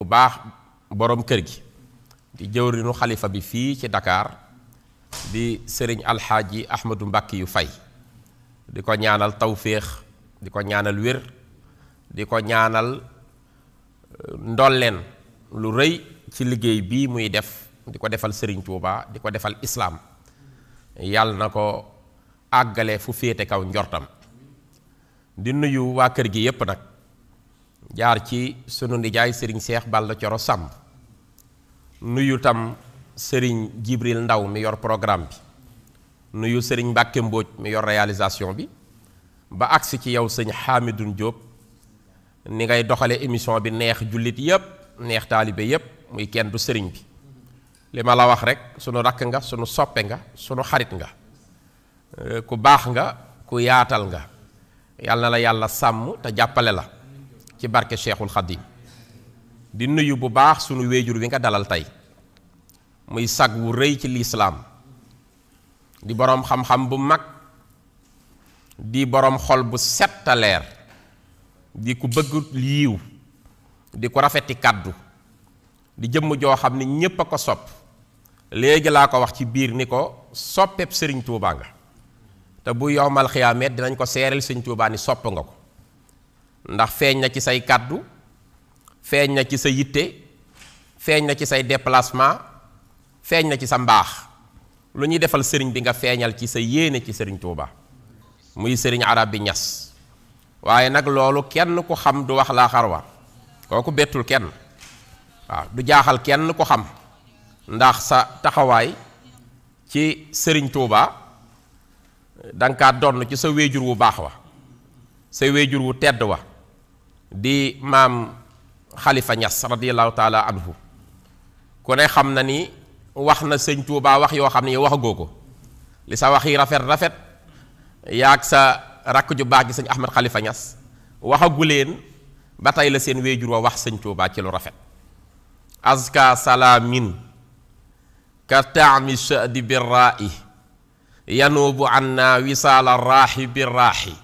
bu baax boroom kër gi di jëwriñu xalifa bi fii ci dakaar di sëriñ alxaaji Ahmadou Mbàkki yu fay di ko ñaanal tawféex di ko ñaanal wér di ko ñaanal euh, ndolleen lu rëy ci liggéey bii muy def di ko defal sëriñ Tuuba di ko defal islaam yàlla na ko àggale fu féete kaw njortam di nuyu waa kër gi yépp nag jaar ci sunu nijaay sëriñ Seex Balla Coro sàmm nuyu tam sëriñ Jibril Ndaw mi yor programme bi nuyu sëriñ Mbàkke Mbóoj mi yor réalisation bi ba agsi ci yow sëñ Xaamidun Jóob ni ngay doxale émission bi neex jullit yépp neex taalibe yépp muy kenn du sëriñ bi li ma la wax rek sunu rakk nga sunu soppe nga sunu xarit nga ku baax nga ku yaatal nga yàlla la yàlla sàmm te jàppale la ci barke Cheikhul Khadim di nuyu bu baax sunu wejur wi nga dalal tey muy sag wu rëy ci lislaam di boroom xam-xam bu mag di boroom xol bu set a leer di ku bëgg yiw di ku rafeti kàddu di jëmm joo xam ne ñépp a ko sopp léegi laa ko wax ci biir ni ko soppeb sëriñ tuubaa nga te bu yowmal xiyaameet dinañ ko seereel sëriñ tuubaa ni sopp nga ko ndax feeñ na ci say kàddu feeñ na ci sa yitte feeñ na ci say déplacement feeñ na ci sa mbaax lu ñuy defal sëriñ bi nga feeñal ci sa yéene ci sëriñ Touba muy sëriñ arab bi ñas waaye nag loolu kenn ku xam du wax laa xarwa kooku bettul kenn waaw du jaaxal kenn ku xam ndax sa taxawaay ci sëriñ tuuba danga kaa donn ci sa wéejur wu baax wa sa wéejur wu tedd wa di maam xalifa ñas radiallahu taala anhu ku ne xam na ni wax na sëñ Tuubaa wax yoo xam ne yow waxagoo ko li sa wax yi rafet rafet yaag sa rakk ju baax gi sëñ Ahmed Khalifa Niass waxagu leen ba tey la seen wéejur wa wax sëñ Tuubaa ci lu rafet azka salaamin ka taami shadi birraa'i yanuubu anna wisaala raaxi birraaxi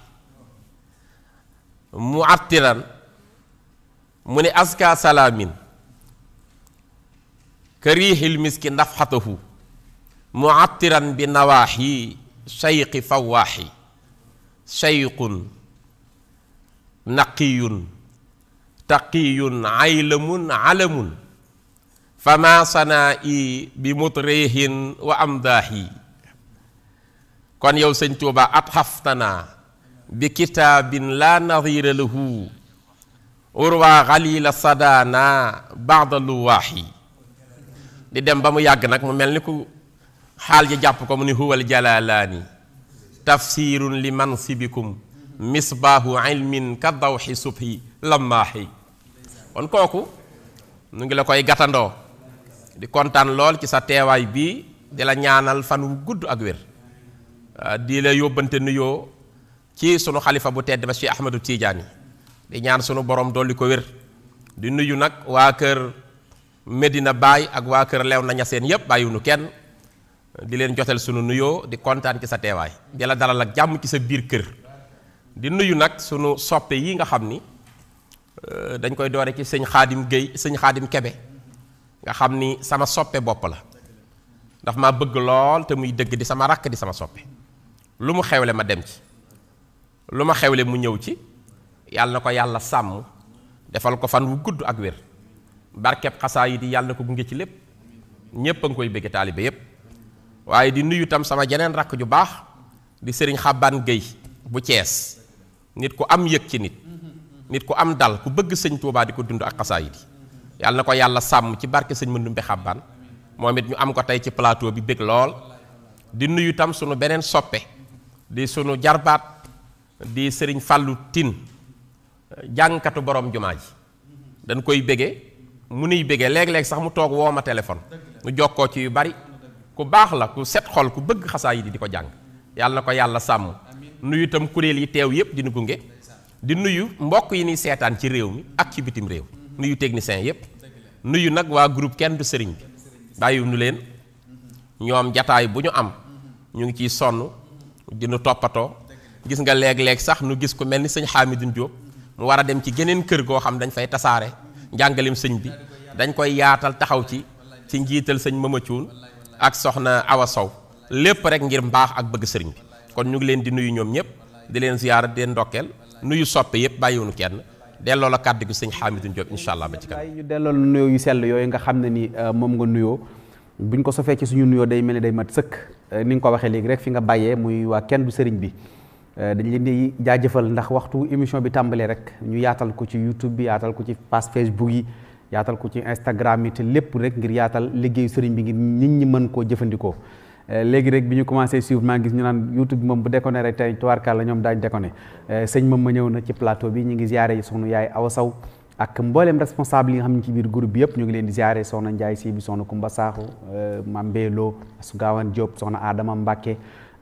muattilan mu ne aska salaamin ka riixil miski nafxatahu muattiran bi nawaaxi shayqi fawaaxi shayqun naqiyun taqiyun aylamun alamun fama sanaa'i bi mutrihin wa amdaahi kon yow sëñ Tuuba at xaftanaa bi kitaabin laa nadira lahu urwa xalila sadana baada yi di dem ba mu yàgg nag mu mel ni ku xaal ji jàpp ko mu ni huwal jalalaani tafsirun li mansibikum misbaahu ilmin ka dawxi subhi lammaaxi kon kooku nu ngi la koy gàttandoo di kontaan lool ci sa teewaay bii di la ñaanal fan wu gudd ak wér di la yóbbante nuyoo ci sunu xalifa bu tedd ba Cheikh Ahmadou Tidiane di ñaan sunu borom dolli ko wér di nuyu nag waa kër meddi na Baay ak waa kër Léona Niassène yépp bàyyiwunu kenn di leen jotal sunu nuyoo di kontaan ci sa teewaay di la dalal ak jàmm ci sa biir kër di nuyu nag sunu soppe yii nga xam ni euh, dañ koy doore ci sëñ xaadim Guèye sëñ xaadim Kebe nga xam ni sama soppe bopp la daf ma bëgg lool te muy dëgg di sama rakk di sama soppe lu mu xewle ma dem ci lu ma xewle mu ñëw ci yàlla na ko yàlla sàmm defal ko fan wu gudd ak wér barkeb xasaa yi di yàlla ko bu gunge ci lépp ñépp a ngi koy bëgg taaliba yépp waaye di nuyu tam sama jeneen rakk ju baax di sëriñ Xaban Guèye bu Cees nit ku am yëg ci nit nit ku am dal ku bëgg sëñ Tuubaa di ko dund ak xasaa yi di yàlla ko yàlla sàmm ci barke sëñ bi Xaban moom it ñu am ko tey ci plateau bi bëgg lool di nuyu tam sunu beneen soppe di sunu jarbaat di sëriñ Fàllu Tin jàngkatu borom jumaa ji dañ koy bége mu nuy bége léeg-léeg sax mu toog woo ma téléphone mu jokkoo ci yu bari ku baax la ku set xol ku bëgg xasaayid yi di ko jàng yàlla na ko yàlla sàmm nuyu itam kuréel yi teew yëpp dina gunge di nuyu mbokk yi nuy seetaan ci réew mi ak ci bitim réew nuyu technicien yëpp nuyu nag waa groupe kenn du sëriñ bi bàyyiwu nu leen ñoom jataay bu ñu am ñu ngi ciy sonn dina toppatoo gis nga léeg-léeg sax nu gis ku mel ni sëñ Xaamidun Jóob war a dem ci geneen kër goo xam dañ fay tasaare njàngalim sëñ bi dañ koy yaatal taxaw ci ci njiital sëñ Mama Cuun ak soxna Awa Sow lépp rek ngir mbaax ak bëgg sëriñ bi kon ñu ngi leen di nuyu ñoom ñëpp di leen ziyaara di leen ndokkeel nuyu soppe yëpp bàyyiwunu kenn delloo la kàddu gi sëñ Xaamidu Jóob incha allah ba yi ñu delloo la nuyoo yu sell yooyu nga xam ne ni euh, moom nga nuyoo bu ñu ko sofee ci suñu nuyoo day mel ni day mat sëkk euh, ni nga ko waxee léegi rek fi nga bàyyee muy waa kenn du sëriñ bi Euh, dañ leen di jaajëfal ndax waxtu émission bi tàmbalee rek ñu yaatal ko ci YouTube bi yaatal ko ci page Facebook yi yaatal ko ci Instagram yi te lépp rek ngir yaatal liggéeyu sëriñ bi ngir nit ñi mën koo jëfandikoo euh, léegi rek bi ñu commencé suivre maa gis ñu naan YouTube bi moom bu déconné rek tey tubaarkàlla ñoom daañu déconné euh, sëñ moom ma ñëw na ci plateau bi ñu ngi ziare sunu yaay Awa Sow ak mbooleem responsable yi nga xam ne ci biir groupe bi yëpp ñu ngi leen di ziare soxna Ndiaye si bi soxna Kumba Saaxu Mambelo Sugaawan Diop soxna Adama Mbacke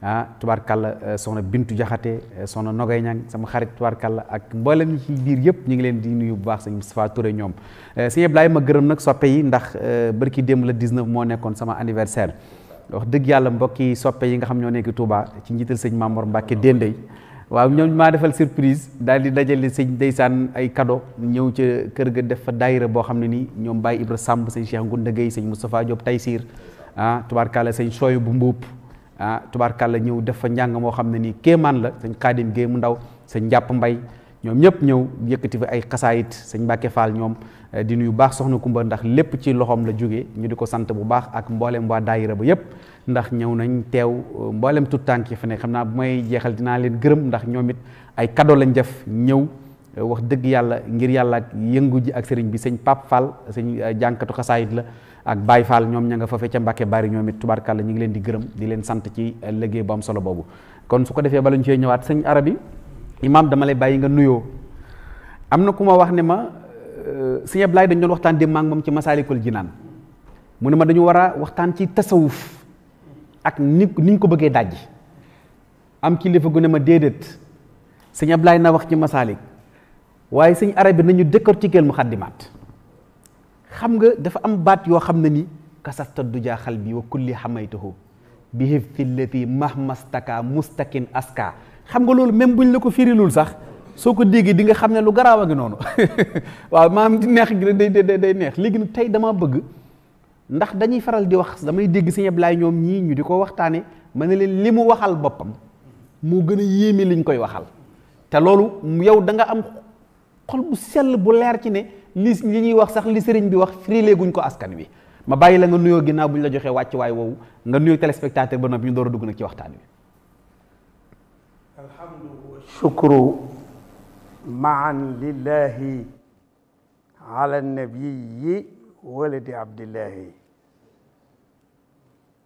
ah tubaarkàlla eh, soxna Bintu Jaxate eh, soxna Nogay Ñang sama xarit tubaarkàlla ak mboolem ñi ci biir yëpp ñu ngi leen di nuyu bu baax sañ Moustapha Touré ñoom eh, sëñ Ablaye ma gërëm nag soppe yi ndax bërki démb la 19 moo nekkoon sama anniversaire wax dëgg yàlla mbokki soppe yi nga xam ñoo nekk Touba ci njiital sëñ Mamor Mbacke Dendey waaw ñoom maa defal surprise daal di dajale sëñ ndeysaan ay cadeau ñëw ca kër ga def fa daayira boo xam ne nii ñoom Baye Ibra Samb sëñ Cheikh Ngunda Gueye sëñ Moustapha Diop Taysir ah tubaarkàlla sëñ Soyo bu Mbuup ah la ñëw def fa njàng moo xam ne nii kéemaan la sëñ xaadim géey mu ndaw sëñ jàpp mbay ñoom ñëpp ñëw yëkkati fi ay xasaayit sëñ Mbàkke Fall ñoom eh, di nuyu baax soxna Kumba ndax lépp ci loxoom la jóge ñu di ko sant bu baax ak mboolem waa daayira ba yëpp ndax ñëw nañ teew eh, mboolem tut tànk yi fa ne xam naa bu may jeexal dinaa leen gërëm ndax ñoom it ay cadeau lañ def ñëw eh, wax dëgg yàlla ngir yàlla ak yëngu ji ak sëriñ bi sëñ Pape Fall sëñ jànkatu xasaayit la ak Baye faal ñoom ña nga fa fe ca Mbàkke bari ñoom it tubaarkàlla ñu ngi leen di gërëm di leen sant ci liggéey bu solo boobu kon su ko defee bala ñu cee ñëwaat sëñ arabi imaam dama lay bàyyi nga nuyoo am na ku ma wax ne ma euh, sëñ Ablaye dañ doon waxtaan démb ak moom ci Masaalikul Jinaan mu ne ma dañu war a waxtaan ci tasawuf ak ni niñ ko bëggee dajji am kilifa gu ne ma déedéet sëñ Ablaye na wax ci masaalik waaye sëñ arabi nañu décortiquer mu xaddimaat xam nga dafa am baat yoo xam ne nii kasafta du jaaxal bi wa kulli xamaytahu bi hif fillati mahmastaka mustakin aska xam nga loolu même buñ la ko firilul sax soo ko déggee dinga xam ne lu garaaw a ngi noonu waaw maam di neex gi day day day neex léegi nag tey dama bëgg ndax dañuy faral di wax damay dégg si Ablaay ñoom ñii ñu di ko waxtaane ma ne leen li mu waxal boppam moo gën a yéeme liñ koy waxal te loolu yow danga am xol bu sell bu leer ci ne li li ñuy wax sax li sëriñ bi wax frilé guñ ko askan wi ma bàyyi la nga nuyoo ginnaaw bu ñu la joxee wàcc waay woowu nga nuyoo téléspectateur ba noppi ñu door a dugg nag ci waxtaan wi alhamdu wa shukru maan lillahi ala nabiyi waladi abdillahi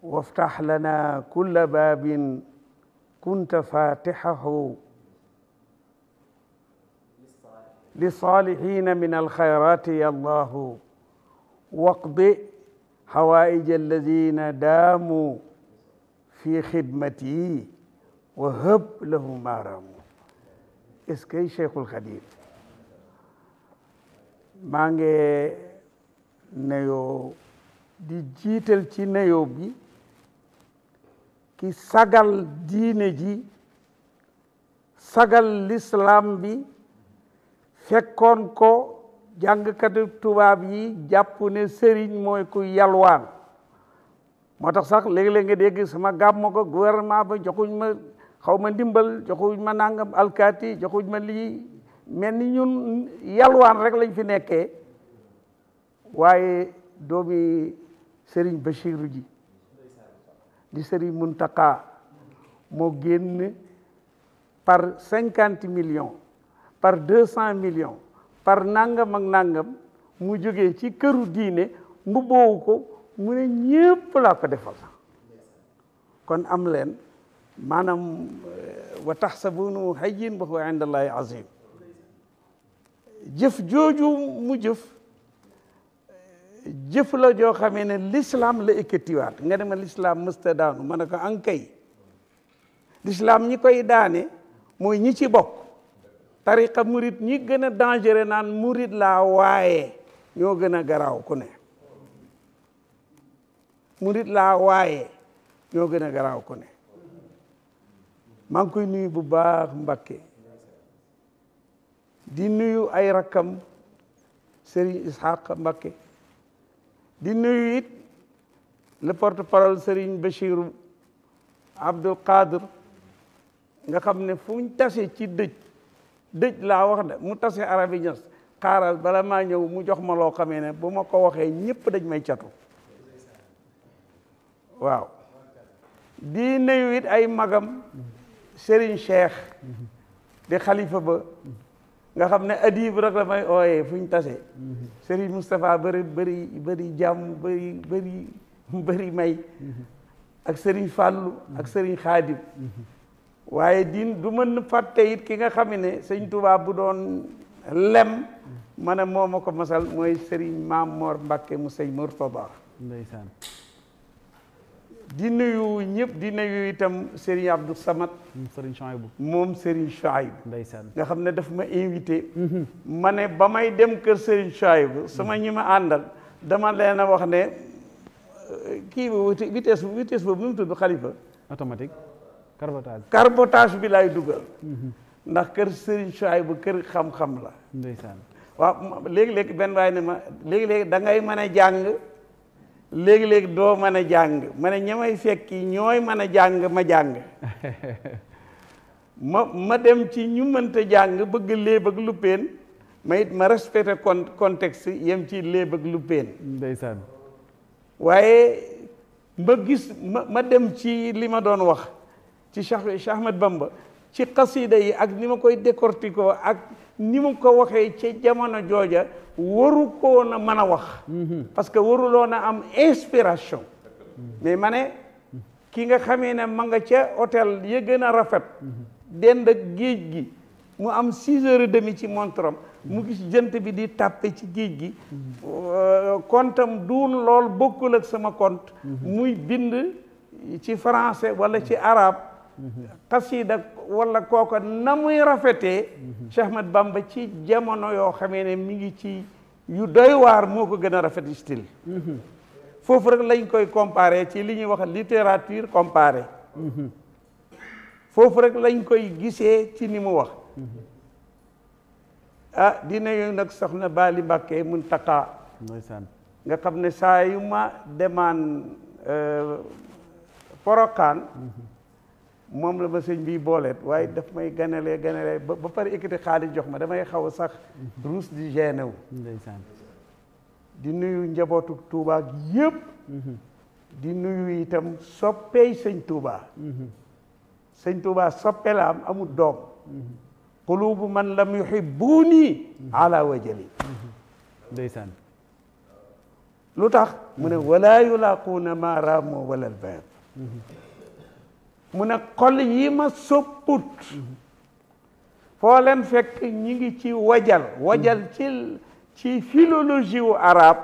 waftax lana kulla baabin kunta fatixahu لصالحين من الخيرات يا الله واقض حوائج الذين داموا في خدمتي وهب لهم ما راموا est-ce que Cheikhul Khadim maa ngi nuyoo di jiital ci nuyoo bi ki sagal diine ji sagal l'islam bi fekkoon ko jàngkatu tubaab yi jàpp ne sëriñ mooy ku yalwaan moo tax sax léeg-léeg nga dégg sama gàmmu ko gouvernement ba joxuñ ma xaw ma ndimbal joxuñ ma nangam alkaati joxuñ ma lii mel ni ñun yalwaan rek lañ fi nekkee waaye doomi sëriñ Bachiru ji di seriñ sëriñ Muntaka moo génn par cinquante million par deux cent millions par nangam ak nangam mu jógee ci këru diine mu boowu ko mu ne ñépp laa ko defal kon am leen maanaam eh, wa taxsabunahu hayyin wa huwa inda allahi azim jëf jooju mu jëf eh, jëf la joo xamee ne l'islam la ekkatiwaat nga ne ma l'islam mësta daanu ma ne ko ankay l'islam ñi koy daane mooy ñi ci bokk tariqa murit ñi gën a dangereux naan murit laa waaye ñoo gën a garaaw ku ne murit laa waaye ñoo gën a garaaw ku maa ngi koy nuyu bu baax Mbakke di nuyu ay rakkam Serigne Ishaq Mbakke di nuyu it le porte-parole Serigne nga xam ne fu ñu tase ci dëj dëj laa wax de mu tase arabi ñas xaaral bala maa ñëw mu jox ma loo xamee ne bu ma ko waxee ñëpp dañ may catu waaw di nuyu ay magam sëriñ Cheikh di xalifa ba nga xam ne adib rek la may ooyee fu ñu tase Serigne Moustapha bëri bëri bëri bëri may ak Serigne Fallou ak Serigne Khadim waaye din du mën fàtte it ki nga xam ne sëñ tubaab bu doon lem ma ne moo ma ko masal mooy sëriñ Maam Mor Mbàkke mu sëñ Murtada ndeysaan di nuyu ñëpp di nuyu itam Serigne Abdou Samad. Serigne Chouaïbou moom Serigne Chouaïbou. ndeysaan nga xam ne daf ma invité. Mhm. ma ne ba may dem kër Serigne Chouaïbou sama ñi àndal dama leen a wax ne kii bi vitesse vitesse boobu nu mu tudd xalifa automatique. carbotage carbotage bi laay dugal. Mhm. ndax kër Serigne Choy bu kër xam-xam la. ndeysaan waaw léegi-léegi benn waay ne ma léeg léegi dangay ngay mën a jàng léegi léeg doo mën a jàng ma ne ñamay fekki ñooy mën a jàng ma jàng. ma ma dem ci ñu mënta jàng bëgg léeb lu peen ma it ma respecté con contexte yem ci léeb ak lu peen ndeysaan waaye ma gis ma ma dem ci li ma doon wax ci Cheikh Cheikh Ahmed Bamba ci xasida yi ak ni ma koy décortiquer ak ni ma ko waxee ci jamono jooja waru koo na mën a wax mhm. parce que waruloo na am inspiration mhm. mais ma ne ki nga xamee ne ma nga ca hôtel ya gën a rafet mhm. dend ak géej gi mu am six heures demi ci montram mu gis jant bi di tàppe ci géej gi euh, kontam duun lool bokkul ak sama compte muy bind ci français wala ci araab xasiida walla kooka na muy rafetee mhm. Cheikh Ahmad Bamba ci jamono yoo xamee ne mi ngi ci yu doy waar moo ko gën a rafet style mhm. foofu rek lañ koy comparé ci li ñuy wax littérature comparée mhm. foofu rek lañ koy gisee ci ni mu wax ah dina yooyu nag soxna Baali Mbàkke Muntaqa nga xam ne saa ma demaan euh, porokaan moom la ma sëñ bi boole waaye daf may ganalee ganalee ba pare ekkati xaalis jox ma damay xaw a sax ruus di gêné wu di nuyu njabootu Tuubaa gi yëpp mhm. di nuyu itam soppeey sëñ Tuubaa mhm. sëñ la am amul doom mhm. qulubu man lam yuhibbuuni ala wajali ndeysaan lu tax mu ne walaa yulaaquuna ma raamoo wala albaab mu ne xol yi ma sopput foo fekk ñi ngi ci wajal wajal ci ci philologie wu arabe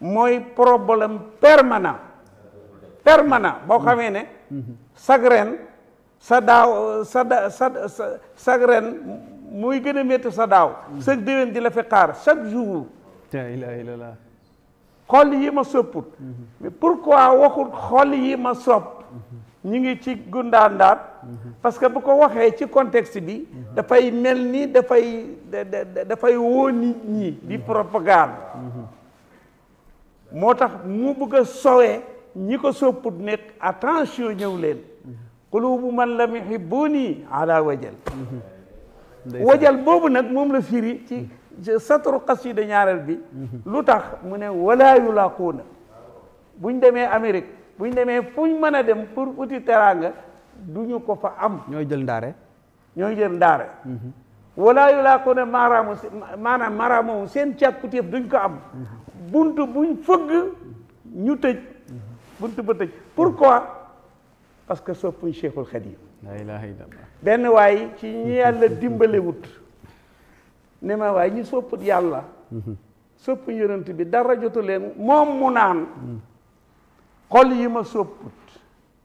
mooy problème permanent permanent boo xamee ne sagren sa daaw sa da sa sagren muy gën a sa daaw chaque déwén di la fi xaar chaque jour la ilaha yi ma sopput mais pourquoi waxul xol yi ma sopp ñu ngi ci gundaandaat parce que bu ko waxee ci contexte bi dafay mel nii dafay dafay woo nit ñi di propagande moo tax mu bëgg a sowee ñi ko sopput nekk attention ñëw leen qulubu man la lam yuhibbuni ala wajal wajal boobu nag moom la firi ci satru qasida ñaareel bi mhm. lu tax mu ne walaa yulaaquuna buñ demee Amérique buñ ñu demee fu ñu mën a dem pour uti teraanga du ñu ko fa am. ñooy jël ndaare. ñooy jël ndaare. Mhm. wala yu laa ne maaraamu maanaam maaraamu seen càkkutéef duñ ko am. Mhm. buntu buñ fëgg ñu tëj. Mhm. buntu ba tëj pourquoi parce que soppuñ Cheikhul Khadim. benn waay ci ñu yàlla dimbalewut ne waay ñu sopput yàlla. soppuñ yonent bi dara jotu leen moom mu xol yi ma sopput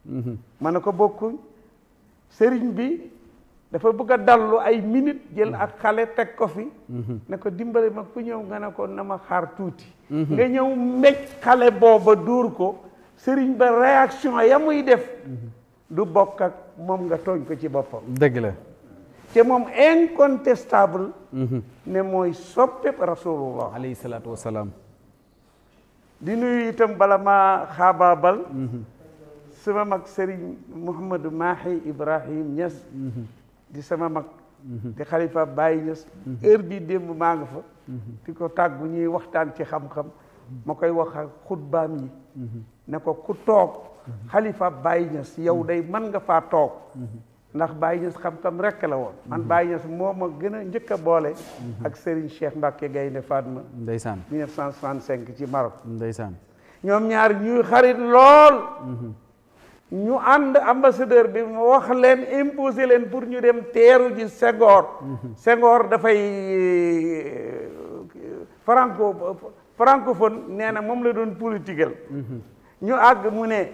mhm. ma ne ko bokkuñ sëriñ bi dafa bëgg a dallu ay minute jël mhm. ak xale teg ko fi mhm. ne ko dimbali ma ku ñëw nga ne ko na ma xar tuuti nga ñëw mbéj xale booba dóor ko sëriñ ba réaction ya muy def du bokk ak moom nga tooñ ko ci boppam dëgg la moom incontestable ne mooy soppe rasulullah alayhi salaatu wasalaam di nuyu itam bala maa xaabaabal mhm. sama mag Serigne Mouhamadou Mahi Ibrahim Niass mhm. di sama mag mhm. di xalifa Baye Niass heure bii démb maa nga fa di ko tàggu ñuy waxtaan ci xam-xam ma koy wax ak xutbaam yi ne ko ku toog xalifa Baye Niass yow day mën nga faa toog ndax baay Niass xam-xam rek la woon. man mhm. Baye Niass moo a gën a njëkk a boole. Mhm. ak Serigne Cheikh Mbacke Gaynde Fatma. ndeysaan 1965 ci Maroc. ndeysaan ñoom ñaar ñuy xarit lool. Mhm. ñu ànd ambassadeur bi mu wax leen imposé leen pour ñu dem teeru ji Senghor. Senghor dafay euh, franco francophone nee na moom la doon politiqueal. ñu àgg mu ne.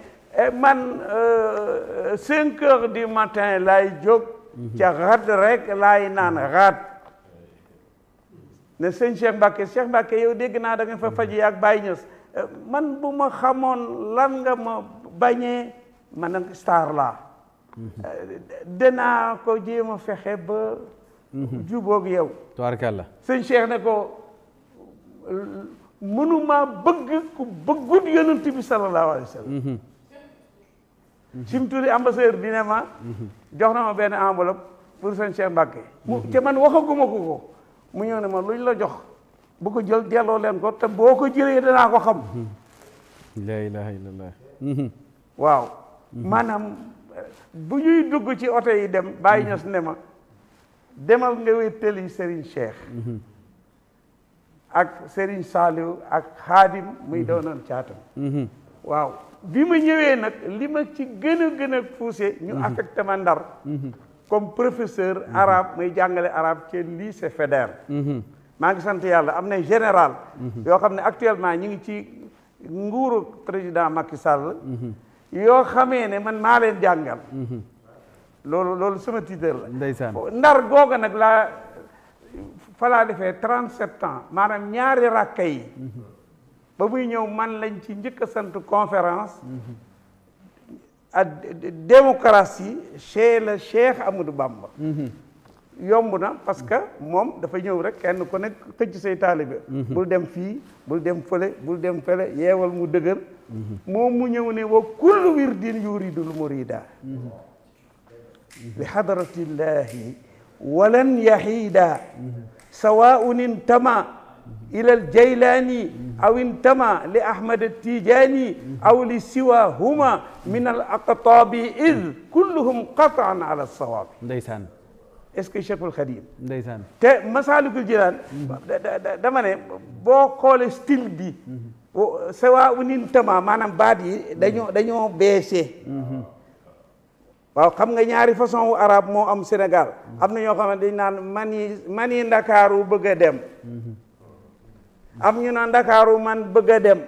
man euh, cinq heures du matin laay jóg ca rat rek laay naan rat ne sëñ Cheikh Mbacke Cheikh Mbacke yow dégg naa da fa faji ak Baye Niass euh, man bu ma xamoon lan nga ma bañee man nag star la euh, ko jéem a fexe ba jubóog yow tubaarkàlla sëñ Cheikh ne ko mënuma bëgg ku bëggut yonent bi sallallahu wa sallam mhm. Sim Touré ambassadeur bi ne ma jox na ma benn enveloppe pour sëñ Cheikh Mbacké mu mhm. te man waxaguma ko ko mu ñëw ne ma luñ la jox bu ko jël delloo leen ko te boo ko jëlee danaa ko xam mhm. laa ilaha illallah mhm. waaw maanaam bu ñuy dugg ci oto yi dem bàyyi ños ne ma demal nga wéttali Serigne Cheikh ak Serigne Saliou ak Xaadim muy doonoon caatam waaw bi ma ñëwee nag li ma ci gën a gën ñu mhm. affecté ma ndar mhm. comme professeur mhm. arabe may jàngale arabe ci lycée Faidherbe maa ngi sant yàlla am na général yoo xam ne actuellement ñu ngi ci nguuru président Macky Sall yoo xamee ne man maa leen jàngal loolu loolu sama titre la ndeysaan ndar googa nag laa falaa defee trente sept ans maanaam ñaari rakka yi ba muy ñëw man lañ ci njëkk sant conférence à démocratie chez le Cheikh Amadou Bamba yomb na parce que moom dafa ñëw rek kenn ku nekk tëj say taalibe bul dem fii bul dem fële bul dem fële yeewal mu dëgër moom mu ñëw ne wa kullu wirdin yuridul murida li hadratillahi walan yahiida sawaun intama ila aljaylani aw intama li ahmad altijani aw li siwahuma min al aqtaabi id kulluhum qataan ala alsawaabi ndeysaan est ce que Cheikhul Khadim ndeysaan te Masaalikul Jinaan boo xoolee style bi sawa u tama maanaam baat yi dañoo dañoo beesee waaw xam nga ñaari façon wu arabe moo am Sénégal am na ñoo xam ne dañ naan mani mani Ndakaaru bëgg dem am ñu naan ndakaaru man bëgg a dem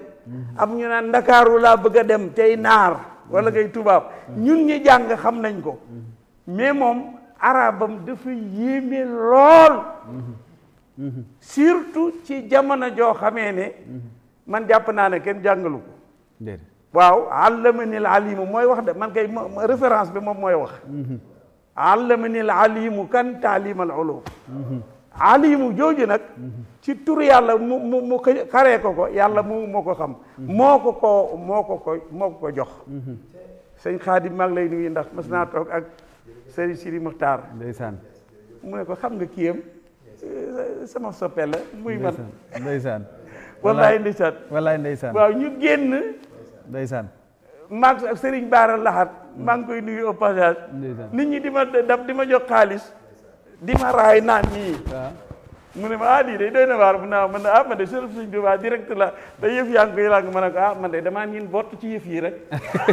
am ñu naan ndakaaru la bëgg a dem tey naar wala ngay tubaab ñu ñi jàng xam nañ ko mais moom arabam dafa yéeme lool surtout ci jamono joo xamee ne man jàpp naa ne kenn jàngalu ko waaw allamanil alimu mooy wax de man kay référence bi moom mooy wax mhm. allamanil alimu kan taalimal ulum mhm. alimu jooju nag ci tur yàlla mu mu mu xaree ko ko yàlla mu moo ko xam moo ko ko moo ko ko moo ko ko jox sëñ Xaadim maa lay nuyu ndax mas naa toog ak sëriñ Sidi Muxtaar ndeysaan mu ko xam nga sama soppe muy man ndeysaan wallaay ndeysaan wallaay waaw ñu génn ndeysaan maag ak sëriñ Baara Laxat maa ngi koy nuyu au nit ñi di ma daf di ma jox xaalis di ma raay naan nii mu ne ma ah lii day doy na waar mu ne man ah man de sëriñ Sëriñ Tuubaa direct la da yëf yaa ngi koy làng ma ne ko ah man de damaa ñin bott ci yëf yi rek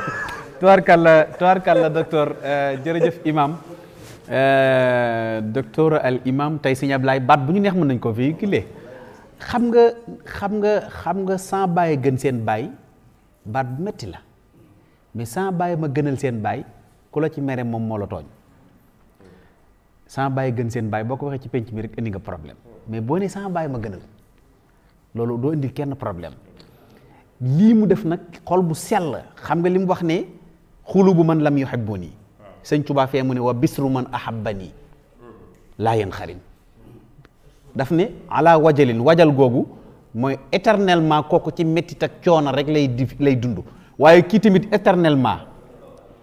tubaarkàlla tubaarkàlla docteur euh, jërëjëf imam euh, docteur al imam tey sëñ Ablaye baat bu ñu neex mën nañ ko fii véhiculer xam nga xam nga xam nga sans bàyyi gën seen baay baat bu metti la mais sans bàyyi ma gënal seen baay ku la ci mere moom moo la tooñ sama baay gën seen baay boo ko waxee ci penc mi rek indi nga problème mais boo nee sama baay ma gënal loolu doo indi kenn problème lii mu def nag xol bu sell xam nga li mu wax ne xulubu man lam yuhibbuni sëñ Tuubaa fee mu ne wa bisru man ahabbani laa yéen xarin daf ne ala wajalin wajal googu mooy éternellement kooku ci mettit ak coono rek lay di lay dund waaye kii tamit éternellement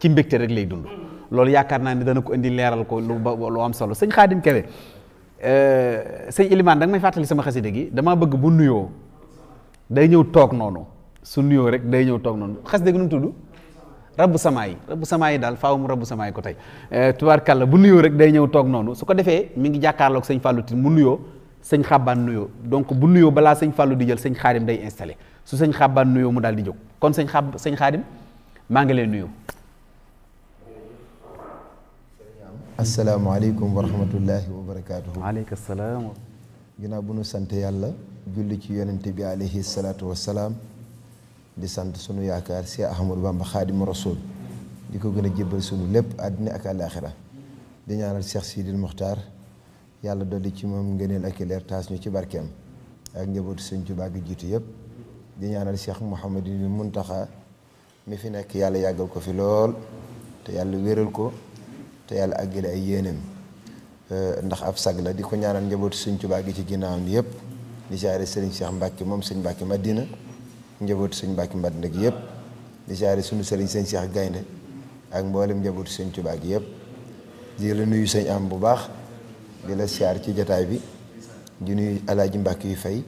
ci mbégte rek lay dund loolu yaakaar naa ne dana ko indi leeral ko lu ba lu am solo sëñ Xaadim Kebe euh, sëñ Ilimaan da may fàttali sama xasida gi damaa bëgg bu nuyoo day ñëw toog noonu su nuyoo rek day ñëw toog noonu xasida gi nu tudd rabbu samaa yi rabbu yi daal faaw mu rabbu samaa yi ko tey euh, bu nuyoo rek day ñëw toog noonu su ko defee mi ngi jàkkaarloog sëñ Fallou Tine mu nuyoo sëñ xabbaan nuyoo donc bu nuyoo balaa sëñ Fallou di jël sañ Xaadim day installé su sëñ xabbaan nuyoo mu daal di jóg kon sëñ xab sëñ Xaadim maa ngi leen nuyoo asalaamaaleykum wa rahmatullahi wa barakaatuhu. waaleykum salaam. ginnaaw bu nu sant yàlla. julli ci yonente bi alayhi salaatu wa salaam. di sant sunu yaakaar si Ahmadou Bamba xaadimu rasul. di ko gën a jébbal sunu lépp àddina ak àllaaxira di ñaanal Cheikh Sidil Muxtaar yàlla dolli ci moom ngëneel ak leer taas ñu ci barkeem. ak njabootu sëñ Tuubaa gi jiitu yëpp. di ñaanal Cheikh Mouhamadul Muntaxa mi fi nekk yàlla yàggal ko fi lool te yàlla wéral ko. te yàlla ak àggale ay yéeneem eh, ndax ab sag la di ko ñaanal njabootu sëñ Tuubaa gi ci ginnaawam yëpp di siyaare sëriñ Cheikh Mbacke moom sëñ mbàkki Madina njabootu sëñ Mbacke Madina gi yëpp di siyaare sunu sëriñ sëñ Cheikh Gaynde ak mboolem njabootu sëñ Tuubaa gi yëpp di la nuyu sëñ am bu baax di la siyaar ci jataay bi di nuyu alaaji Mbàkk yu fay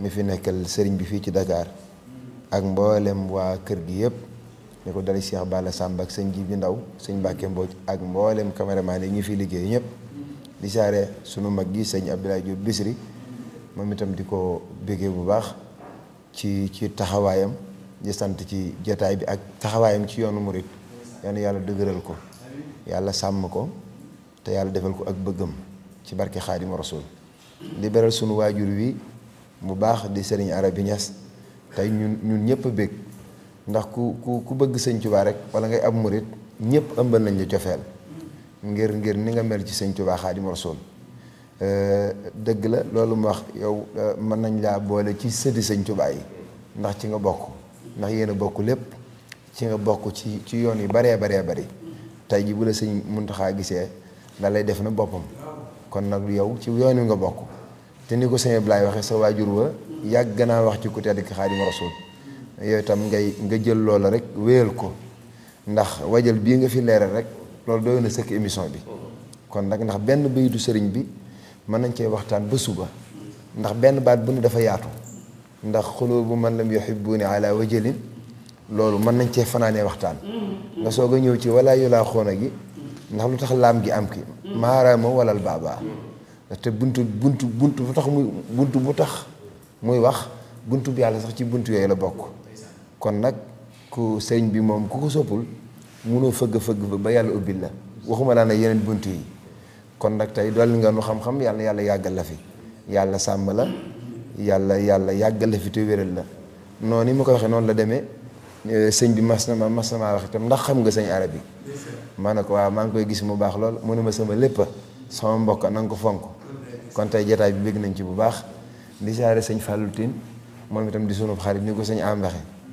mi fi nekkal sëriñ bi fii ci dakaar ak mboolem waa kër gi yëpp ñu ko dale Cheikh Balla Samb ak sëñ Jibi Ndaw sëñ Mbàkke Mbooj ak mboolem caméraman yi ñu fi liggéey ñëpp di saare sunu mag gi sëñ Abdoulaye Diop Bisri moom itam di ko béggee bu baax ci ci taxawaayam di sant ci jataay bi ak taxawaayam ci yoonu murit yal yàlla dëgëral ko yàlla sàmm ko te yàlla defal ko ak bëggam ci barke Xaadimu Rasuul di beral sunu waajur wi bu baax di sëriñ Arabi Ñas tey ñun ñun ñëpp bég ndax ku ku ku bëgg sëñ Tuubaa rek wala ngay ab murit ñëpp ëmbal nañ la cofeel ngir ngir ni nga mel ci sëñ Tuubaa Xaadimu Rasuul euh, dëgg la loolu mu wax yow euh, mën nañ laa boole ci sëti sëñ Tuubaa yi ndax ci nga bokk ndax yéen a bokk lépp ci nga bokk ci ci yoon yu baree baree bari tey ji bu la sëñ Muntaxaa gisee da lay def na boppam kon nag yow ci yoon wi nga bokk te ni ko sëñ Ablaay waxee sa waajur wa yàgg naa wax ci ku tedd ki Xaadimu Rasuul yow itam ngay nga jël loola rek wéyal ko ndax wajal bii nga fi leeral rek loolu doy na sëkk émission bi kon nag ndax benn bayitu sëriñ bi mën nañ cee waxtaan ba suba ndax benn baat bu nu dafa yaatu ndax xulubu man lam yuhibbuni ala wajalin loolu mën nañ cee fanaanee waxtaan nga soog a ñëw ci wala yu laa gi ndax lu tax laam gi am ki maaraama walal baaba te bunt bunt bu tax muy buntu bu tax muy wax bunt bi yàlla sax ci bunt yooyu la bokk kon nag ku sëñ bi moom ku ko soppul munoo fëgg fëgg ba yàlla ubbil la waxuma laa ne yeneen bunt yi kon nag tey dool nga nu xam-xam yàlla yàggal la fi yàlla sàmm la yàlla yàlla yàggal la fi te wéral la noonu ni ma ko waxee noonu la demee eh, sëñ bi mas na ma mas na maa wax itam ndax xam nga señ arab yi maa ne ko waaw maa ngi koy gis mu baax lool mu ne ma sama lépp sama mbokk na ko fonk kon tey jataay bi bégg nañ ci bu baax di siyaare sëñ Fallou Tine moom itam di sunu xarit ni ko sëñ am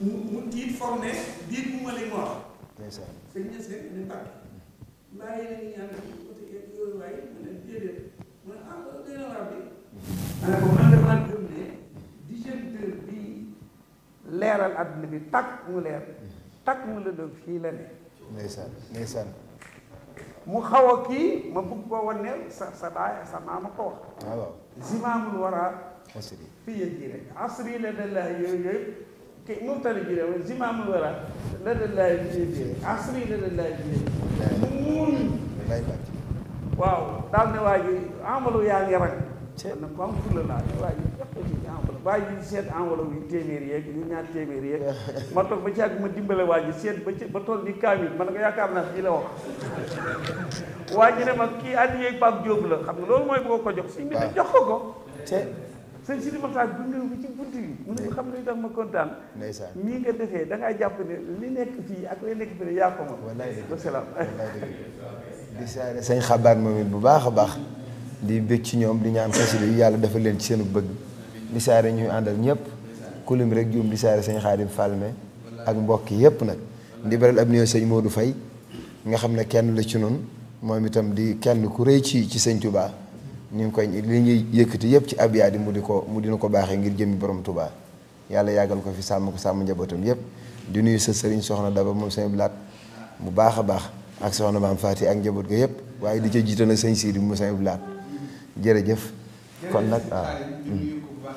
mu mu tiit formé biir mu ma leen wax. ndeysaan sëñ bi sëñ bi mbàkk. mbaa yéen a ngi ñaan ci côté yooyu waaye mu ne déedéet mu ne ah gën a war bi. ma ne ko man bi leeral adduna bi takk mu leer takk mu la fii la ne. ndeysaan ndeysaan. mu xaw a kii ma bëgg koo wan sa sa baay sa maama ko wax. Ah, zimaamul wara. asri fii ya ji rek asri la de la yooyu yëpp. muftali jire woni zimamul wara ladellahi bine jire asri ladellahi bine mo muuñi waaw daal ne waa ji enveloppe yaa ngi rang seet na ko am fulla naa ne waa ji jox ko ci enveloppe seet enveloppe yi téeméer yeeg yu ñaar téeméer yeeg ma toog ba ci àgg ma dimbale waa ji seet ba ci ba toll ni kaamil man na ko yaakaar naa fii ma kii addiyeeg Pape Diop la xam nga loolu mooy boo ko jox si mbir jox ko ko sëñ Sidi Moxtaar bu ñëw bi ci bunt bi mu ne xam ne tax ma kontaan ndeysaan ñii nga defee da jàpp ne li nekk fii ak li nekk fii yaa ko moom sañ xabaar moom bu baax a baax di bëgg ci ñoom di ñaan xasida yi yàlla dafa leen ci seenu bëgg di saare ñuy àndal ñëpp kulim rek juum di saare sañ xaadim falme ak mbokk yépp nag di beral ab nuyoo sëñ Modou Faye nga xam ne kenn la ci noonu moom itam di kenn ku rëy ci ci sëñ Touba ñu ngi koy li ñuy yëkkati yëpp ci abiyaat yi mu di ko mu dina ko baaxee ngir jëmi borom Touba yàlla yàggal ko fi sàmm ko sàmm njabootam yëpp di nuyu sa sëriñ soxna Daba moom sëñ Blaat bu baax a baax ak soxna maam Faati ak njaboot ga yëpp waaye di ca jiite nag sëñ Sidi mu sëñ Blaat jërëjëf. kon nag ah, euh, mm. euh, waaw.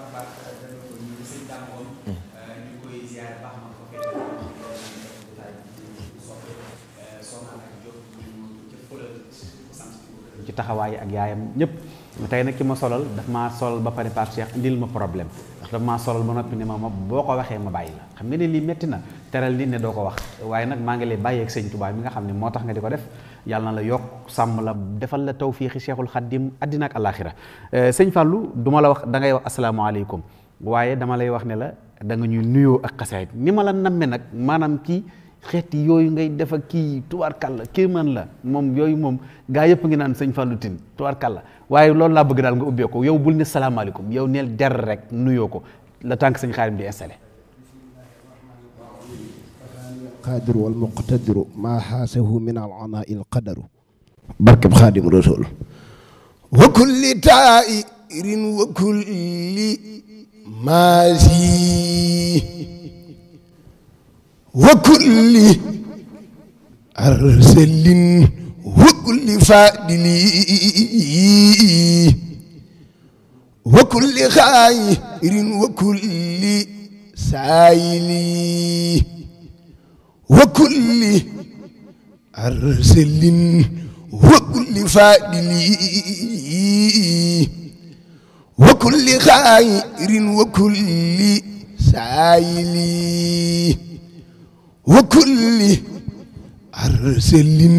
Euh, ci taxawaay ak yaayam ñëpp. tey nag ki ma solal daf maa solal ba pare par Cheikh indil ma problème ndax daf maa solal ba noppi ne ma ma boo ko waxee ma bàyyi la xam nga ne lii métti na teral nit ne doo ko wax waaye nag maa ngi lay bàyyeeg sëñ Tuubaa nga xam ne moo tax nga di def yàlla la yokk sàmm la defal la tawfiixi Cheikhul Xaddim addina ak àllaaxira eh, sëñ Fallou du la wax da ngay wax asalaamaaleykum waaye dama lay wax ne la da nga ñuy nuyoo ak xasaayit ni ma la namme nag maanaam kii xeeti yooyu ngay def ak kii tubaarkàlla kéemaan la moom yooyu moom gaa yëpp ngi naan sëñ Fallou Tine tubaarkàlla waaye loolu laa bëgg daal nga ubbee yow bul ne salaamaaleykum yow neel der rek nuyoo ko la tànk sëñ Xaadim di installé qaadir wal muqtadiru maa xaasahu min al anaa il qadaru barkeb xaadim rasul wa kulli taa'irin wa kulli maasi wa kulli arsalin wa kulli faadili wa kulli xaayirin wa kulli saayili wa kulli arsalin wa kulli faadili wa kulli xaayirin wa kulli saayili wa kulli arsalin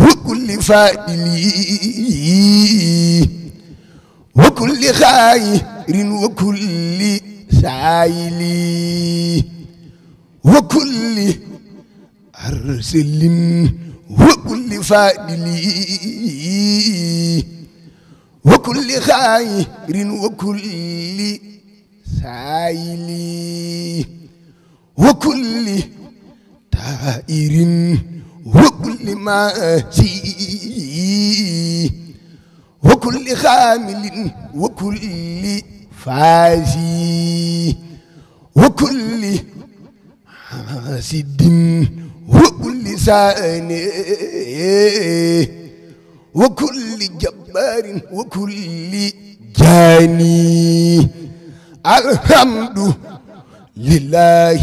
وكل فائلي وكل خير وكل سائلي وكل أرسل وكل فائلي وكل خير وكل سائلي وكل تائر وكل ماشي وكل خامل وكل فازي وكل حاسد وكل ساني وكل جبار وكل جاني الحمد لله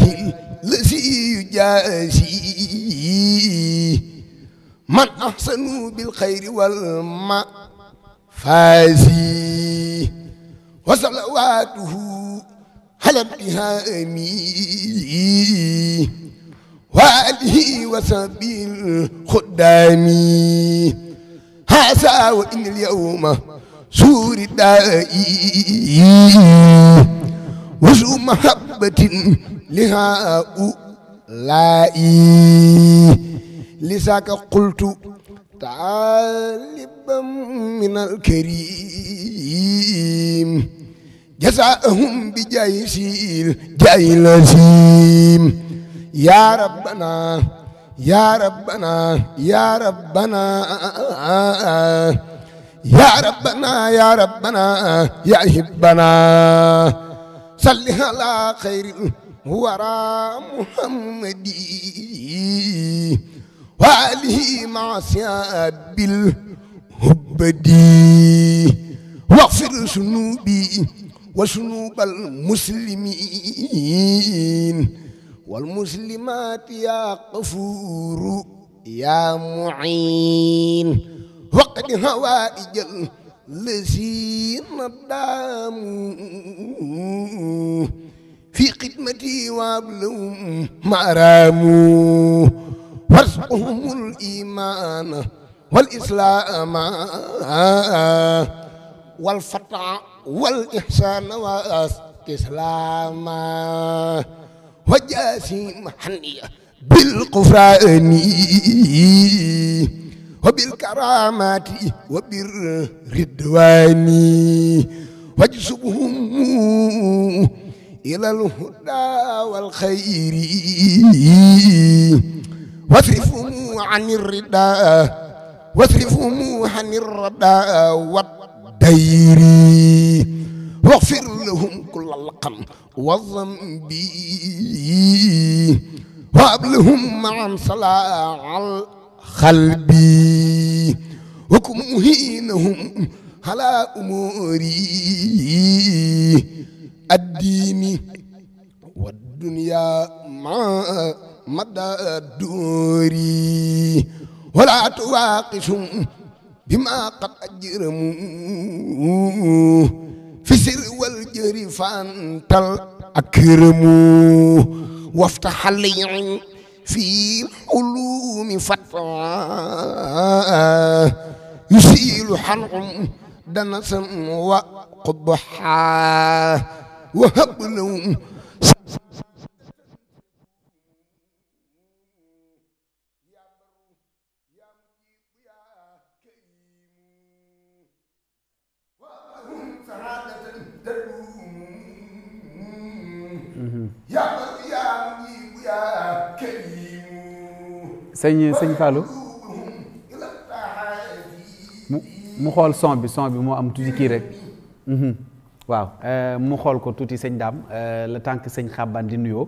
jaasi man ahsanu bil xayri wal ma faasi wa salawaatuhu ala btihaami wa alihi wa sahbil xuddaami haasa wa innal yawma suuri daa'i wa su mahabbatin lihaa laa ii lisaaka qultu taaliban min alkarim jasaahum bi jaysil jaylasim yaa rabbana yaa rabbana yaa rabbana yaa rabbana yaa rabbana yaa hibbana salli ala xayril wara muhammadi waalihi ma saabil hubbadi waxfir sunubi wa sunubal muslimin wal muslimat ya qafuuru ya muin waqdi hawaijal lazina daamu في خدمتي وابلهم مأراموا وارزقهم الإيمان والإسلام والفتح والإحسان والإسلام وجاسيم حنية بالقفران وبالكرامات وبالردوان واجسبهم إلى الهدى والخير واصرفهم عن الردى واصرفهم عن الردى والدير واغفر لهم كل القم والذنب وابلهم عن صلاع الخلب وكم مهينهم على أموري الدين والدنيا ما مدى دوري ولا تواقشهم بما قد أجرموا في سر والجري فأنت الأكرم وافتح لي في الحلوم فتوى يسيل حلق دنسا وقضحا وهب لهم sëñ sëñ Fallou mu mu xool son bi mu am tuuti kii waaw euh, mu xool ko tuuti sëñ daam euh, la temps que sëñ xàbbaan di nuyoo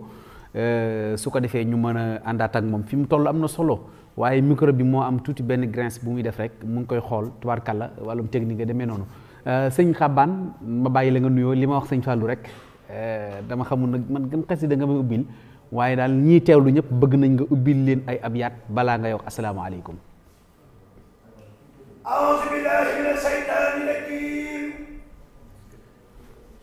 euh, su ko defee ñu mën a àndaat ak moom fi mu toll am na solo waaye micro bi moo am tuuti benn grince bu muy def rek mu ngi koy xool tubaarkàlla wàllum technique nga demee noonu sëñ xàbban ma bàyyi la nga nuyoo li ma wax sëñ Fallou rek dama xamul nag man gën xasida nga may ubbil waaye daal ñiy teewlu ñëpp bëgg nañ nga ubbil leen ay abyaat balaa ngay wax asalaamaaleykum. aouzu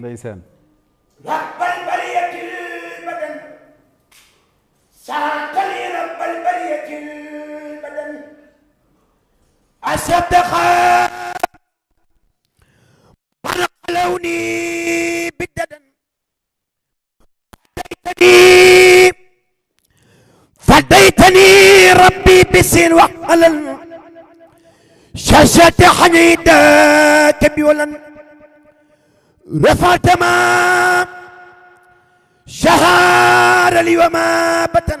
ndeysaan wax bari bariyatil badan saa qalila bal bariyatil badan asadaqa man xalawni bidadan fadaytani fadaytani rabbi bisin waqalan shashati xaniidaka bi walan رفع تمام شهر لي وما بطن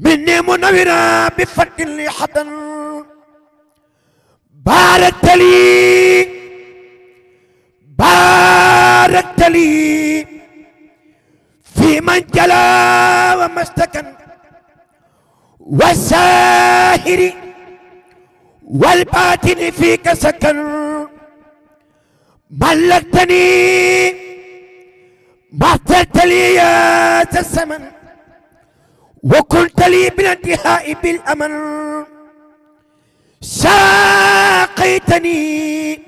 مني منورا بفتح لي حضن باركت لي باركت لي في من جلا وما استكن والساهر والباطن فيك سكن ملكتني بعثت لي يا ذا الزمن وكنت لي بالانتهاء بالامل ساقيتني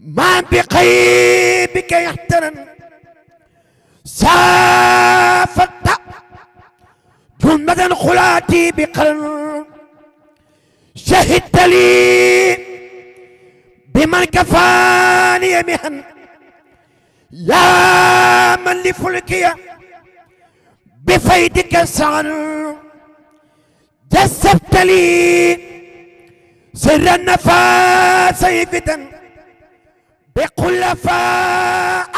ما بقيبك يحترن سافدت جمدا خلاتي بقرن شهدت لي بمن كفاني مهن يا من لفلكي بفيدك سعن جسبت لي سر النفاس فتن بخلفاء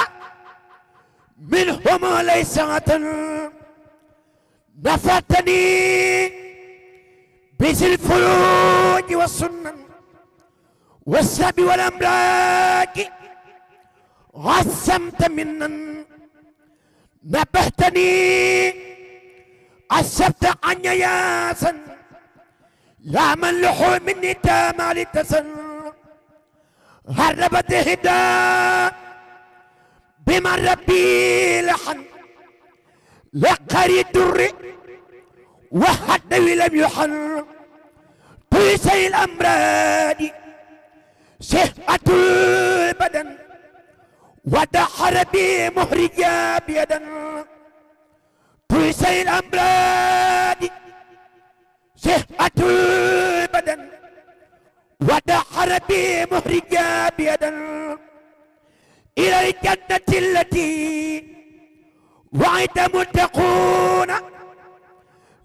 منهم ليس نفعتني بذي الفروج والسنن والسب والأملاك عصمت منا نبهتني عصبت عني ياسا يا من لحوم النتام لتسن هربت هدا بمن ربي لحن لقري الدر وحد لم يحن تيسي الأمراض صحة البدن ودحر بي مهرجا بيدا تيسي الأمراض صحة البدن ودحر بي مهرجا بيدا إلى الجنة التي وعد متقون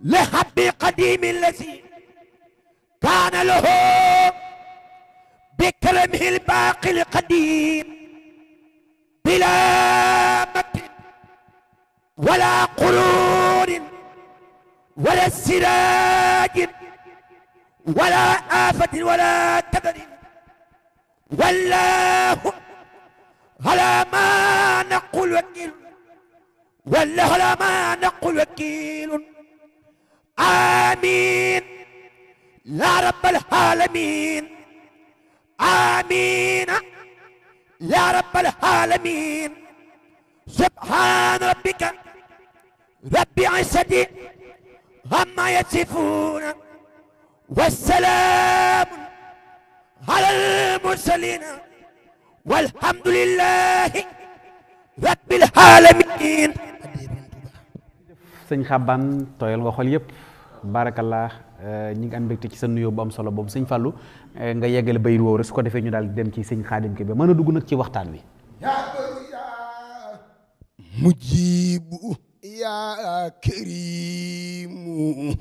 لحب قديم الذي كان له بكلمه الباقي القديم بلا مد ولا قرون ولا سراج ولا آفة ولا تبر والله على ما نقول وكيل والله على ما نقول وكيل آمين يا رب العالمين آمين يا رب العالمين سبحان ربك رب عزة عما يصفون والسلام على المرسلين والحمد لله رب العالمين sëñ xaban tooyal nga xol yëpp barakallah eh, ñi ngi am mbégte ci sa nuyoo bu am solo boobu sëñ Fallou Eh, nga yeggale bayit woowu rek su defee ñu daal dem ci sëñ xaadim ke ba mën a dugg nag ci waxtaan wi mujibu yaa karimu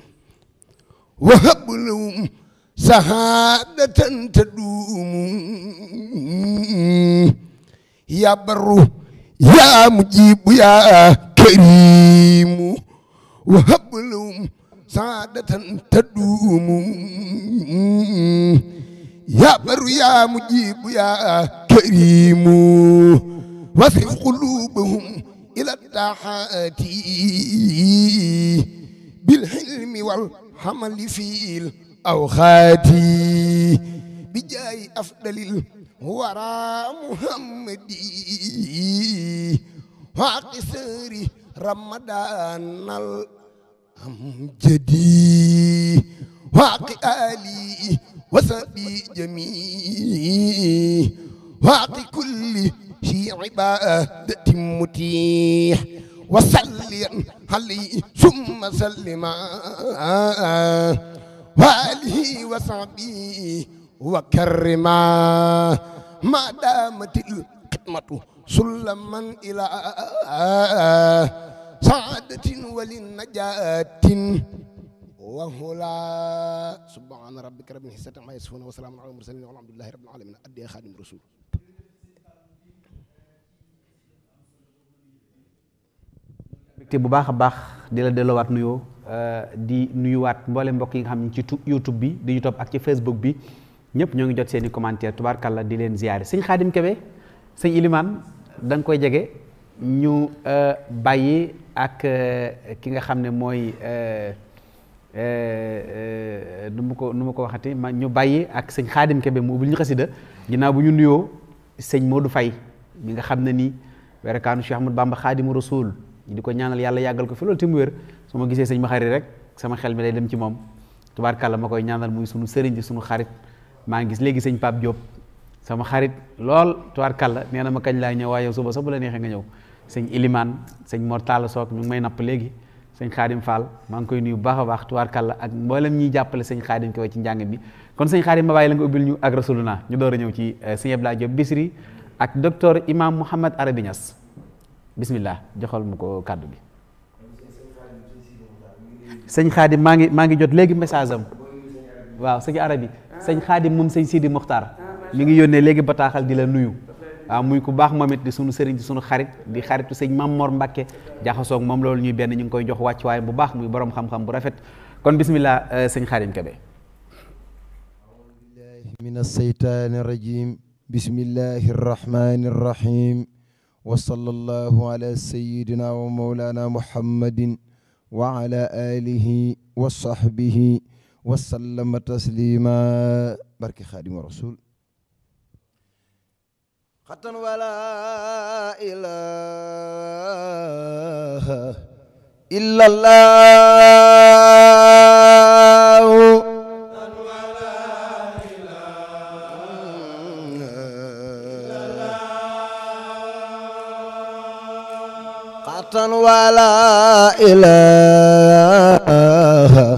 wahablum sahaadatan yaa barru yaa mujibu yaa karimu saadatan taduumu yaa baru yaa mujiibu yaa kariimu wasrif quluubahum ilaa taaxaati bil xilmi wal xamali fiil awxaati bi jaayi afdalil waraa muhammadi wa aqi sëri ramadaan al أمجدي واقع آلي وسبي جميع واقع كل شيء عبادة متيح وسلم عليه ثم سلم وآله وصحبه وكرما ما دامت الخدمة سلما إلى saadatin wali najaatin wa hula subhaana rabbika rabbil izzati ammaa yasifuun wa salaamun alal mursaliin walhamdulillaahi rabbil aalamiin addiya xaadim rasuul te bu baax a baax di la delloowaat nuyoo eh, di nuyuwaat mboole mbokk yi nga xam ne ci YouTube bi di ñu topp ak ci Facebook bi ñëpp ñoo ngi jot seen i commentaire tubaarkàlla di leen ziyaare sëñ Xaadim Kebe sëñ Ilimaan da koy jege ñu euh, bàyyi ak euh, ki nga xam ne mooy euh, nu mu ko nu mu ko waxati ma ñu bàyyi ak sëñ Xaadim Kebe mu ubbil ñu xasida ginnaaw bu ñu nuyoo sëñ moo du Faye mi nga xam ne nii werekaanu Cheikh Ahmadou Bamba Xaadimu Rasul ñu di ko ñaanal yàlla yàggal ko fi loolu te mu wér su ma gisee sëñ Maxari rek sama xel mi day dem ci moom tubaar tubaarkàlla ma koy ñaanal muy sunu sëriñ di sunu xarit maa ngi gis léegi sëñ Pape Diop sama xarit lool tubaarkàlla nee na ma kañ laa ñëw waaye suba sax bu la neexee nga ñëw sëñ Ilimane sëñ Mortala Sock ñu ngi may napp léegi sëñ Xaadim Fall maa ngi koy nuyu bu baax a baax tubaarkàlla ak mboolem ñuy jàppale sëñ Xaadim ko ci njàng mi kon sëñ Xaadim ma bàyyi la nga ubbil ñu ak rasuluna ñu door ñëw ci eh, sëñ Abdoulaye Diop ak docteur Imam Mouhamed Arabi Niass bismillah ko kàddu bi sëñ Xaadim maa ngi maa ngi jot léegi message am waaw sëñ Arabi sëñ Xaadim moom sëñ Sidi Mokhtar mi ngi yónnee léegi bataaxal di la nuyu waaw muy ku baax moom it di sunu sëriñ di sunu xarit di xaritu sëñ Mamor Mbacke jaxasoog moom loolu ñuy benn ñu ngi koy jox wàccuwaay bu baax muy borom xam-xam bu rafet kon bismillah euh, sëñ Xarim Kebe min alseytaani irrajim bismillahi arrahmani irrahim wa sallallahu ala wa maulana muhammadin wa ala alihi wa sahbihi wa sallama taslima rasul xatan wala ilaha illallah xatan wala ilaha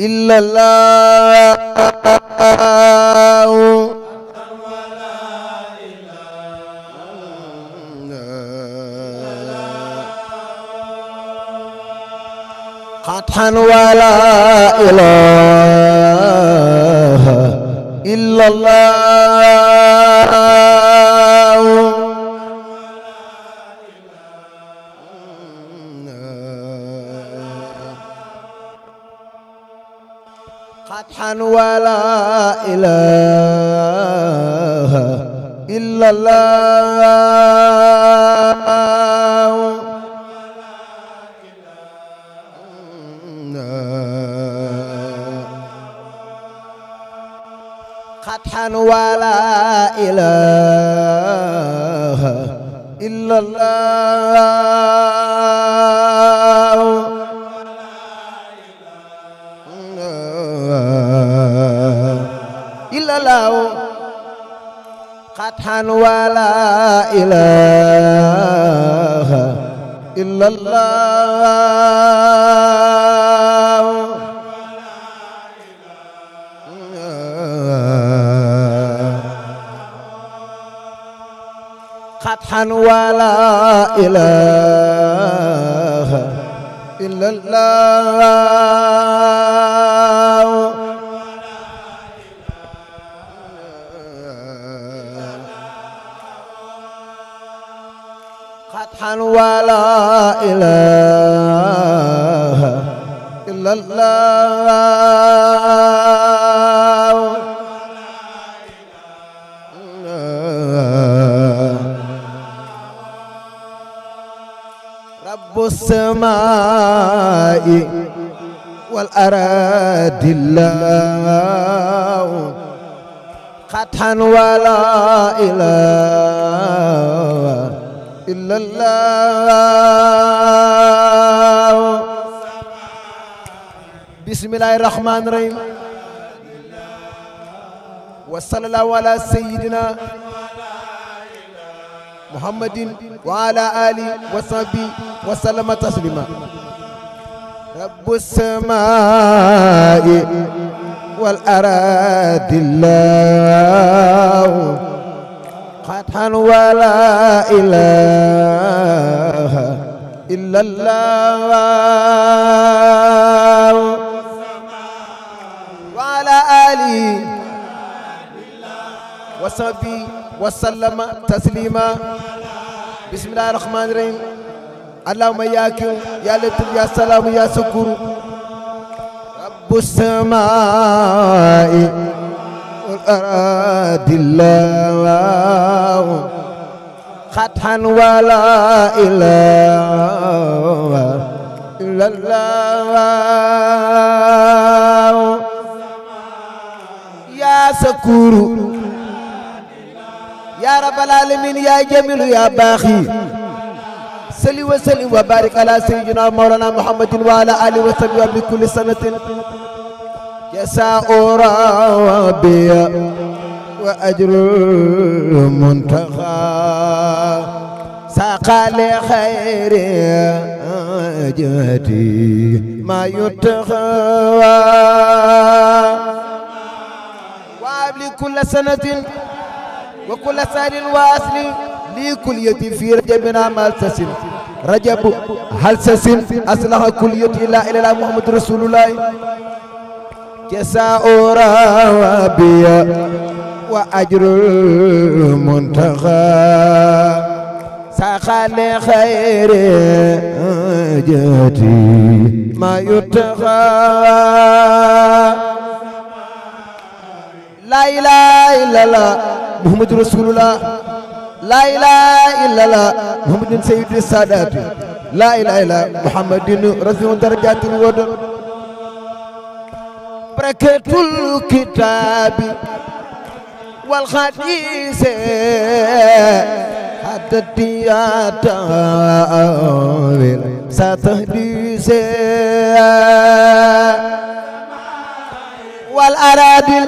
illallah فتحا ولا إله إلا الله فتحا ولا إله إلا الله ولا إله إلا الله إلا الله قطعا ولا إله إلا الله an wala ilaha illallah an wala ilaha illallah السماء والأراد الله فتحا ولا إله إلا الله بسم الله الرحمن الرحيم وصلى الله على سيدنا محمد وعلى آله وصحبه وسلم تسليما رب السماء والأراد الله قطعا ولا إله إلا الله وعلى آله وصحبه وسلم تسليما بسم الله الرحمن الرحيم اللهم ياك يا لطيف يا سلام يا سكور رب السماء والأرض الله فتحا ولا إله إلا الله يا سكور يا رب العالمين يا جميل يا باخي sali wa salim wa barik ala sayyidina mawlana muhammadin wa ala alihi wa sahbihi wa bi kulli sanatin jasa'u rabbiya wa ajrul muntaha ساقى لخير جهتي ما يتخوى وابلي كل سنة وكل سال واصل لي كليتي في رجبنا ما التسم رجب هل تسم أصلح كليتي لا إله إلا محمد رسول الله جزاء ربي وأجر المنتقى ساق لخير جهتي ما يتقى لا إله إلا الله محمد رسول الله laa ilaaha illallah muhammadin sayyidu saadaati laa ilaaha illallah muhammadin rafiu darajaatil wada barakatul kitaabi wal xadiise hatta tiyaata wil sa tahdiise wal araadil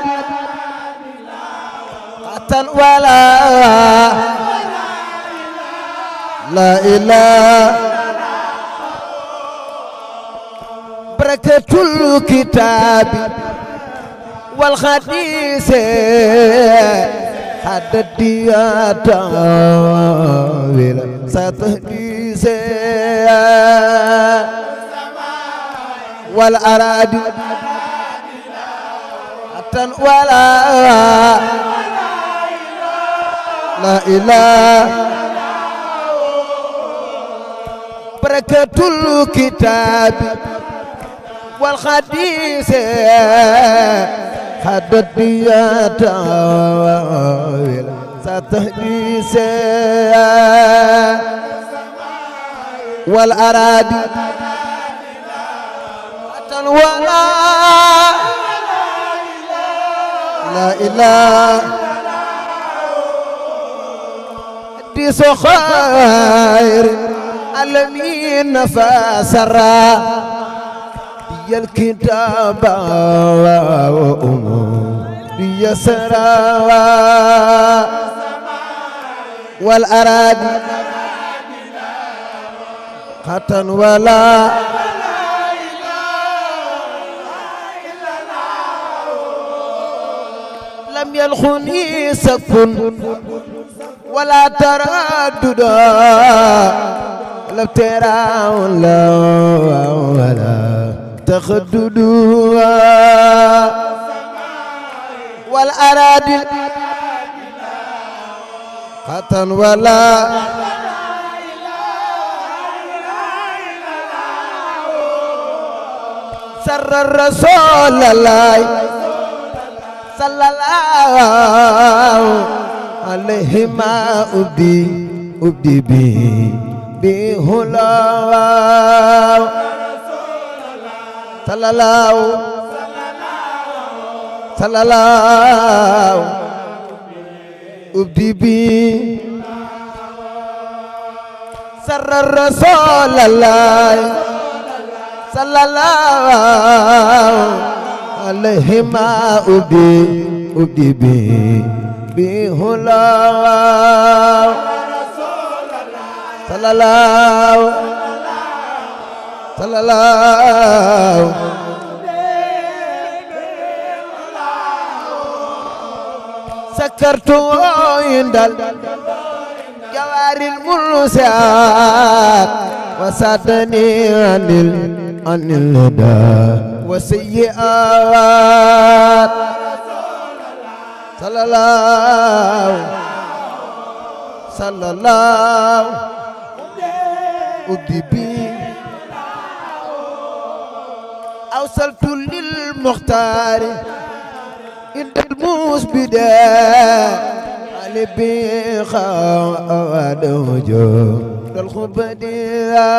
qatan wala لا إله بركة الكتاب والحديث حددي أتاويل ستهدي والأرادي حتى ولا لا إله بركة الكتاب والحديث حدد بياتا ستهديث والأرادي ولا لا إله دي سخير العالمين فسرى يا الكتاب وأموري يسرى والأراضي قطن ولا لم يلخني سف ولا ترددا la teraawun la wala taxaddudu wal aradil xatan wala sarra rasulallah sallallahu alayhi ma ubbi ubbi bi بهلا صلى الله صلى الله أبدي بي سر الرسول الله صلى الله عليه ما أبدي أبدي بي بهلا sallallahu sallallahu سكرت يندل جوار الملوسات وسادني عن عن الهدى وسيئات صلى الله صلى الله ubbi bi awsaltu lil muxtaari indil muus bi dee ali bi xawaadahu joom dal xubadiya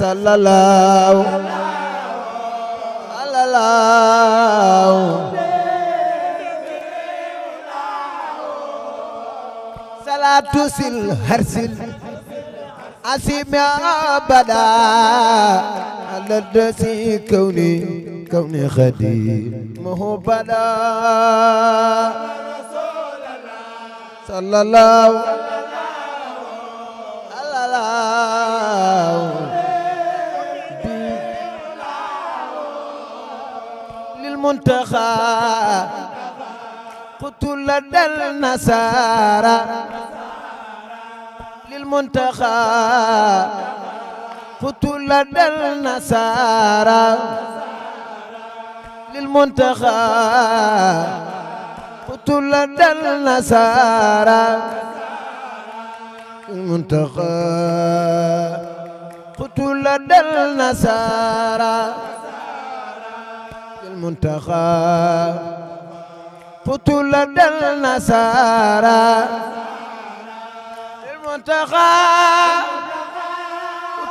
sallallahu alalaaw ولا تسل هرسل أسيم أبدا على الدسي كوني كوني خديم مهو بدا صلى الله صلى الله للمنتخب قتل لدى النصارى للمنتخى قتل لدى النصارى للمنتخى قتل لدى النصارى المنتقى قتل لدى النصارى المنتقى قتل النصارى المنتقى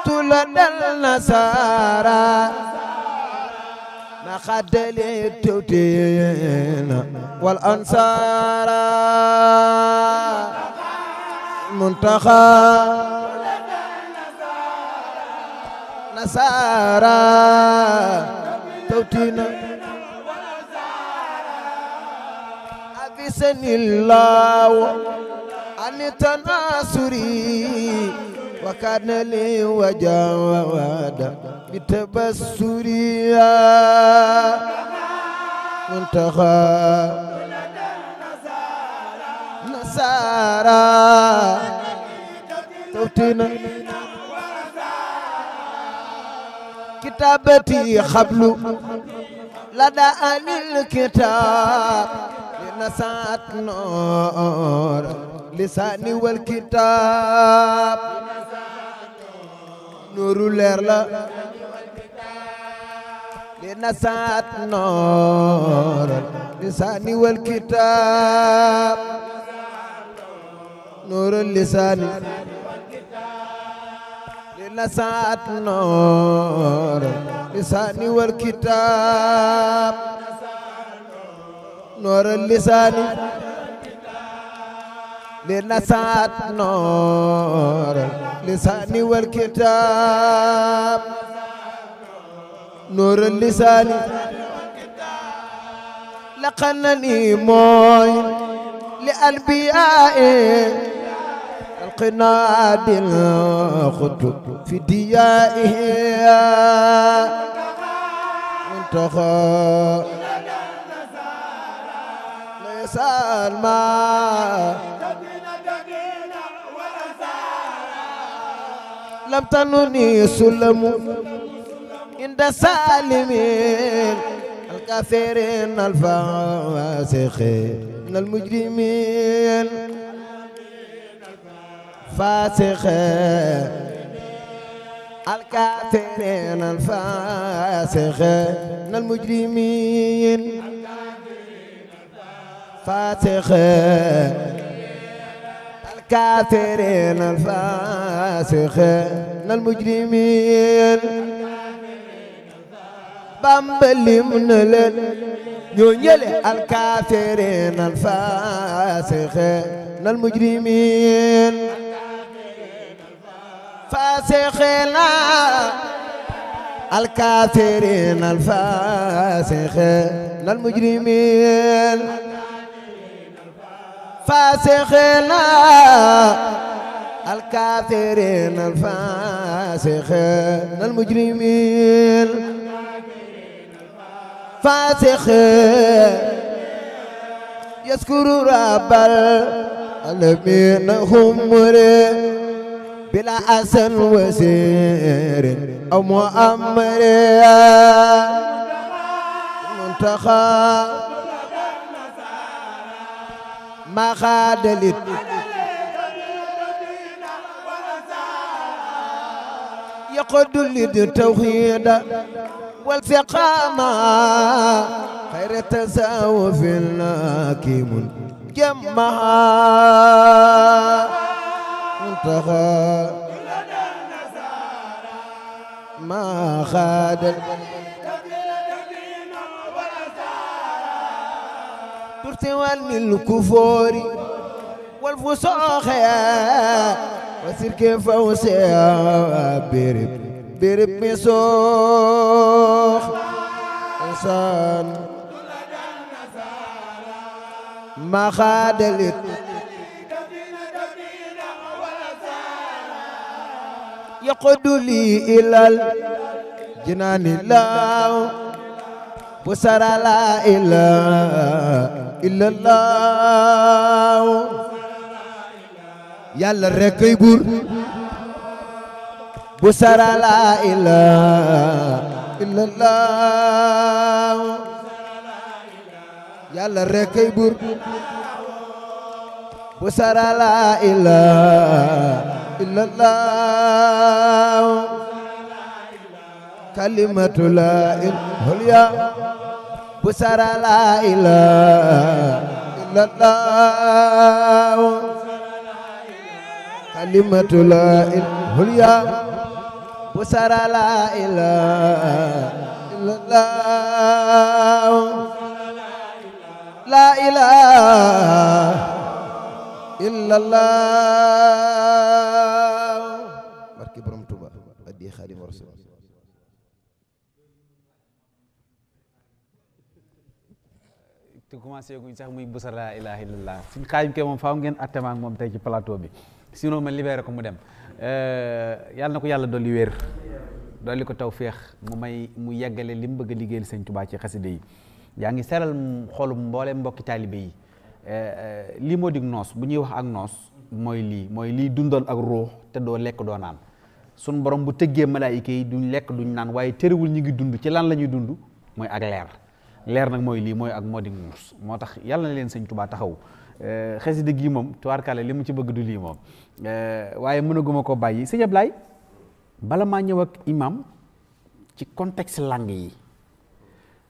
قتل النصارى لقد للتوتين والأنصار منتقى نصارى توتينا أحسن الله عن تناصري وكان لي وجاودا بتبسري منتخى نصارى توتينا كتابتي خبل لدى أن الكتاب لنسات نور لساني والكتاب نور لير لا لنسات نور لساني والكتاب نور اللساني نسعت نور لساني والكتاب نور اللسان لنسعت نور لساني والكتاب نور اللسان لقنني موي لأنبيائي يقنا بالخطب في ديائه منتخى ليس الماء لم تنني سلم عند سالمين الكافرين الفاسقين المجرمين الفاسق الكافرين الفاسقين المجرمين الفاسقين الكافرين الفاسقين المجرمين bamba lim na leen ñoo ñële alkaafiriin alfaasiqiin almujrimiin faasiqiin alkaafiriin alfaasiqiin almujrimiin faasiqiin alkaafiriin alfaasiqiin almujrimiin فاسخ يذكر رب العالمين هم بلا أسن وسير أو مؤمر منتخى ما خادلت يقدر للتوحيد والاستقامة خير تزاوف لاكم جمها منتخى ما خاد ترتوان من الكفور والفسوق وسير كيف وسير برب birib mi soox saan ma xaadalit yaqdu li ilal jinaani laaw bu sara laa ilaa illa laaw yàlla rekk ay buur bu sara laa ilaaha illallaah yàlla rekk ay buur bu sara laa ilaaha illallaah kalimatu laa ilaaha ulya bu laa ilaaha illallaah kalimatu laa ilaaha ulya busara la ilaha la ilaha illallah barki borom Tuuba addi Xaadimu Rasuul te commencé busara la ilaha illallah suñ xaajum ke moom faaw ngeen attemaak moom tey ci plateau bi sinon ma libéré ko mu dem Eh, yàlla na ko yàlla dolli wér dolli ko taw féex mu may mu yeggale li mu bëgg a liggéeyal sëñ Tubaa ci xaside yi yaa ngi seral xolum mboolem mbokki taalibe yi eh, eh, lii moo dig noos bu ñuy wax ak noos mooy lii mooy lii dundoon ak ruux te doo lekk doo naan sun borom bu tëggee malaayika yi duñ lekk duñ naan waaye terewul ñu ngi dund ci lan la ñuy dund mooy ak leer leer nag mooy lii mooy ak moo dig noos moo tax yàlla na leen sëñ Tubaa taxaw xaside gi moom tubaarkale li mu ci bëgg du lii Eh, waaye mënaguma ko bàyyi sëñ Ablaye bala maa ñëw ak imam ci contexte langue yi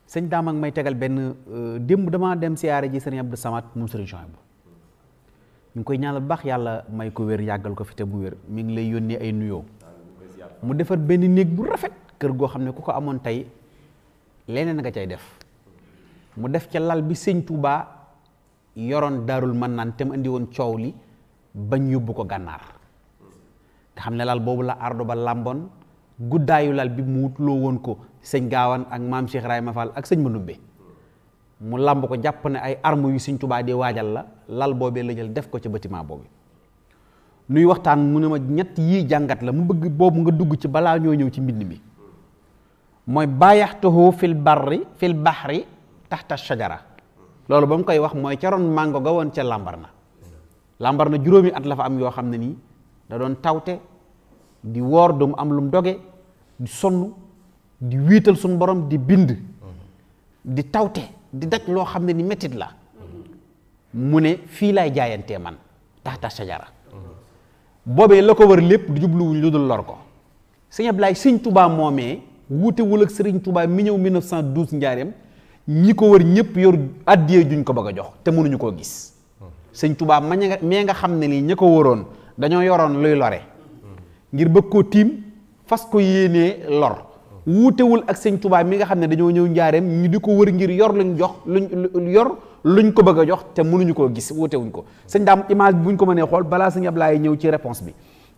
sëñ daam ak may tegal benn euh, démb damaa dem siyaare ji sëriñ Abdou Samad moom sëriñ Jean bu ñu ngi koy ñaanal baax yàlla may ko wér yàggal ko fi te mu wér mi ngi lay yónnee ay nuyoo mu defar benn néeg bu rafet kër goo xam ne ku ko amoon tey leneen nga cay def mu def ca lal bi sëñ Touba yoroon daarul mën naan te mu indi woon coow li bañ yóbbu ko gànnaar nga xam ne lal boobu la ardo ba làmboon guddaayu lal bi mu wutloo woon ko sëñ Gaawaan ak maam Cheikh Ibrahima Fall ak sëñ bi mu làmb ko jàpp ne ay arme yu sëñ Tuubaa di waajal la lal boobee la jël def ko ci bâtiment boobu nuy waxtaan mu ne ma ñett yii jàngat la mu bëgg boobu nga dugg ci balaa ñoo ñëw ci mbind mi mooy bàyyaxtahu fil barri fil baxri taxta shajara loolu ba mu koy wax mooy ca ron màngo ga woon ca làmbar na làmbar na juróomi at la fa am yoo xam ne nii da doon tawte di woor du mu am lu mu doge di sonn di wiital suñ borom di bind di tawte di daj loo xam ne ni mettit la mu ne fii laay jaayantee man tax taxta sajara boobee la ko war lépp du jubluwuñ lu dul lor ko sëñ Ablaay sëñ Tubaa moomee wuute wul ak sëriñ Tubaa mi ñëw 1912 njaareem ñi ko wër ñëpp yor addiyee juñ ko bëgg a jox te mënuñu koo gis sëñ tubaab ma nga mee nga xam ne nii ña ko wóoroon dañoo yoroon luy lore ngir bëgg koo tiim fas ko yéenee lor wuutewul ak sëñ tubaab mi nga xam ne dañoo ñëw njaareem ñu di ko wër ngir yor luñ jox luñ yor luñ ko bëgg a jox te mënuñu koo gis wuutewuñ ko sëñ daam image bi buñ ko mënee xool balaa sëñ Ablaay ñëw ci réponse bi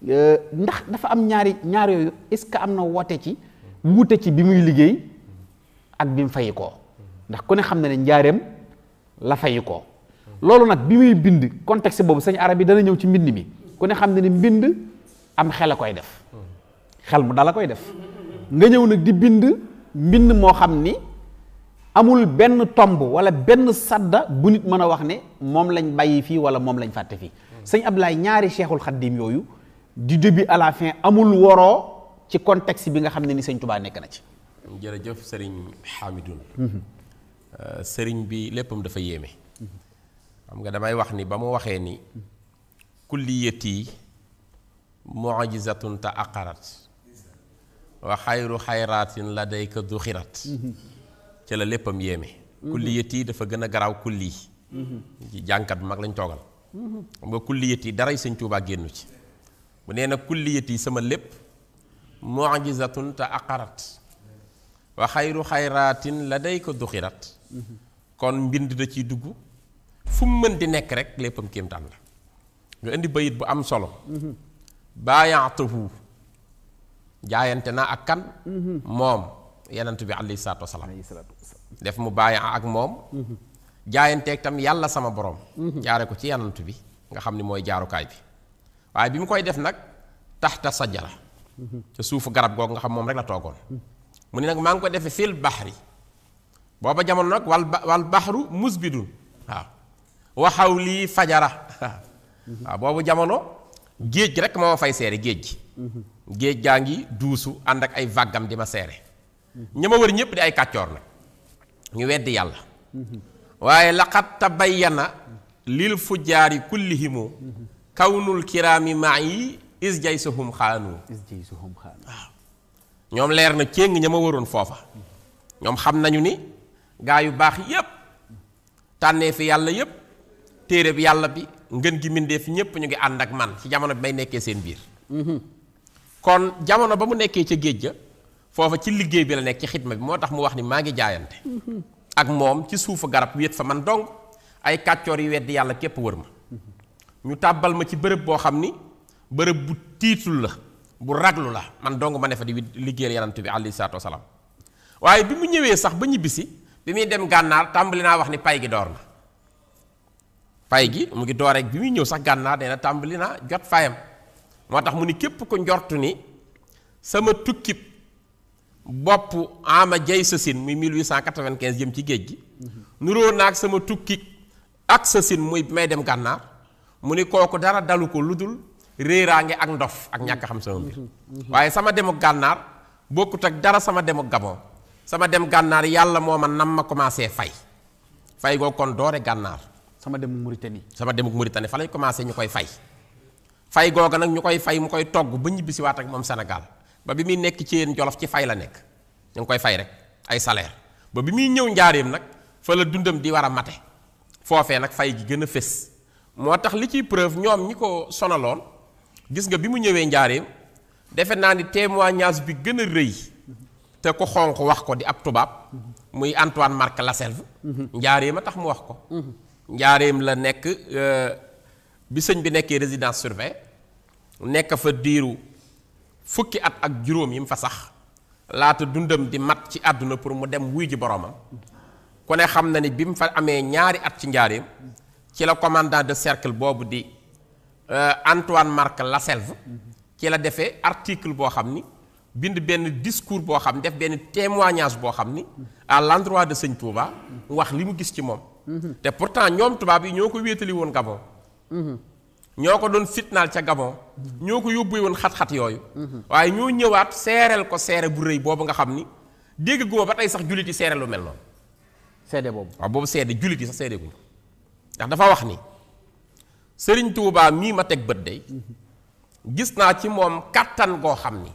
euh, ndax dafa am ñaari ñaar yooyu est-ce que am na woote ci wuute ci bi muy liggéey ak bi mu fayi koo ndax ku ne xam ne ne njaareem la fayi koo loolu nag bi muy bind contexte boobu sëñ arab yi dana ñëw ci mbind mi ku ne xam ne ni mbind am xel a koy def xel mu dala koy def nga ñëw nag di bind mbind moo xam ni amul benn tomb wala benn sadda bu nit mën a wax ne moom lañ bàyyi fii wala moom lañ fàtte fii sëñ Ablaay ñaari cheikhul xaddim yooyu di début à fin amul woroo ci contexte bi nga xam ne ni sëñ Tubaa nekk na ci jërëjëf sëriñ Xaamidoun mhm. euh, sëriñ bi léppam dafa yéeme xam nga damay wax ni ba mu waxee ni kulliyati mu'jizatun ta aqarat wa xayru xayraatin ladayka duxirat ci la léppam yéeme kulliyati dafa gën a garaaw kulli ci mag lañ toogal xam nga daray sëñ génnu ci bu nee nag kulliyati sama lépp mu'jizatun ta aqarat wa xayru xayraatin ladayka duxirat kon mbind da ciy dugg fu mu mën di nekk rek léppam kéemtaan la nga indi bayit bu am solo baayaatahu jaayante naa ak kan moom yenent bi alayhi salaatu wasalaam def mu baaya ak moom jaayanteeg tam yàlla sama borom mhm. jaare ko ci yenent bi nga xam ni mooy jaarukaay bi waaye bi mu koy def nag taxta sajara mhm. ca suufu garab googu nga xam moom rek la toogoon mu ne nag maa ngi ko defee fil baxri booba jamono nag wal wal baxru musbidun waaw waxaw lii fajara waaw boobu jamono géej gi rek moo ma fay seere géej gi géej gaa ngi duusu ànd ak ay vaggam di ma seere ña ma wër ñëpp di ay kàccoor nag ñu weddi yàlla waaye laqad tabayyana lil fujjaari kullihimu kawnul kiraami maayi is jaysuhum xaanu ñoom leer na céng ña ma waroon foofa ñoom xam nañu ni gaa yu baax yépp tànnee fi yàlla yépp téere bi yàlla bi ngën gi mbindeef ñépp ñu ngi ànd ak man ci jamono bi may nekkee seen biir mm-hmm. kon jamono ba mu nekkee ca géej ga foofa ci liggéey bi la nekk ci xidma bi moo tax mu wax ni maa ngi jaayante mm-hmm. ak moom ci suufu garab wéet fa man dong ay kàccoor yu weddi yàlla képp wër ma mm-hmm. ñu tàbbal ma ci bërëb boo xam ni bërëb bu tiitul la bu raglu la man dong ma ne fa di liggéeyal yanantu bi alayhi salaatu wasalaam waaye bi mu ñëwee sax ba ñibbisi bi muy dem gànnaar tàmbali naa wax ni pay pay gi mu ngi door rek bi muy ñëw sax gànnaar nee na tàmbali naa jot fayam moo tax mu ni képp ko njortu ni sama tukki bopp ama jay sa sin muy 1895 jëm ci géej gi mhm. nuroo naag sama tukki ak sa sin muy may dem gànnaar mu ni kooku dara dalu ko lu dul réeraange ak ndof ak ñàkk xam sama mbir mhm. Mhm. waaye sama demu gànnaar bokkut ak dara sama demu gabon sama dem gànnaar yàlla moo ma nam ma commencé fay fay goo kon doore gànnaar sama demu Mauritanie. sama demu Mauritanie fa lañ commencé ñu koy fay fay googa nag ñu koy fay mu koy togg ba ñibbisiwaat ak moom senegal ba bi muy nekk ci yéen jolof ci fay la nekk ñu koy fay rek ay salaire ba bi muy ñëw njaareem nag fa la dundam di war a mate foofee nag fay gi gën a fés moo tax li ciy preuve ñoom ñi ko sonaloon gis nga bi mu ñëwee njaareem defe naa ni ñaas bi gën a rëy te ko xonq wax ko di ab tubaab muy Antoine la Lasselve mhm. njaareem a tax mu wax ko mhm. njaareem la nekk euh, bi sëñ bi nekkee résidence surveillée nekk fa diiru fukki at ak juróom yi mu fa sax laata dundam di mat ci àdduna pour mu dem wuy ji boromam kone xam na ni bi mu fa amee ñaari at ci njaareem ci la commandant de cercle boobu di euh, Antoine Marc Lasselve ci la defee article boo xam ni bind benn discours boo xam def benn témoignage boo xam ni à l'endroit de sëñ Touba wax li mu gis ci moom Mm-hmm. te pourtant ñoom tubaab yi ñoo ko wéetali woon Gabon. Mm-hmm. ñoo ko doon fitnaal ca Gabon. Mm-hmm. ñoo ko yóbbu woon xat-xat yooyu. waaye ñoo ñëwaat seereel ko seere bu rëy boobu nga xam ni dégg guma ba tey sax jullit yi seere lu mel noonu. seede boobu waaw boobu seede jullit yi sax seede guñu ndax dafa wax ni sëriñ tuubaa mii ma teg bët day gis naa ci moom kattan goo xam ni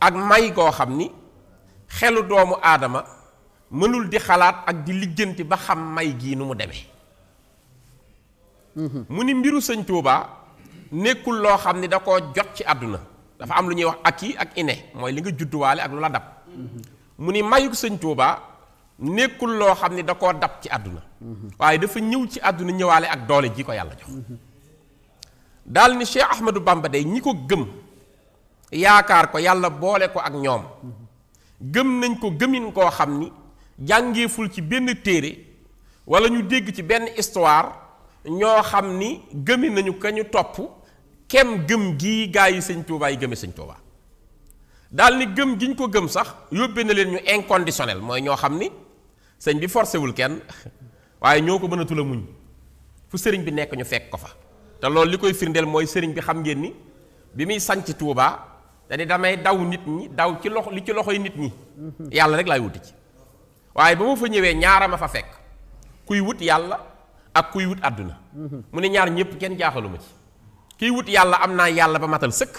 ak may koo xam ni xelu doomu aadama. mënul di xalaat ak di lijjanti ba xam may gii nu mu demee mhm. mu ni mbiru sëñ Tuubaa nekkul loo xam ni da koo jot ci àdduna dafa am lu ñuy wax ak acquis ak inné mooy li nga judduwaale ak lu la dab mhm. mu ni mayuk sëñ Tuubaa nekkul loo xam ni da koo dab ci àdduna mhm. waaye dafa ñëw ci àdduna ñëwaale ak doole ji ko yàlla jox daal ni Cheikh Ahmadou Bamba day ñi ko gëm yaakaar ko yàlla boole ko ak ñoom gëm nañ ko gëmin koo xam ni jàngeeful ci benn téere wala ñu dégg ci benn histoire ñoo xam ni gëmi nañu ka ñu topp kem gëm gii gaa yi sëñ Tuubaa yi gëme sëñ Tuubaa daal ni gëm gi ñu ko gëm sax yóbbee na leen ñu inconditionnel mooy ñoo xam ni sëñ bi forcé wul kenn waaye ñoo ko mënatul a muñ fu sëriñ bi nekk ñu fekk ko fa te loolu li koy firndeel mooy sëriñ bi xam ngeen ni bi muy sanc Tuubaa dañi damay daw nit ñi daw ci loxo li ci loxoy nit ñi mm-hmm. yàlla rek laay wuti ci waaye ba ma fa ñëwee ñaara a fa fekk kuy wut yàlla ak kuy wut àdduna mu ne ñaar ñëpp kenn jaaxaluma ci kiy wut yàlla am naa yàlla ba matal sëkk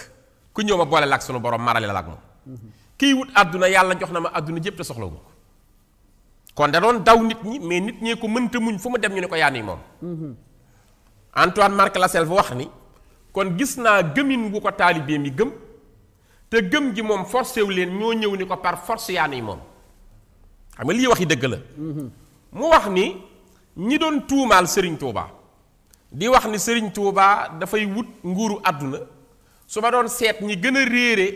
ku ñëw ma boole ak sunu borom marale la ak moom kiy wut àdduna yàlla jox na ma àdduna jëpp te soxlawu ma ko kon da doon daw nit ñi mais nit ñee ko mënta muñ fu mu dem ñu ne ko yaa nii moom Antoine Marc Lassalle bu wax ni kon gis naa gëmin wu ko taalibe mi gëm te gëm ji moom forcé wu leen moo ñëw ni ko par force yaa nii moom xam nga lii waxi dëgg la mu wax ni ñi doon tuumaal sëriñ tuubaa di wax ni sëriñ tuubaa dafay wut nguuru àdduna su ma doon seet ñi gën a réere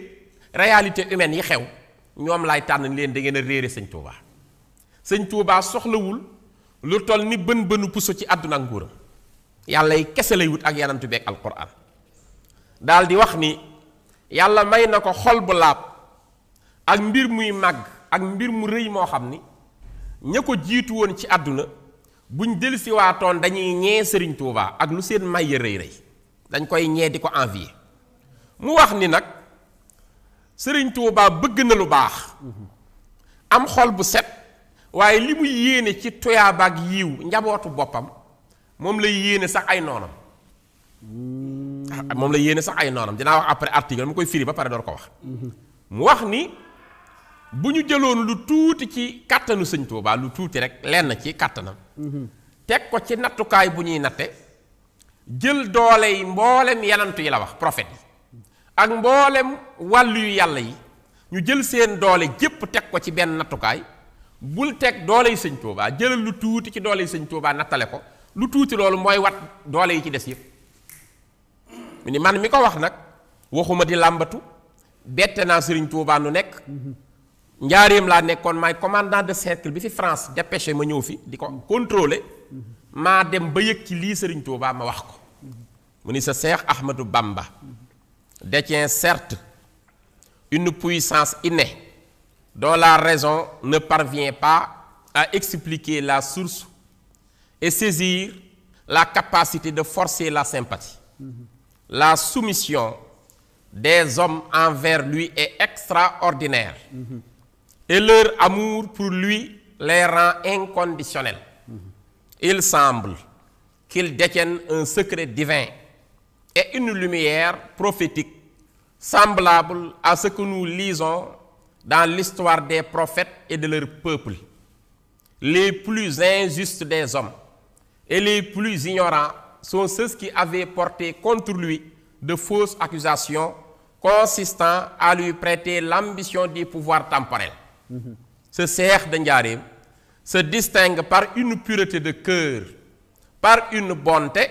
réalité humaine yi xew ñoom lay tànn leen da a réere sëñ tuubaa sëñ tuubaa soxlawul lu toll ni bën bënu puso ci àdduna ak nguuram yàlla yi kese lay wut ak yanamtu beeg alquran daal di wax ni yàlla may na ko xol bu laab ak mbir muy màgg ak mbir mu rëy moo xam ni ña ko jiitu woon ci àdduna buñ dellusiwaatoon dañuy ñee sëriñ Touba ak lu seen may ya rëy rëy dañ koy ñee di ko envier mu wax ni nag sëriñ Touba bëgg na lu baax am xol bu set waaye li mu yéene ci tuyaaba ak yiw njabootu boppam moom lay yéene sax ay noonam mmh. ah, moom la yéene sax ay noonam dinaa wax après article mu koy firi ba pare door ko wax mmh. mu wax ni bu ñu jëloon lu tuuti ci kàttanu sëñ Tuubaa lu tuuti rek lenn ci kàttanam mhm. teg ko ci nattukaay bu ñuy natte jël doole yi mboolem yanantu yi la wax prophète yi ak mboolem wàll yu yàlla yi ñu jël seen doole jépp teg ko ci benn nattukaay bul teg doole yi sëñ Tuubaa jëlal lu tuuti ci doole yi sëñ Tuubaa nattale ko lu tuuti loolu mooy wat doole yi ci des yëpp mu man mi ko wax nag waxuma di làmbatu bette naa sëriñ Tuubaa nu nekk mhm. njaareem laa nekkoon may commandant de cercle bi fi France dépêché ma ñëw fi di ko contrôler maa dem ba yëg ci lii Serigne baa ma wax ko mu ni sa Cheikh Ahmadou Bamba détient certes une puissance innée dont la raison ne parvient pas à expliquer la source et saisir la capacité de forcer la sympathie la soumission des hommes envers lui est extraordinaire et leur amour pour lui les rend inconditionnels. Il semble qu'ils détiennent un secret divin et une lumière prophétique semblable à ce que nous lisons dans l'histoire des prophètes et de leur peuple. Les plus injustes des hommes et les plus ignorants sont ceux qui avaient porté contre lui de fausses accusations consistant à lui prêter l'ambition du pouvoir temporel. se seex de njaareem se distingue par une pureté de cœur par une bonté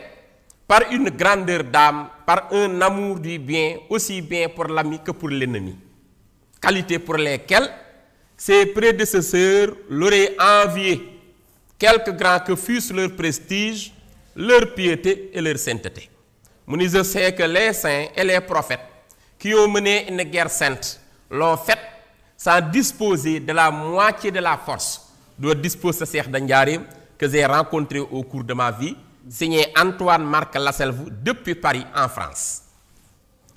par une grandeur d'âme par un amour du bien aussi bien pour l'ami que pour l'ennemi qualité pour lesquelles ses prédécesseurs l'auraient envié quelque grand que fussent leur prestige leur piété et leur sainteté mu ni je sais que les saints et les prophètes qui ont mené une sainte l'ont faite sans disposer de la moitié de la force dont dispose ce Cheikh de Ndiarème que j'ai rencontré au cours de ma vie signé Antoine Marc Lasselve depuis Paris en France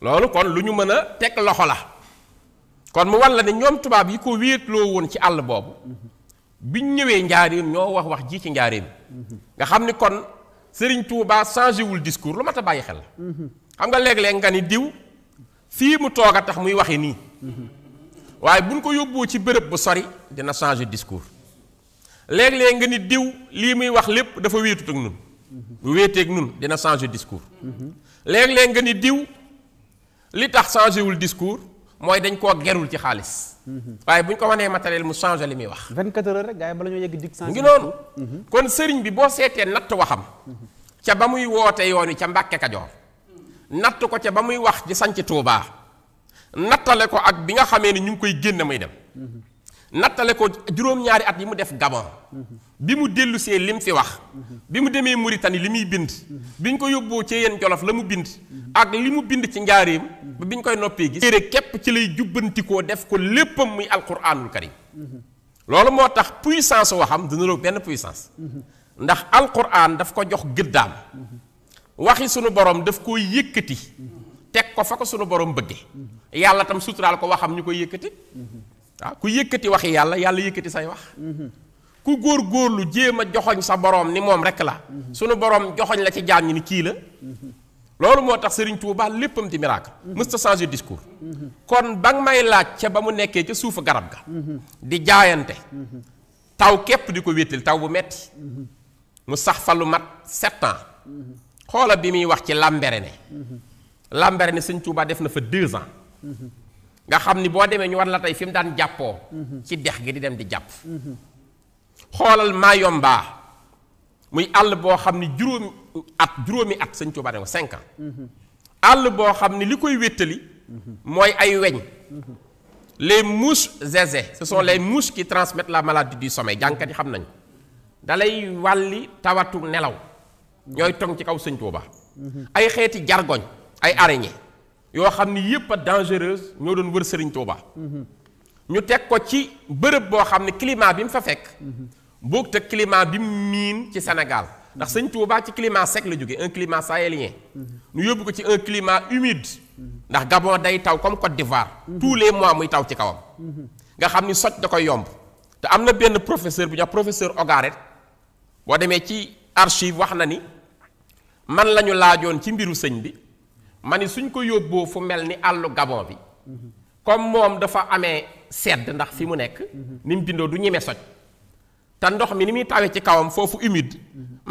loolu kon lu ñu mën a teg loxo la kon mu wan la ne ñoom tubaab yi ko wéetloo woon ci àll boobu biñ ñëwee Njaaréem ñoo wax wax ji ci Njaaréem nga xam ni kon Serigne Touba changé wul discours lu mat a bàyyi xel. xam nga léeg-léeg nga ni diw fii mu toog a tax muy waxi nii. waaye buñ ko yóbboo ci béréb bu sori dina changer discours léeg-léeg nga ni diw lii muy wax lépp dafa wéetut ak nun bu wéeteeg nun dina changer discours léeg nga ni diw li tax changé wul discours mooy dañ koo gerul ci xaalis waaye bu ñu ko wanee matériel mu changé li muy wax 24 heures rek gars yi bala ñoo yegg dig ngi noonu kon sëriñ bi boo seetee natt waxam ca ba muy woote yoon wi ca Mbàkke Kajoor natt ko ca ba muy wax ci sanc Tuubaa nattale ko ak bi nga xamee ni ñu ngi koy génn may dem nattale ko juróom-ñaari at yi mu def Gabon bi mu dellusee lim fi wax bi mu demee Mauritanie li muy bind bi ñu ko yóbboo ci yeen jolof la mu bind ak li mu bind ci njaareem ba bi ñu koy noppee gis képp ci lay jubbantikoo def ko léppam muy alquranul karim loolu moo tax puissance waxam dina roog benn puissance ndax alquran daf ko jox gëddaam waxi sunu borom daf koo yëkkati teg ko fa ko sunu borom bëgge yàlla tam suturaal ko waxam ñu koy yëkkati waaw ku yëkkati wax yàlla yàlla yëkkati say wax ku góor góorlu jéem a joxoñ sa boroom ni moom rek la sunu boroom joxoñ la ci jaam ñi ni kii la loolu moo tax Serigne Touba léppam di miracle mësta changer discours kon ba may laaj ca ba mu nekkee ca suufu garab ga jaayante taw képp di ko wéttali taw bu metti mu sax fa lu mat sept ans xoola bi muy wax ci Lambaréné Lambaréné Serigne Touba def na fa deux ans nga xam ni boo demee ñu war la tey fi mu daan jàppoo ci dex gi di dem di jàpp xoolal Mayomba muy àll boo xam ni juróomi at juróomi at sëñ Tuubaa ne ko cinq àll boo xam ni li koy wéttali mooy ay weñ les mouches zézé ce sont les mouches qui transmettent la maladie di sommeil jànkat yi xam nañu dalay wàlli tawatu nelaw ñooy tong ci kaw sëñ Tuubaa ay xeeti jargoñ ay araignée yoo xam ni yëpp a dangereuse ñoo doon wër Serigne Touba. ñu teg ko ci bërëb boo xam ne climat bi mu fa fekk. boog te climat bi mu miin ci Sénégal ndax sëñ Touba ci climat sec la jóge un climat sahélien. ñu yóbbu ko ci un climat humide. ndax Gabon day taw comme Côte d'Ivoire. tous les mois muy taw ci kawam. nga xam ni socc da koy yomb. te am na benn professeur bu ñu wax professeur Ogaret boo demee ci archive wax na ni man lañu laajoon ci mbiru sëñ bi. ma ni suñ ko yóbboo fu mel ni àllu gabon bi comme moom dafa amee sedd ndax fi mu nekk ni bindoo du ñeme soj te ndox mi ni muy tawee ci kawam foofu humide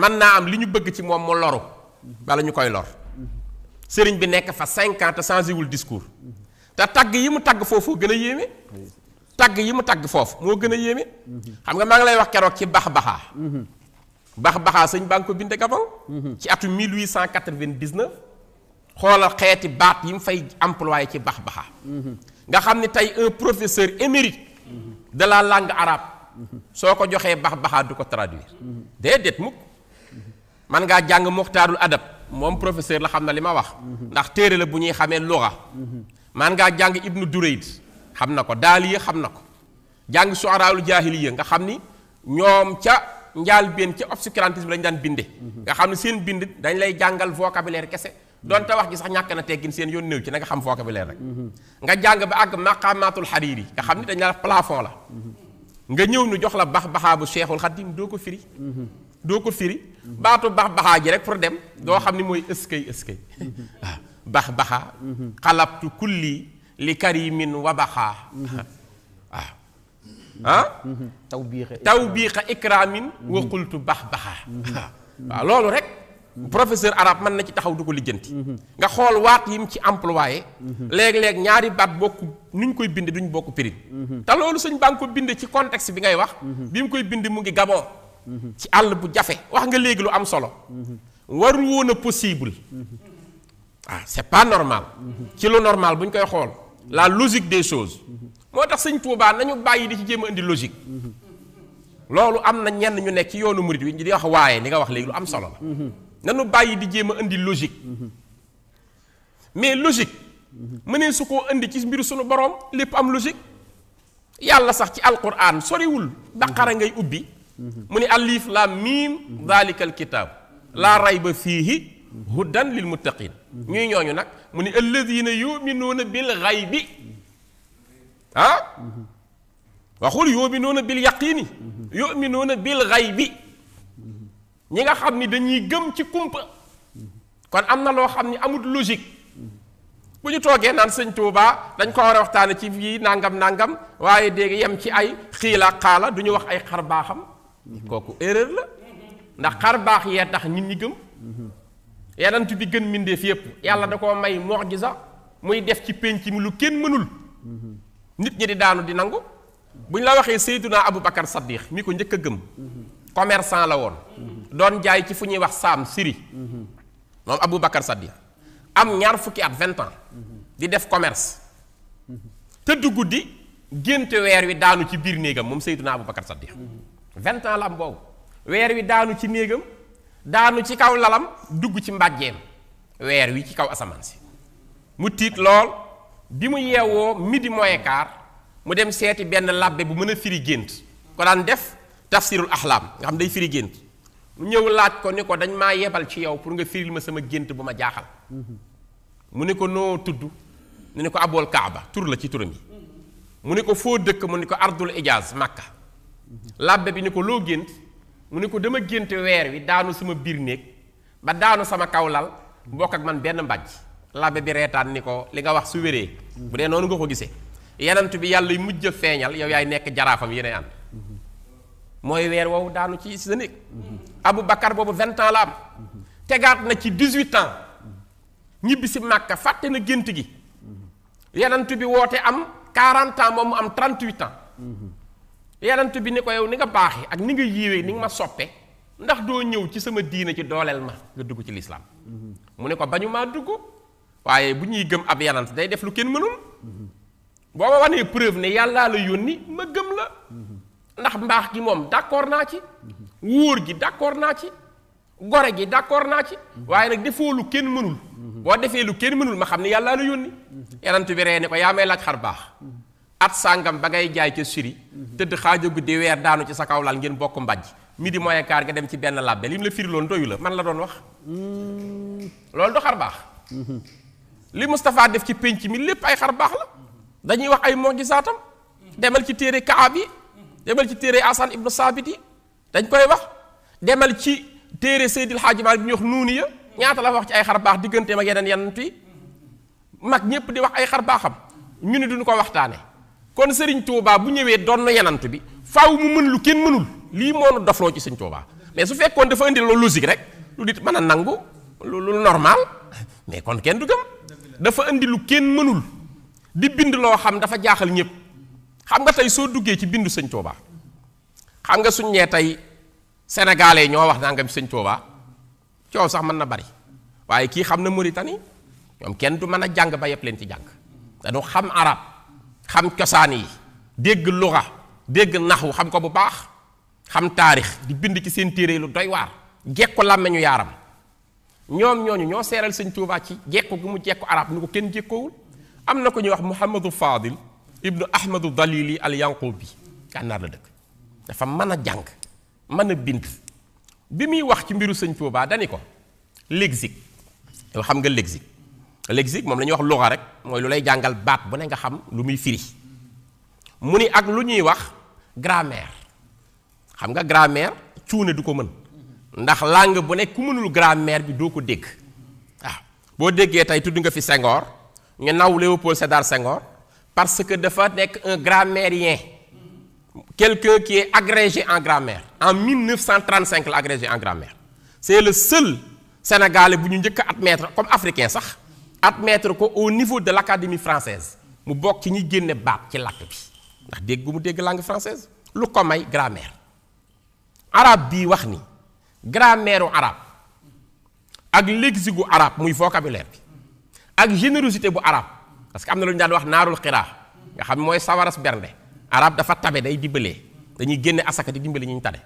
mën naa am li ñu bëgg ci moom mu loru bala ñu koy lor sëriñ bi nekk fa cinquante ans te changé wul discours te tagg yi mu tagg foofu gën a yéeme tagg yi mu tagg foofu moo gën a yéeme xam nga maa ngi lay wax keroog ci bax baxaa bax baxaa sëñ baa ngi ko binde gabon ci atum 1899 xoolal xeeti baat yi mu fay employé ci bax baxa nga xam ne tey un professeur émérite de la langue soo ko joxee bax baxaa du ko traduire déedéet mukk man ngaa jàng muxtaarul adab moom professeur la xam na li ma wax ndax téere la bu ñuy xamee luga man ngaa jàng ibnu durayd xam na ko daal yi xam na ko jàng su suaraawul jaahiliya nga xam ni ñoom ca njaal benn ca obscurantisme lañu daan binde nga xam ne seen bind dañ lay jàngal vocabulaire kese donte wax gi sax ñàkk na teggin seen yoon néew ci na nga xam foo ko bi leen rek mhm. nga jàng ba àgg maqamatul xariir yi nga xam ni dañ la plafond la mhm. nga ñëw nu jox la bax baxaa bu seexul xadim doo ko firi mhm. doo ko firi baatu bax baxaa ji rek pour dem doo xam ni mooy ëskay ëskay waaw ah, bax baxaa xalabtu kulli li karimin wa baxaa waaw ah, ah? taw biixa ikraamin wa qultu bax baxaa ah. waaw loolu rek professeur arabe mën na ci taxaw du ko lijjanti. nga xool waat yi mu ci employé. léeg-léeg ñaari baat bokk nuñ koy bind duñ bokk prix. te loolu sëñ baa ngi ko bind ci contexte bi ngay wax. bi mu koy bind mu ngi Gabon. ci àll bu jafe wax nga léegi lu am solo. warul woon a possible. ah c'est pas normal. ci lu normal bu ñu koy xool. la logique des choses. moo tax sëñ Touba nañu bàyyi di ci jéem a indi logique. loolu am na ñenn ñu nekk ci yoonu murit wi di wax waaye li nga wax léegi lu am solo nanu bàyyi di jéem a indi logique mais logique mënee su ko indi ci mbir sunu boroom lépp am logique yàlla sax ci alquran soriwul baqara ngay ubbi mu ne alif laam miim dalikal kitaab laa rayba fiihi hudan lil muttaqin ñuy ñooñu nag mu ne alladina yuminuuna bil xaybi ah waxul yuminuuna bil yaqiini yuminuuna bil bi ñi nga xam ni dañuy gëm ci kumpa kon am na loo xam ni amut logique bu ñu toogee naan sëñ Touba dañ ko war a waxtaane ci fii nangam nangam waaye dégg yem ci ay xiila xaala du ñu wax ay xar baaxam kooku erreur la ndax xar baax yee tax nit ñi gëm yenant bi gën mbindeef yépp yàlla da koo may mu'jiza muy def ci penc mi lu kenn mënul nit ñi di daanu di nangu bu ñu la waxee naa Abu Bakar Saddiq mi ko njëkk a gëm commerçant la woon doon jaay ci fu ñuy wax saam siri moom Aboubacar Saddi am ñaar fukki at vingt ans di def commerce te tëdd guddi gént weer wi daanu ci biir néegam moom Seydina Aboubacar Saddi vingt ans la am boobu weer wi daanu ci néegam daanu ci kaw lalam dugg ci mbàjjeem weer wi ci kaw asamaan si mu tiit lool bi mu yeewoo midi moins quart mu dem seeti benn labbe bu mën a firi gént ko daan def tafsirul axlaam nga xam day firi gént ñëw laaj ko ni ko dañ maa yebal ci yow pour nga firil ma sama gént bu ma jaaxal mu ni ko noo tudd mu ni ko abool kaaba tur la ci turam yi mu ni ko foo dëkk mu ni ko ardul ijaaz màkka làbbe bi ni ko loo gént mu ni ko dama gént weer wi daanu sama biir néeg ba daanu sama kaw lal bokk ak man benn mbàjj làbbe bi reetaan ni ko li nga wax su wéree bu dee noonu nga ko gisee yenant bi yàlla mujj a feeñal yow yaay nekk jaraafam yeneen mooy weer woowu daanu ci sa néeg abou bakar boobu vingt ans la am tegaat na ci dix-huit ans ñibbi si màkka fàtte na gént gi yenant bi woote am quarante ans moom mu am trente-huit ans yenant bi ni ko yow ni nga baaxee ak ni nga yiwee ni nga ma soppe ndax doo ñëw ci sama diina ci dooleel ma nga dugg ci lislaam mu ne ko bañu maa dugg waaye bu ñuy gëm ab yenant day def lu kenn mënul boo ma wanee preuve ne yàllaa la yónni ma gëm la ndax mbaax gi moom d'accord naa ci wóor gi d'accord naa ci gore gi d'accord naa ci waaye nag defoo lu kenn mënul boo defee lu kenn mënul ma xam ne yàllaa la yónni yonent bi ree ne ko yaa may laaj xar baax at sàngam ba ngay jaay ca siri tëdd xaajo guddi weer daanu ci sa kaw laal ngeen bokk mbajj midi mooy kaar gi dem ci benn làbbe li mu la firiloon doyu la man la doon wax loolu du xar baax li Moustapha def ci pénc mi lépp ay xar baax la dañuy wax ay mojisaatam demal ci téere kaab yi demal ci téere Asan ibnu Saabit yi dañ koy wax demal ci téere Seydil Haaji Maalik bi ñuy wax nuuni ya ñaata la wax ci ay xar baax digganteem ak yeneen yenant yi mag ñépp di wax ay xar baaxam ñu ne duñu ko waxtaane kon Sëriñ Tuubaa bu ñëwee doon na yenant bi faaw mu mën lu kenn mënul lii moo nu dofloo ci Sëriñ Tuubaa mais su fekkoon dafa indi loolu logique rek lu dit mën a nangu lu normal mais kon kenn du gëm dafa indi lu kenn mënul di bind loo xam dafa jaaxal ñëpp xam nga tey soo duggee ci bindu sëñ Touba xam nga suñ nee tey sénégalais ñoo wax nangam sëñ Touba coow sax mën na bari waaye kii xam na Mauritanie ñoom kenn du mën a jàng ba yëpp leen ci jàng dañu xam arab xam cosaan yi dégg luga dégg naxwu xam ko bu baax xam taarix di bind ci seen téere lu doy waar jekku làmmeñu yaaram ñoom ñooñu ñoo seeral sëñ Touba ci jekku gu mu jekku arab nu ko kenn jékkoowul am na ko ñuy wax Mouhamadou Fadil ibnu ahmadu dalili al bi gànnaar la dëkk dafa mën a jàng mën a bind bi muy wax ci mbiru sëñ Tuubaa dani ko lexique yow xam nga lexique lexique moom lañuy wax luxa rek mooy lu lay jàngal baat bu ne nga xam lu muy firi mu ni ak lu ñuy wax grameer xam nga grameer cuune du ko mën ndax langue bu ne ku mënul grameer bi doo ko dégg waaw boo déggee tey tudd nga fi sengoor nga naw Léopold Sédar Senghor parce que dafa nekk un grammairien quelqu'un qui est agrégé en grammaire en 1935 la agrégé en grammaire c'est le seul sénégalais bu ñu njëkk a admettre comme africain sax admettre ko au niveau de l'académie française mu bokk ci ñi génne baat ci làkk bi ndax dégg gu mu dégg langue française lu ko may grammaire arabe bii wax ni grammaire u arabe ak lexique gu arabe muy vocabulaire bi ak générosité bu arabe parce que am na lu ñu daan wax naarul xiraa nga xam mooy sawaras bernde arab dafa tabe day dimbalee dañuy génne asaka di dimbale ñu ñu tane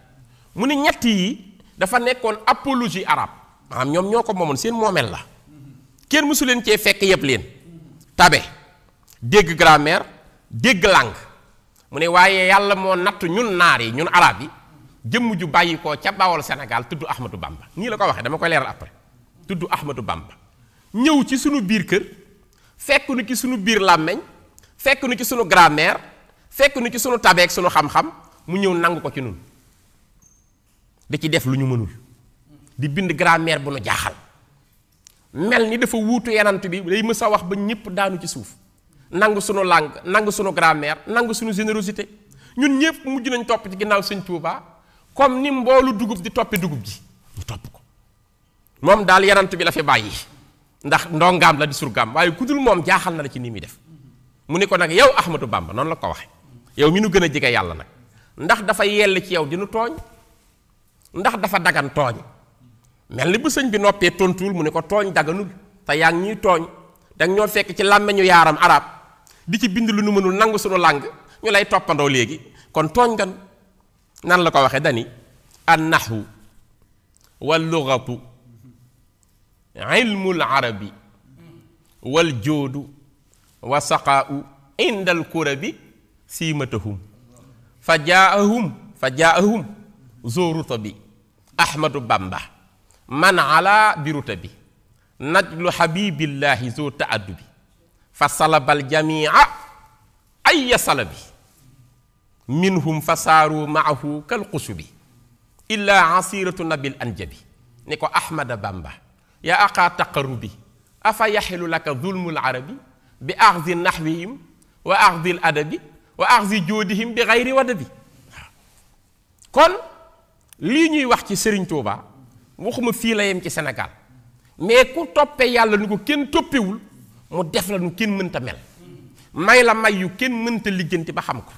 mu ne ñett yi dafa nekkoon apologie arabe maanaam ñoom ñoo ko moomoon seen moomeel la kenn mësu leen cee fekk yëpp leen tabe dégg grammaire dégg langue mu ne waaye yàlla moo natt ñun naar yi ñun arab yi jëmm ju bàyyi ko ca Bawol Sénégal tudd Ahmadou Bamba nii la ko waxee dama koy leeral après tudd Ahmadou Bamba fekk ci sunu biir làmmeñ fekk nu ci sunu grammaire fekk nu ci sunu tabeek sunu xam-xam mu ñëw nangu ko ci nun di ci def lu ñu mënul di bind grammaire bu nu jaaxal mel ni dafa wuutu yenant bi day mës a wax ba ñëpp daanu ci suuf nangu sunu langue nangu sunu grammaire nangu sunu générosité ñun ñëpp mujj nañ topp ci ginnaaw sëñ Tuuba comme ni mboolu dugub di toppi dugub ji ñu topp ko moom daal yenant bi la fi bàyyi ndax ndongaam la di surgaam waaye ku dul moom jaaxal na la ci ni muy def mu ne ko nag yow Ahmadou Bamba noonu la ko waxe yow mi nu gën a jege yàlla nag ndax dafa yell ci yow dina tooñ ndax dafa daggan tooñ mel ni bu sëñ bi noppee tontuwul mu ne ko tooñ daganul te yaa ngi ñuy tooñ danga ñoo fekk ci ñu yaaram araab di ci bind lu nu mënul nangu sunu làng ñu lay toppandoo léegi kon tooñ gan nan la ko waxee dani an nahwu wal lughatu ilmul arabi wal joodu wa saqaau indal kurabi siimatahum fa jaahum fa jaahum zooruta bi ahmadu bamba man ala biruta bi najlu xabibillaahi zoo taaddu bi fa salabal jamia aya salabi minhum fa saaru maahu kal qusubi illaa asiratu nabil anjabi ni ko ahmada bamba yaa aqaa bi afa yaxilu laka zulmul arabi bi axzi naxwihim wa axzi l adabi wa axzi joodihim bi xayri wadabi kon lii ñuy wax ci Serigne Touba waxuma fii la yem ci Sénégal mais ku toppe yàlla nu ko kenn toppewul mu def la kenn mënta mel may la may yu kenn mënta lijjanti ba xam ko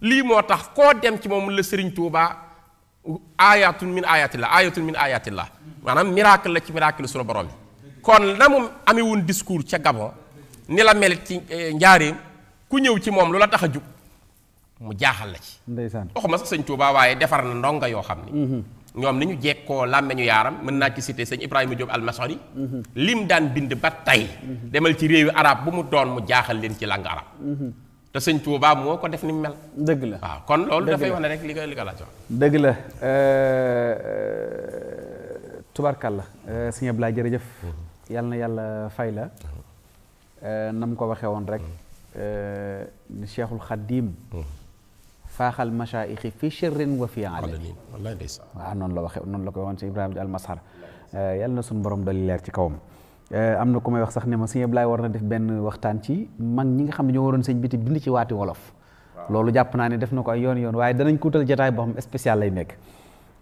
lii moo tax koo dem ci moom la Serigne Touba. aayatun min ayatillah aayatun min ayatillah maanaam miracle la ci miracle sunu borom bi kon na mu amee woon discours ca Gabon ni la melit ci eh, njaareem ku ñëw ci moom lu la tax a jub mu jaaxal la ci ndeysaan waxuma sax sëñ Touba waaye defar na ndongo yoo xam ne mhm. ñoom ni ñu jekkoo làmmeñu yaaram mën naa ci cité sëñ Ibrahima Diop almasori mhm. lim daan bind ba tey mhm. demal ci réewi arab bu mu doon mu jaaxal leen ci làng arab te sëñ Touba moo ko def ni mu mel. dëgg la waaw kon loolu dafay wax rek li nga li nga laaj wax. dëgg la euh, euh, tubarkalla. Euh, sëñ Abdoulaye jërëjëf. Mm-hmm. yàlla na yàlla fay la. Mm-hmm. nam ko waxee woon rek. Mm-hmm. ni Cheikhul Khadim. faaxal machaayixi fi sirrin wa fi alin. waaw noon la waxee noonu la ko waxoon si Ibrahima al Masar. yàlla na suñu borom dolli leer ci kawam. Eh, am na ku may wax sax ne ma sëñ Ablaye war na def benn waxtaan ci mag ñi nga xam ne ñoo waroon sëñ bi te bind ci waati wolof. loolu jàpp naa ne def na ko yoon yoon waaye danañ ko utal jotaay boo xam spécial lay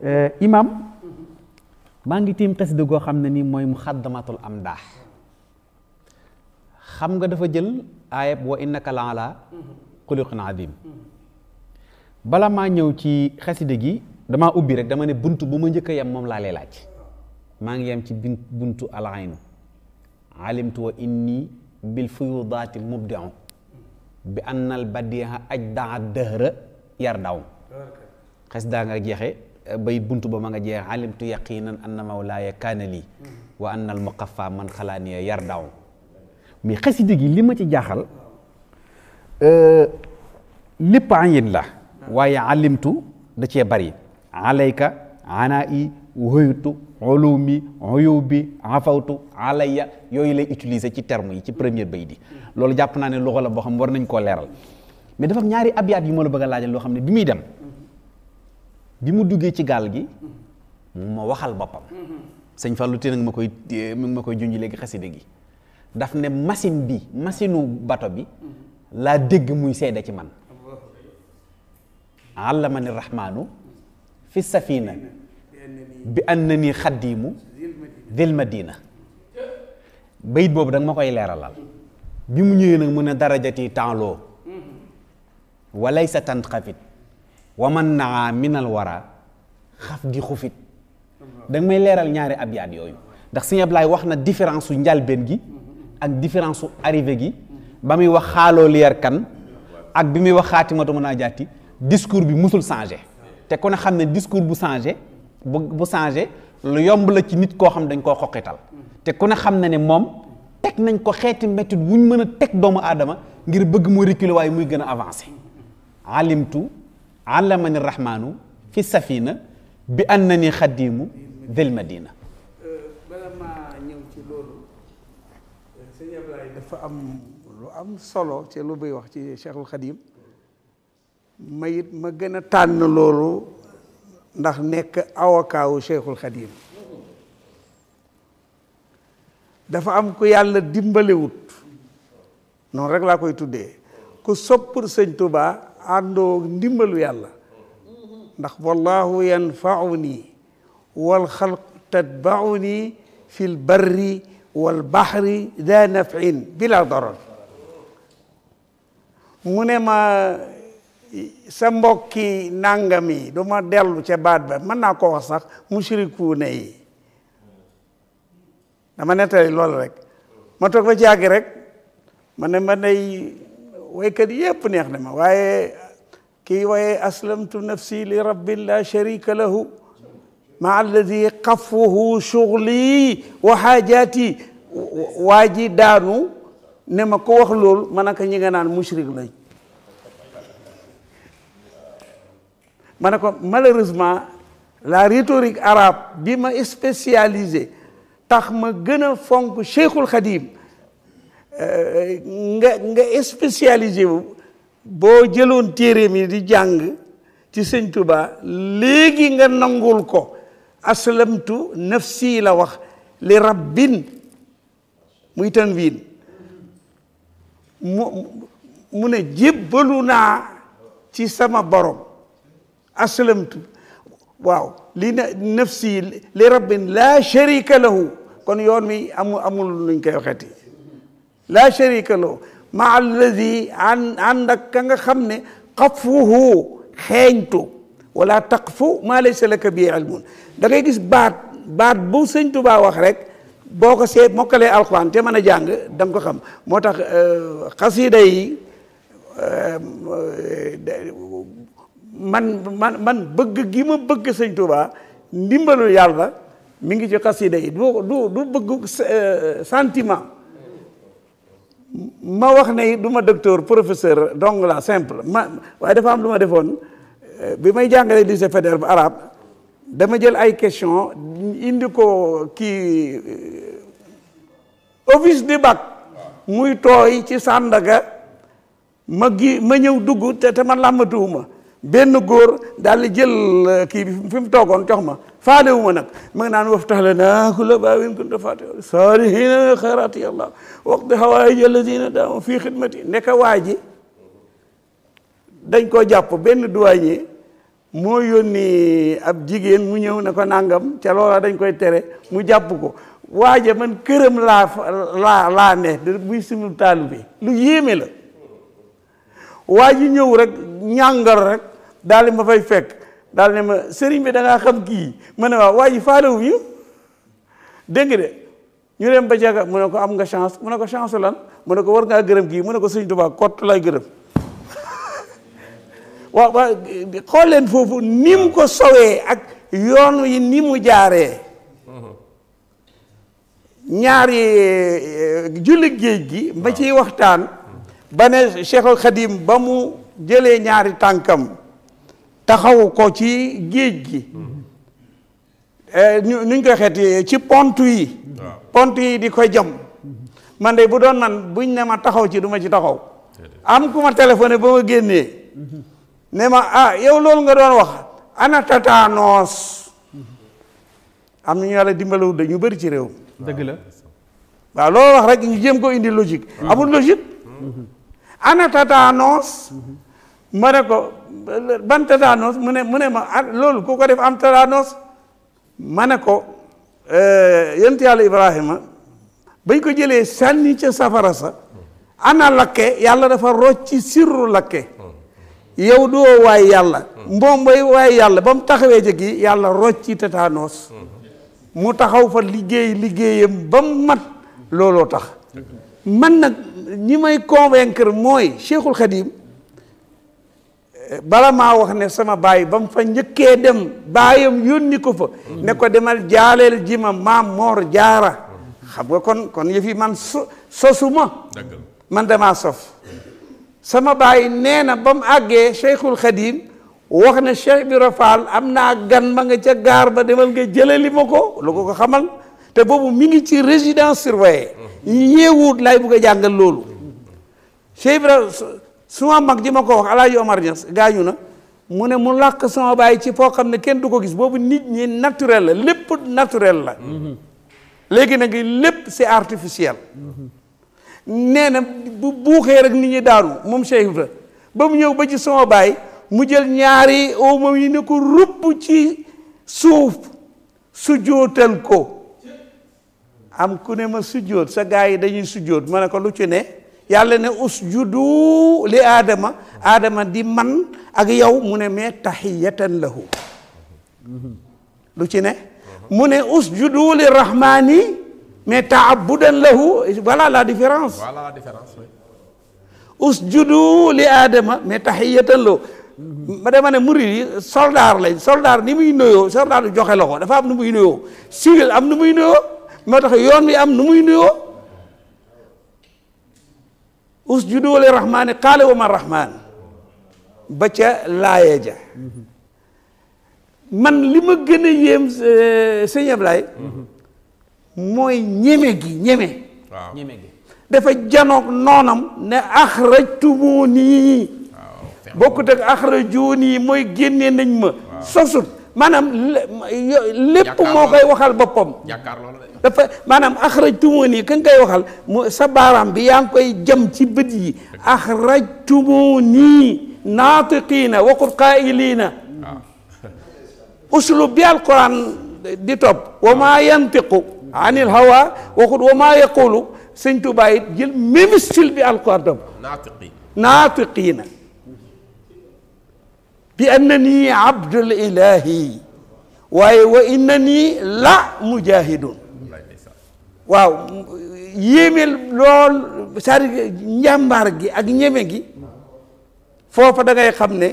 eh, ngi tiim xasida goo xam ne nii mooy muxaddamatul am daax xam nga dafa jël aayab wa innaka la ala xuluqin adim bala maa ñëw ci xasida gi damaa ubbi rek dama ne bunt bu ma njëkk a yem moom laa lay maa ngi yem ci bunt alaaynu alimtu wa inni bil fuyudaati mubdiu bi anna al badiha ajdaa dëhra yar daw xes daa nga jeexe bay bunt ba ma nga jeexe alimtu yaqinan anna mawlaaya kaana lii wa anna al muqaffa man xalaaniya yar daw mais xasida gi li ma ci jaaxal euh, lépp ayin la waaye alimtu da cee alayka anaa i wóyutu ulumi uyubi afawtu alayya yooyu lay utiliser ci terme yi ci premier bay di loolu jàpp naa ne loxo la boo xam war nañ koo leeral mais dafa ñaari abyaat yi ma la bëgg a laajal loo xam ne bi muy dem bi mu duggee ci gaal gi mu ma waxal boppam sëñ Fallou te nag ma koy mu ngi ma koy junj léegi xasida gi daf ne machine bi machinu bato bi laa dégg muy seede ci man allama ni rahmaanu fi safina bi an na ni nii xaddiimu dil madina bayit boobu da ma koy leeralal bi mu ñëwee nag mu ne darajati tanloo walay sa tant xafit wa man naa minal wara xaf di xufit da may leeral ñaari abyaat yooyu ndax sëñ lay wax na différence su njalbeen gi ak différence su arrivé gi ba muy wax xaaloo liyar kan ak bi muy wax xaatimatu mën a jaati discours bi musul changé te ku ne xam ne discours bu changé bu bu changé lu yomb la ci nit koo xam dañ koo xoqital te ku ne xam na ne moom teg nañ ko xeeti métti wuñ mën a teg doomu aadama ngir bëgg mu reculer waaye muy gën a avancé alimtu allamani rahmaanu fi safina bi annani xadimu del madina euh, bala maa ñëw ci loolu euh, sëñ Ablaye dafa am lu am solo ci lu buy wax ci Cheikhul Xadim mayit ma gën a tànn loolu ndax nekk avocat wu Cheikhul Khadim dafa am ku yàlla dimbalewut noonu rek laa koy tuddee ku sopp sëñ Tuubaa àndoo ndimbalu yàlla ndax wallahu yanfauni wal xalq tatbauni fi l barri wal baxri da nafin bila darar mu ne sa mbokki nàngam yi du ma dellu ca baat ba mën naa ko wax sax mushrikuune yi dama nettali loolu rek ma toog ba ci yàgg rek ma ne ma day waykat yëpp neex na ma waaye ki waaye aslamtu nafsi li rabbin la sharika lahu maa alladi xafuhu shughli wa xaajaati waa ji daanu ne ma ko wax lool ma ne ko ñi naan mushrik lañ mane ko malheureusement la rhétorique arabe bi ma spécialisé tax ma gën a fonk Cheikhul Khadim euh, nga nga wu boo jëloon téere mi di jàng ci sëñ Tuba léegi nga nangul ko aslamtu nafsi la wax li rabbin muy tanwiin mu mu ne jébbalu naa ci sama borom aslamtu waaw li na nafsi li rabbin laa sharika lahu kon yoon mi amul amul luñ koy waxeeti laa sharika lahu ma alladi an ànd ak ka nga xam ne xafuhu xeeñtu wala taqfu maa laysa laka bi ilmun da ngay gis baat baat bu sëñ Tuubaa wax rek boo ko seet mokkalee alxuraan te mën a jàng da ko xam moo tax euh, xasida yi euh, man man man bëgg gi ma bëgg sëñ Touba ndimbalu yàlla mu ngi ci xasida yi du du du bëgg euh, sentiment ma wax ne du duma docteur professeur donc la simple ma waaye dafa am lu ma defoon euh, bi may jàngalee lycée fédéral bu arabe dama jël ay question indi ko kii euh, office du bac muy tooy ci sàndaga ma gi ma ñëw dugg te te man làmmatuwuma benn góor daal jël euh, kii bi fi mu toogoon jox ma faale wu ma nag ma ngi naan waftah lanaa kulla baabin kunta faatihan saalihiina xayraati yàlla waqdi hawaaij alladiina daamu fii xidmati nekk waa dañ koo jàpp benn douanier moo yónni ab jigéen mu ñëw ne ko nàngam ca loola dañ koy tere mu jàpp ko waaja man këram laa laa laa ne buy simul taalu bi lu yéeme la waa ji ñëw rek ñàngal rek daal di ma fay fekk daal ne ma sëriñ bi da ngaa xam kii ma ne waaw waa ji faalewu ñu dégg de ñu dem ba jaga mu ne ko am nga chance mu ne ko chance lan mu ne ko war ngaa gërëm kii mu ne ko sëriñ Tuubaa kott lay gërëm waaw waaw foofu ni ko sowee ak yoon yi ni mu jaaree ñaari eh, julli géej gi ma ciy waxtaan ba ne Cheikhul Khadim ba mu jëlee ñaari tànkam taxawu ko ci géej gi eh, nuñ koy xeeti ci pont yi pont yi di koy jam man de bu doon man buñ ne ma taxaw ci duma ci taxaw am ku ma téléphoné ba ma génnee ne ma ah yow loolu nga doon wax ana tatanoos am na ñu yàlla dimbalawul dañu bari ci réew dëgg la waaw loolu wax rek ñu jéem ko indi logique mm-hmm. amul logique mm-hmm. ana ma ne ko ban tétanos mu ne mu ne ma ah loolu ku ko def am tétanos ma ne ko eh, yent yàlla Ibrahima bañ ko jëlee sànni ca safara sa ana lakke yàlla dafa rocci sirru lakke yow doo waay yàlla mboom bay waay yàlla ba mu taxawee jëg yàlla rocci tétanos mu taxaw fa liggéey liggéeyam ba mat looloo tax man nag ñi may convaincre mooy Cheikhul Khadim bala maa wax ne sama baay ba mu fa njëkkee dem baayam yónni ko fa ne ko demal jaaleel ji ma maam moor jaara xam nga kon kon yëf yi man so sosuma man demaa sof sama baay nee na ba mu àggee cheikhul xadim wax ne cheikh Ibra Fall am naa gan ma nga ca gaar ba demal nga jëlali ma ko lu ko ko te boobu mi ngi ci résidence surveillée mm-hmm. ñeewut lay bugg a jàngal loolu suma mag ji ma ko wax alaaji Omar Niass gaañu na mu ne mu làkk sama baay ci foo xam ne kenn du ko gis boobu nit ñi naturel la lépp naturel la léegi nag lépp si artificiel nee na bu buuxee rek nit ñi daaru moom Cheikh Ibra ba mu ñëw ba ci sama baay mu jël ñaari moom yi ne ko rupp ci suuf su ko am ku ne ma sujjóot sa gaa yi dañuy sujjóot ma ne ko lu ci ne yàlla ne usjudu li aadama aadama di man ak yow mu ne mais tahiyatan lahu lu ci ne mu ne usjudu li rahmani mais taabudan lahu voilà la différence voilà la différence usjudu li aadama mais tahiyatan lahu ma dama ne murid soldar soldaar lañ soldaar ni muy nuyoo soldaar du joxe loxo dafa am nu muy nuyoo civil am nu muy nuyoo moo tax yoon bi am nu muy nuyoo usjudu li rahmaani qaala wa ma rahmaan ba ca laaye ja man li ma gën a yéem euh, sëñ Ablaye mooy ñeme gi ñeme waaw ñeme gi dafa janoog noonam ne axrajtumuu nii bokkut ak axrajuunii mooy génnee nañ ma sosut maanaam lépp moo koy waxal boppam dafa maanaam axraj tumooni ka koy waxal mu sa baaraam bi yaa ngi koy jëm ci bët yi axraj tumooni naatiqiina waqul qaa'iliina ah. uslub bi alquran di topp wa maa ah. yantiqu anil hawa waqul wa maa yaqulu sëñ Tuubaa it jël même style bi alquran topp bi annani abdul ilahi waaye wa innani la mujahidun waaw yéeme lool sar njàmbaar gi ak ñeme gi foofa da ngay xam ne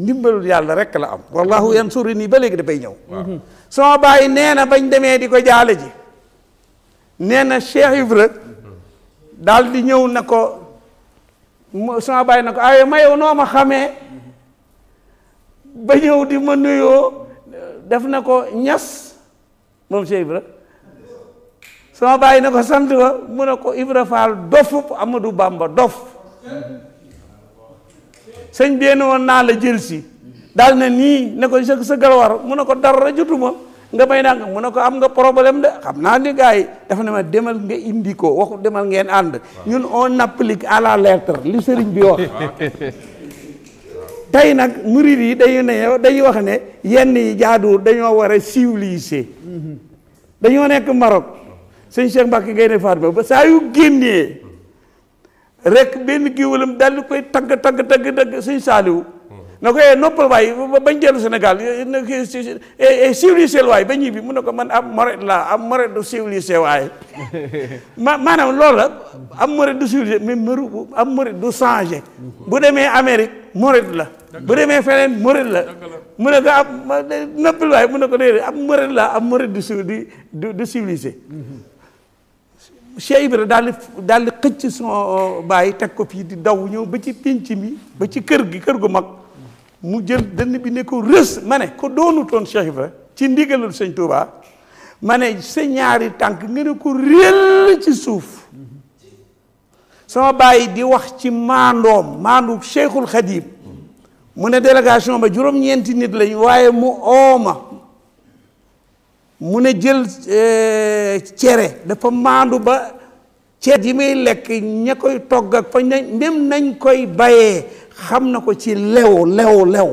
ndimbalul yàlla rek la am wallahu yansuru nii ba léegi dafay ñëw sama bàyyi nee bañ demee di ko jaale ji nee na Cheikh Ibra daal di ñëw na ko sama bàyyi na ko aye ma yow noo ma ba di ma nuyoo def na ko ñas moom Cheikh Ibra sama bàyyi na ko sant wa mu ne ko Ibra Faal dof Amadou Bamba dof sëñ bi ne woon naa la jël si daal na nii ne ko sa sa galwar mu ne ko dara jotuma nga may naa nga mu ne ko am nga problème de xam naa ni gars yi dafa ne ma demal nga indi ko waxu demal ngeen ànd ñun on applique à la li sëriñ bi wax tey nag murid yi dañu ne dañuy wax ne yenn yi jaaduwul dañoo war a civiliser dañoo nekk Maroc sëñ Cheikh Mbacke Gaynde Fatma ba saa yu génnee rek benn géwalam daal di koy tagg tagg tagg tagg sëñ Saaliwu na ko eh noppal waay bañ senegal Sénégal eh, eh, eh, civilisé waay ba ñibbi mu na ko man am moret laa am moret du civilisé waay ma maanaam loolu la am moret du civilisé mais mëru am moret du changé bu demee Amérique moret la bu demee feneen moret la mu ne ko am ah, noppal waay mu ne ko déedéet am moret laa am moret du civilisé du civilisé mm-hmm. Cheikh Ibra daal di daal di xëcc son euh, teg ko di daw ñëw ba ci pénc mi ba ci kër gi kër gu mag mu jël dënn bi ne ko rës ma ne ko doonutoon Cheikh Ibra ci ndigalul sëñ Touba ma ne sa ñaari tànk nga ne ko réel ci suuf sama bàyyi di wax ci maandoom maandu Cheikhul Khadim mu ne délégation ba juróom-ñeenti nit lañ waaye mu ooma mu ne jël e, cere dafa maandu ba cere yi may lekk ña koy togg fa même nañ koy bayee xam na ko ci lew lew lew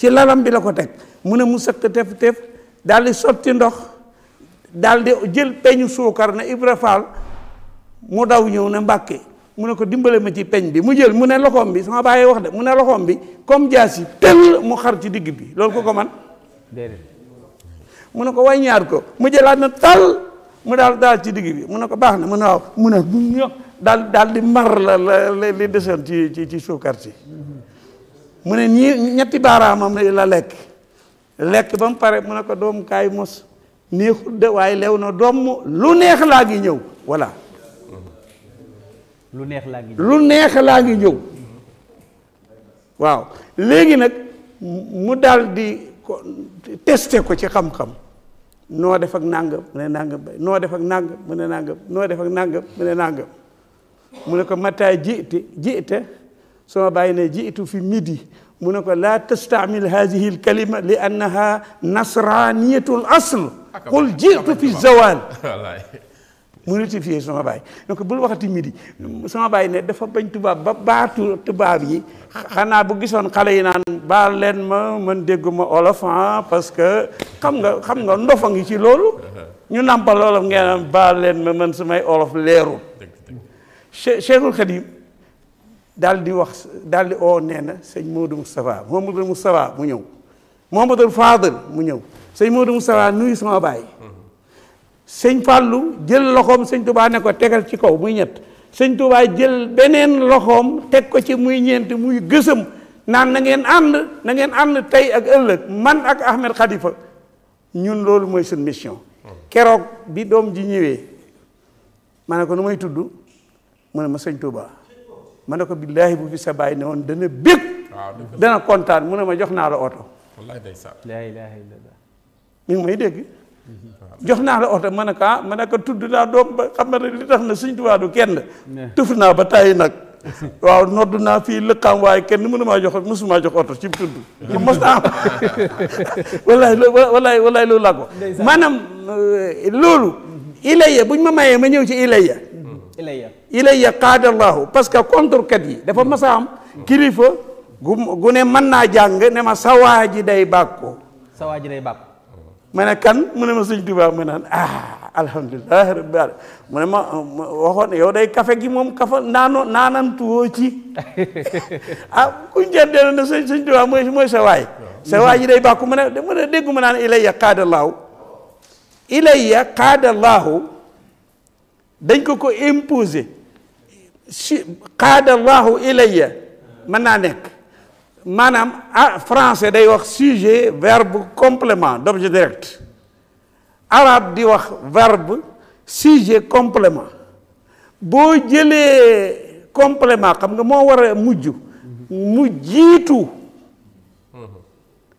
ci lalam bi la ko teg mu ne mu sëkk tef tef daal di sotti ndox daal di jël peñu suukar na Ibra Faal mu daw ñëw ne Mbàkke mu ne ko dimbale ma ci peñ bi mu jël mu ne loxoom bi sama bàyyi wax de mu ne loxoom bi comme jaas yi tëll mu xar ci digg bi loolu ko ko man mu ne ko way ko mu jëlaat na tal mu daal daal ci digg bi mu ko baax na mu ne waaw mu ño daal daal di mar la la li desoon ci ci ci mu ne ñii ñetti baaraamam la lekk lekk ba mu pare mu ne ko doom kaay mos neexut de waaye lew na doom lu neex laa ngi ñëw voilà lu neex laa lu neex laa ngi ñëw waaw léegi nag mu dal di teste ko ci xam-xam noo def ak nàngam mu ne nàngam bay noo def ak nàngam ne nàngam noo def nàngam mu mu ne ko mata jiti jite soo bàyyi ne jitu fi midi mu ne ko laa tastaamil hadihi lkalima li annaha nasraniyatu l asl qul fi zawal mu rectifié sama baay donc bul waxati midi sama baay ne dafa bañ tubaab ba baatu tubaab yi xanaa bu gisoon xale yi naan baal leen ma man dégguma olof ah, parce que xam nga xam nga ndof a ngi ci loolu ñu nàmpal olof ngeen am baal leen ma man samay olof leerul Cheikhul Khadim daal di wax daal di oo nee na sëñ Modou Moustapha Mouhamadou Moustapha mu ñëw Mouhamadou Fadel mu ñëw sëñ Modou Moustapha nuyu sama baay sëñ fàllu jël loxoom sëñ tubaa ne ko tegal ci kaw muy ñett sëñ tubaa jël beneen loxoom teg ko ci muy ñeent muy gësëm naan na ngeen ànd nangeen ngeen ànd tey ak ëllëg man ak Ahmed Khalifa ñun loolu mooy suñ mission keroog bi doom ji ñëwee ma ne ko nu may tudd mu ne ma sëñ tubaa ma ne ko billaahi bu fi sa baay ne woon dana bég dana kontaan mu ne ma jox naa la oto wallaay day may dégg jox naa la oto ma ne ko ah, ma ne ko tudd naa doom ba xam na ne li tax na suñ tubaab kenn. tëf naa ba tàyyi nag. waaw nodd naa fii lëkkaam waaye kenn mënumaa jox mësumaa jox oto ci tudd. moom mos naa am walaay walaay walaay loolu laa ko. maanaam euh, loolu. ilayya buñ ma mayee ma ñëw ci ilayya. Mm-hmm. ilayya ilayya qaadallahu parce que contrekat yi dafa mas a kilifa gu gu ne mën naa jàng ne ma sawaa ji day bàkko. sawaa ji day bàkko. ma ne kan mu ne ma sëñ Tuubaa ah, ma naan ah alhamdulilah rabbil alamin ma waxoon yow day kafe gi moom kafa naanoo naanantuwoo ci ah kuñ jël dee na sëñ sëñ Tuubaa mooy mooy sa waay sa waay ji day bàkku ma ne ma ne déggu ma naan ilayya qaadallaahu ilayya qaadallaahu dañ ko ko imposé si maanaam ah français day wax sujet verbe complement d'objet direct arabe di wax verbe sujet complement boo jëlee complement xam nga moo war a mujj mu jiitu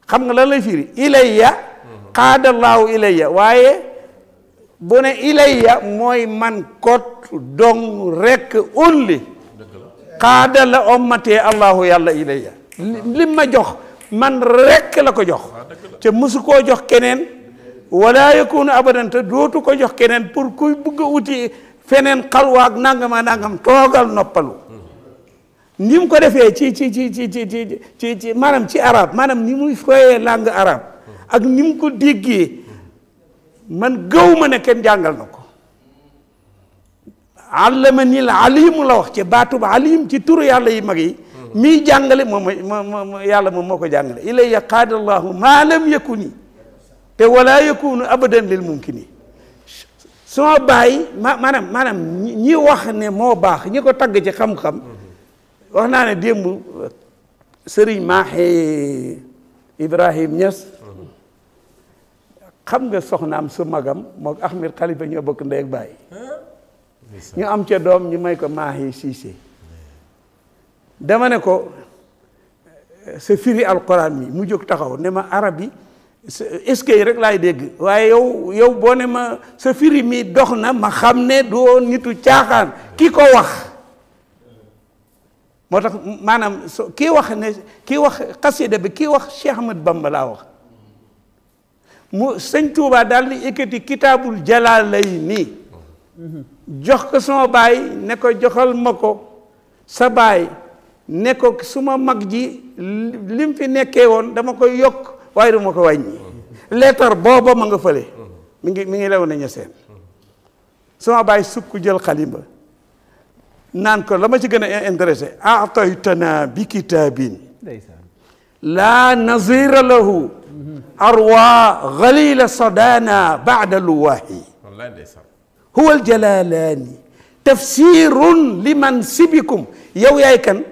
xam nga la la firi ilayya xaadallaahu ilayya waaye bu ne ilayya mooy man kot dong rekk only xaada la ommatee allahu yàlla ilayya lim ma jox man rekk la ko jox te mësu koo jox keneen walla yakunu abadan te dootu ko jox keneen pour kuy bugg a wuti feneen xalwaak nangama nangam toogal noppalu ni ko defee ci ci ci ci ci ci ci ci maanaam ci arab ni muy foyee langue ak ni ko déggee man gëw ne kenn jàngal na ko allama nil alim la wax ci baatub alim ci turu yàlla yi mag yi mii jàngale moom mooy yàlla moom moo ko jàngale ilayya qaadallahu maa lam yakuni te wala yakunu abadan lil mumkini soo bàyyi ma maanaam maanaam ñi wax ne moo baax ñi ko tagg ci xam-xam wax naa ne démb sëriñ Maaxi Ibrahim Niass xam nga soxnaam su magam moog Ahmed Khalifa ñoo bokk ndey ak baay ñu am ca doom ñu may ko Maaxi Cissé dama ne ko sa firi alquran mi mu jóg taxaw ne ma arab yi est-ce que rek laay dégg waaye yow yow boo ne ma sa firi mi dox na ma xam ne doo nitu caaxaan ki ko wax moo tax maanaam so kii wax ne wax xasida bi kii wax Cheikh Ahmad Bamba laa wax mu sëñ Tuubaa daal di ekkati kitaabul Jalaalayni jox ko sama baay ne ko joxal ma ko sa baay ne ko suma mag ji lim fi nekkee woon dama koy yokk waaye dama ko wàññi leetar booba ma nga fële mi ngi mi ngi lew na ñeseen suma bàyyi sukk jël xalimba naan ko la ma ci gën a intéressé ataytana bi kitaabin laa nazira lahu arwa galila sadana baada luwaahi huwa aljalalaani tafsirun li mansibikum yow yaay kan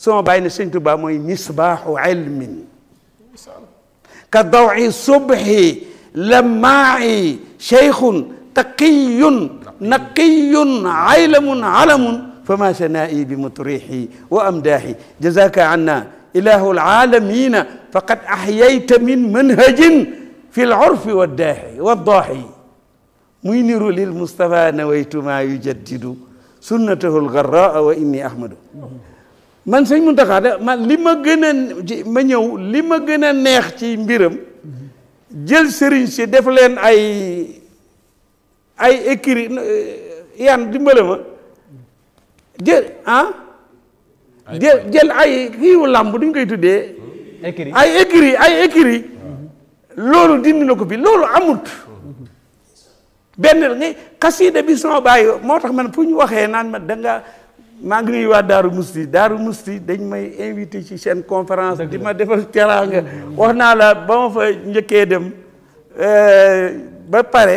sama bàyyi ne sëñ Tuubaa mooy misbaaxu ilmin ka dawi subhi lamaai cheikhun taqiyun naqiyun aylamun alamun fama sanaa'i bi mutrihi wa amdaahi jazaka anna ilahu alaalamina faqad ahyayta min manhajin fi lurfi waddaahi waddaahi muy niru lil Mustafa nawaytu maa yujaddidu sunnatahu lgarraa wa inni ahmadu man sëñ Muntaxa de man li ma gën ma ñëw li ma gën a neex ci mbiram jël sëriñ si def leen ay ay écrit eh, yan dimbale ma jël ah jël jël ay kiiwu làmb duñ koy tuddee ay écrit ay écrit loolu dindi na ko bi loolu amut benn nga xasida bi sama bàyyi moo tax man fu ñu waxee naan ma danga maa ngi nuyu waa Daaru Musti Daaru Musti dañ may invité ci seen conférence di ma defal teraanga wax naa la ba ma fa njëkkee dem euh, ba pare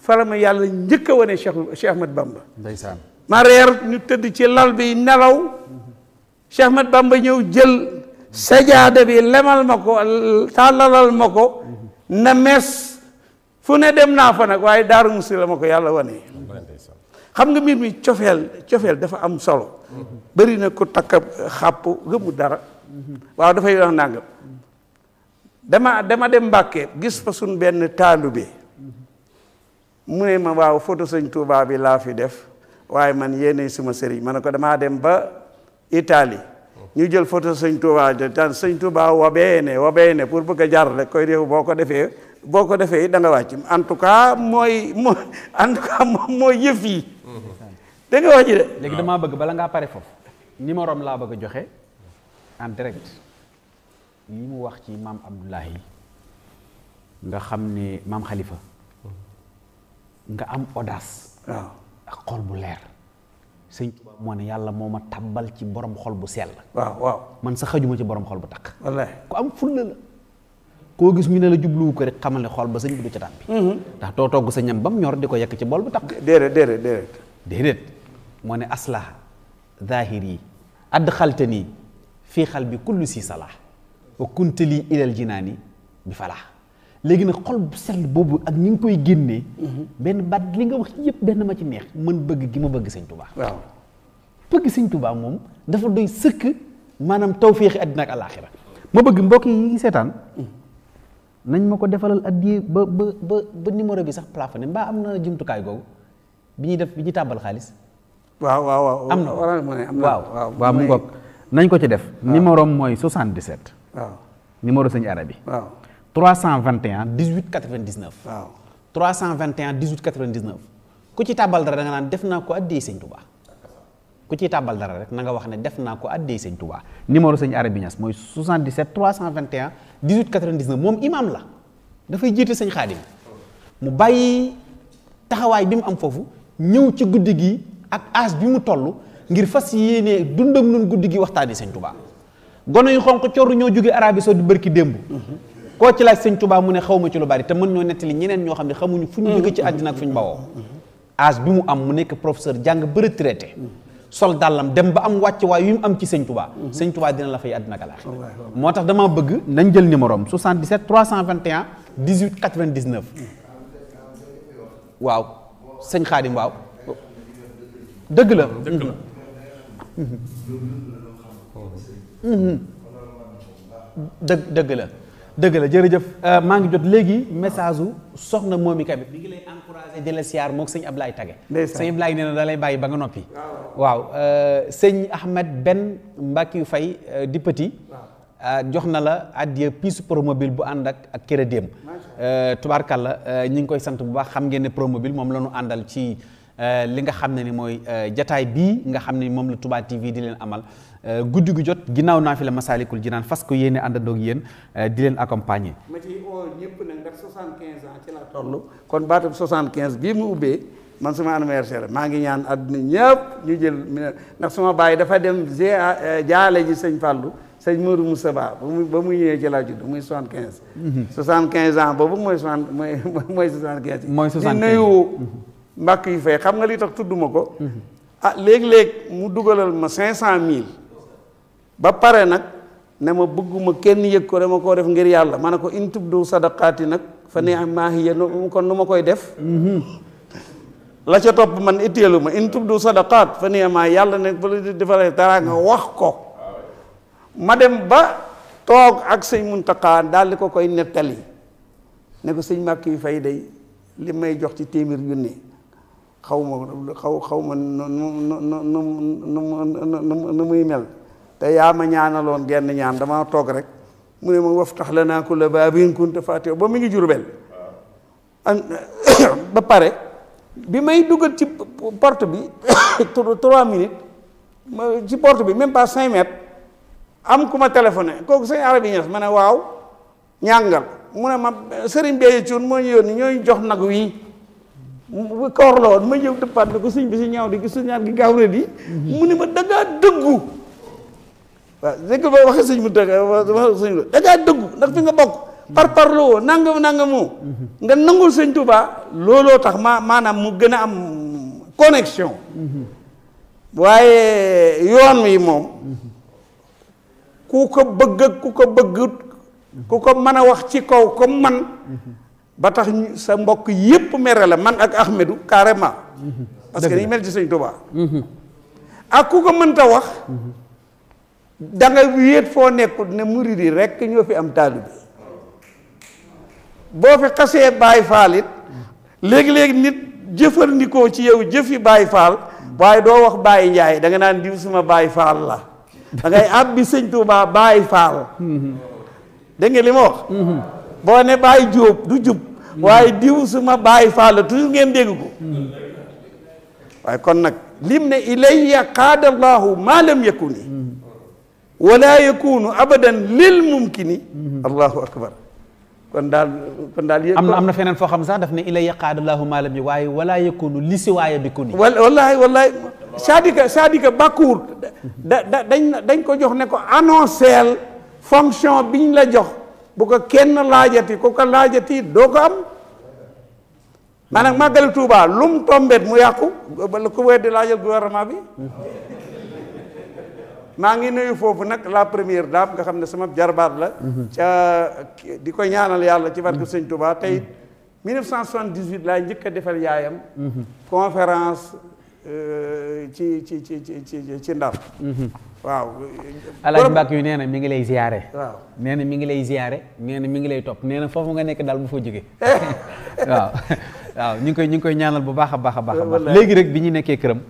fala ma yàlla njëkk a wane Cheikh Cheikh Ahmad Bamba ndeysaan ma reer ñu tëdd ci lal bi nelaw Cheikh Ahmad Bamba ñëw jël sajaada bi lemal ma ko tàllalal ma ko na mes fu ne dem naa fa nag waaye Daaru Musti la ma ko yàlla wane xam nga mbir mi cofeel cofeel dafa am solo bëri na ko takk xàpp gëmu dara waaw dafay wax nangam dama dama dem Mbàkke gis fa suñ benn taalibe mu ne ma waaw photo sëñ Touba bi laa fi def waaye man yéene suma sëriñ man ne ko damaa dem ba Italie ñu jël photo sëñ Touba de tan sëñ Touba wabeene wabeene pour bëgg a jaarale koy réew boo ko defee boo ko defee da nga wàcc en tout cas mooy moo en tout mooy yëf te nga léegi damaa bëgg bala ngaa pare foofu numéro am laa bëgg a joxe en direct yi mu wax ci maam Abdoulaye nga xam ni maam Khalifa nga am audace. ak xol bu leer. sëñ Tuubaa moo ne yàlla moo ma tabbal ci borom xol bu sell. waaw waaw man sa xajuma ci borom xol bu takk. wallaay ku am fulla la. koo gis ñu ne la jubluwu ko rek xamal ne xol ba sañ bi du ca tàbbi. Mhm. ndax too togg sa ñam ba mu ñor di ko yekk ci bool bu takk. déedéet. déedéet. moo ne aslaha zahir yi add xalte nii fii xal bi kullu si salah wa kuntalii ilal jinaani bi falaa léegi nag xol bu sell boobu ak ñi ngi koy génnee benn baat li nga wax yépp benn ma ci neex man bëgg gi ma bëgg sëñ tubaa bëgg sëñ tubaa moom dafa doy sëkk maanaam tawféexi àddina ak alaaxira ma bëgg mbokk yi seetaan nañ ma ko defalal addiyee ba ba ba ba numéro bi sax plafonné mbaa am na jumtukaay googu bi ñuy def bi ñuy tàbbal xaalis waaw waaw waaw am na waaw waaw mu ngoog nañ ko ci def numéro mooy 77 waaw numéro sëñ arabi waaw 321 18 99 waaw 321 18 99 ku ci tàbbal dara da nga naan def naa ko addee sëñ Touba ku ci tàbbal dara rek na nga wax ne def naa ko addee sëñ Touba numéro sëñ arabi Niass mooy 77 321 18 99 moom imam la dafay jiite sëñ xaadim mu bàyyi taxawaay bi mu am foofu ñëw ci guddi gi ak âge bi mu toll ngir fas yéenee dundam nun guddi gi waxtaani sëñ tubaa gone yu xonq coru ñoo jóge Arabie Saoudi bërki démb koo ci laaj sëñ tubaa mu ne xaw ma ci lu bari te mën ñoo nettali ñeneen ñoo xam ne xamuñu fu ñu jóge ci àddina ak fu ñu bawoo âge bi mu am mu nekk professeur jàng ba traité sol dàllam dem ba am wàcc waay yu mu am ci sëñ tubaa sëñ tubaa dina la fay àddina galaax moo tax damaa bëgg nañ jël numéro am 77 321 18 99 waaw sëñ Xaadim waaw dëgg la dëgg la. la dëgg la jërëjëf euh, maa ngi jot léegi message su soxna Momy Kébé mi ngi lay encouragé di sëñ ab laay ndeysaan nee na da bàyyi ba nga noppi. waaw euh, sëñ Ahmed benn Mbackiou Faye euh, di petit. jox na la addiya piis promobile bu ànd ak ak crédit am. la ñu ngi koy sant bu baax xam ngeen ne promobile moom lanu àndal ci. Euh, li nga xam ne ni mooy euh, jataay bii nga xam ne moom la Touba TV di leen amal euh, guddi gu jot ginnaaw naa fi la Masaalikul Jinaan fas ko yéene àndandoog yéen di leen accompagner. ma ci oo ñëpp nag bii mu ubbee man sama anniversaire maa ngi ñaan àdduna ñëpp ñu jël ndax sama baay dafa dem jaale ji sëñ Fallou. sëñ Mourou Moussa Ba ba mu mu ñëwee ci laa judd muy soixante quinze mhm. soixante quinze ans boobu mooy soixante mooy mooy soixante quinze mooy soixante quinze nuyu mhm. mbàkk yu fay xam nga li tax tudduma ko ah léeg-léeg mu dugalal ma cinq cent mille ba pare nag ne ma bëgguma kenn yëg ko dama koo def ngir yàlla ma ne ko in tubdu sadaqaati nag fa ne maa kon nu ma koy def la ca topp man itteelu ma in tubdu sadaqaat fa ne yàlla ne bu la defalee dara nga wax ko ma dem ba toog ak sëñ Muntaqa daal di ko koy nettali ne ko sëñ Mbàkke yu fay day li may jox ci téeméer junni xaw ma xaw xaw ma nu nu nu nu nu muy mel te yaa ma ñaanaloon genn ñaan dama toog rek mu ne ma waftax lanaa kulla baabin kunta faatiha ba mu ngi Jurbel ba pare bi may dugal ci porte bi trois minutes ci porte bi même pas cinq mètres am ku ma téléphoné kooku sëñ Arabi Ñas ma ne waaw ñàngal mu ne ma sëriñ Béye Thioune moo ñu yónni ñooy jox nag wii bu koor la woon ma ñëw dëppaat ne ko sëñ bi si ñaaw di gis ñaar gi gaaw ren yi mhm. mu ne ma dangaa dëggu waaw dégg nga waxe sëñ mu dëgg sëñ bi dangaa dëggu ndax fi nga bokk mhm. par parloo nangam nangamoo mhm. nga nangul sëñ Tuubaa looloo tax maa maanaam mu gën a am connexion waaye yoon wi moom ku ko bëgg ku ko bëggut ku ko mën a wax ci kaw comme man ba tax sa mbokk yépp mere la man ak Ahmedou carrément parce que dañu mel ci sëñ Tuubaa ak ku ko mënta wax da nga wéet foo nekkul ne murid yi rekk ñoo fi am taalibe boo fi xasee Baay Faal léegi-léegi nit jëfandikoo ci yow jëfi Baay Faal waaye doo wax Baay Njaay danga naan diw suma Baay Faal la da ngay àbbi sëñ Tuubaa Baay Faal dégg li ma wax mhm. boo ne bàyyi jóob du jub waaye diw suma bàyyi faala toujours ngeen dégg ko waaye kon nag lim ne ilayya qaada allahu ma lam yakuni wala yakunu abadan lil mumkini allahu akbar daal daal yëpp am na am na feneen foo xam sax daf ne ilayya qaada allahu ma lam waaye wala yakunu li siwaaya bi kuni wallahi wallahi sadika sadika Bakour da da dañ dañ ko jox ne ko annonceel fonction biñ la jox bu ko kenn laajati ku ko laajati doo ko am maanaam màggal Tuuba lum tombet mu yàqu ku weddi laajal gouvernement bi maa ngi nuyu foofu nag la première dame nga xam ne sama jarbaat la mhm. ca di ko ñaanal yàlla ci barke mhm. Sëñ Tuuba tey 1978 mhm. laa njëkk a defal yaayam conférence Euh, ci ci ci ci ci ndar. Mhm. waaw. alaaj mbàkk yu nee na mi ngi lay ziyaare. waaw nee mi ngi lay ziyaare nee na mi ngi lay topp nee na foofu nga nekk daal bu fa jógee eh. waaw waaw ngi koy ñu ngi koy ñaanal bu baax a baax a baax. léegi rek bi ñu nekkee këram.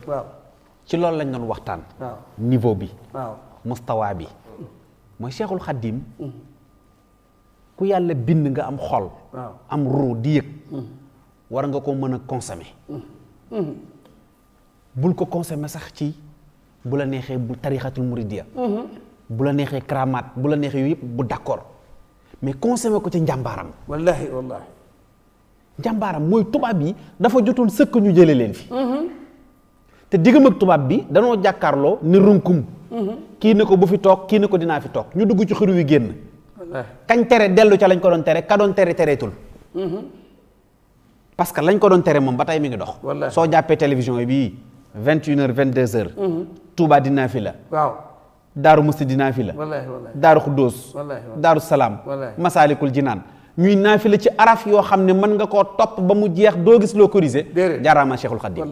ci loolu lañ doon waxtaan. waaw niveau bi. mustawaa bi. Mm. mooy Cheikhul Khadim. Mm. ku yàlla bind nga am xol. am ruu di yëg. Mm. war nga ko mën a consommer. bul ko consommer sax ci bu la neexee bu tarixatul muridiya mm-hmm. bu la neexee karaamaat bu la neexee yooyu yëpp bu d'accord mais consommer ko ci njàmbaaram wallahi wallahi njàmbaaram mooy tubaab yi dafa jotul sëkk ñu jële leen fi mm-hmm. te diggam ak tubaab bi danoo jàkkaarloo ne runkum mm-hmm. kii ne ko bu fi toog kii ne ko dinaa fi toog ñu dugg ci xur yi génn kañ tere dellu ca lañ ko doon tere ka doon tere tereetul parce que lañ ko doon tere moom ba tey mi ngi dox soo jàppee télévision bii vingt une heures vingt deux heures. Mhm. Touba fi la. waaw Daaru Musti dinaa fi la. wallaahi wallaahi Daaru Xuddoos. wallaahi wallaahi Daaru Salaam. wallaahi Masaalikul Jinaan. ñuy naafi la ci araf yoo xam ne mën nga koo topp ba mu jeex doo gis loo corrigé jaaraama Cheikhul Khadim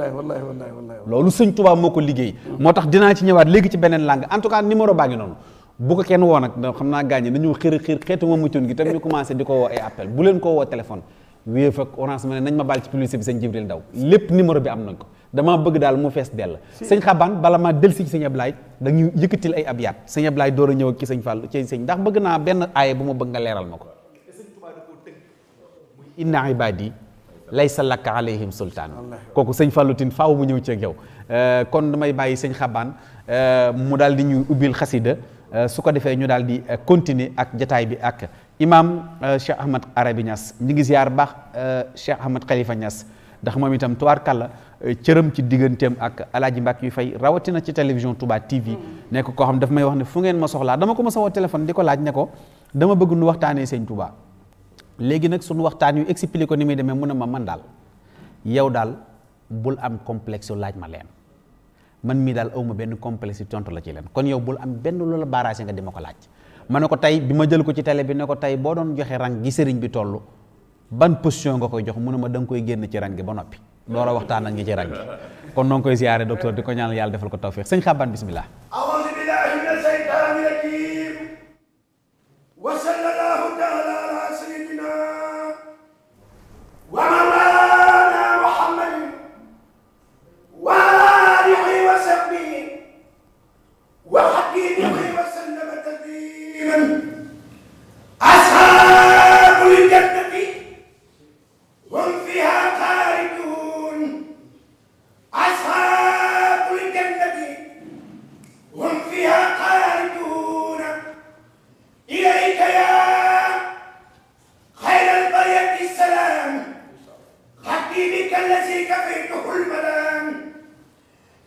loolu sëñ Tuubaa moo ko liggéey mhm. moo tax dinaa ci ñëwaat léegi ci beneen langue en tout cas numéro baa ngi noonu bu ko kenn woo nag xam naa gaañe nañu xër xër xeetu moom muccoon gi tam ñu commencé di ko woo ay appel bu leen ko woo téléphone Wave ak Orange Money nañ ma baal ci publicité bi sëñ Jibril Ndaw lépp numéro bi am nañ ko damaa bëgg daal mu fees dell sëñ Xabaan bala maa del si ci sëñ Ablaay dañuy yëkkatil ay abyaat sëñ Ablaay door a ñëw ak ci sëñ Fàllu ci sëñ ndax bëgg naa benn aaye bu ma bëgg nga leeral ma ko inna ibadi laysa laka alayhim sultaan kooku sëñ Fàllu ti faaw mu ñëw ci ak yow euh, kon damay bàyyi sëñ xaban euh, mu daal di ñuy ubbil xasida Euh, su ko defee ñu daal di euh, continuer ak jataay bi ak imam euh, Cheikh Ahmad Arabi Niass ñu yaar ziar baax Cheikh Ahmad Khalifa Niass ndax moom itam tuwaar kàlla cëram ci digganteem ak alaaji Mbàkke yu fey rawatina ci télévision Touba TV mm. nekk koo xam daf may wax ne fu ngeen ma soxlaa dama ko ma sawoo téléphone di ko laaj ne ko dama bëgg nu waxtaanee sëñ tubaa léegi nag suñu waxtaan yu expliqué ko ni muy demee mun a ma man daal yow daal bul am complexe laaj ma leen man mii daal awma benn complexe tontu la ci leen kon yow bul am benn loola barrage nga di ma ko laaj ma ne ko tey bi ma jël ko ci télé bi ne ko tey boo doon joxe rang gi sëriñ bi toll ban position nga koy jox mu ne ma da koy génn ci rang gi ba noppi door a waxtaan ak ñi ci rang kon noo ngi koy ziyaare docteur di ko ñaanal yàlla defal ko tawfiq sëñ Xaban bismillah بربك الذي كفيته المنام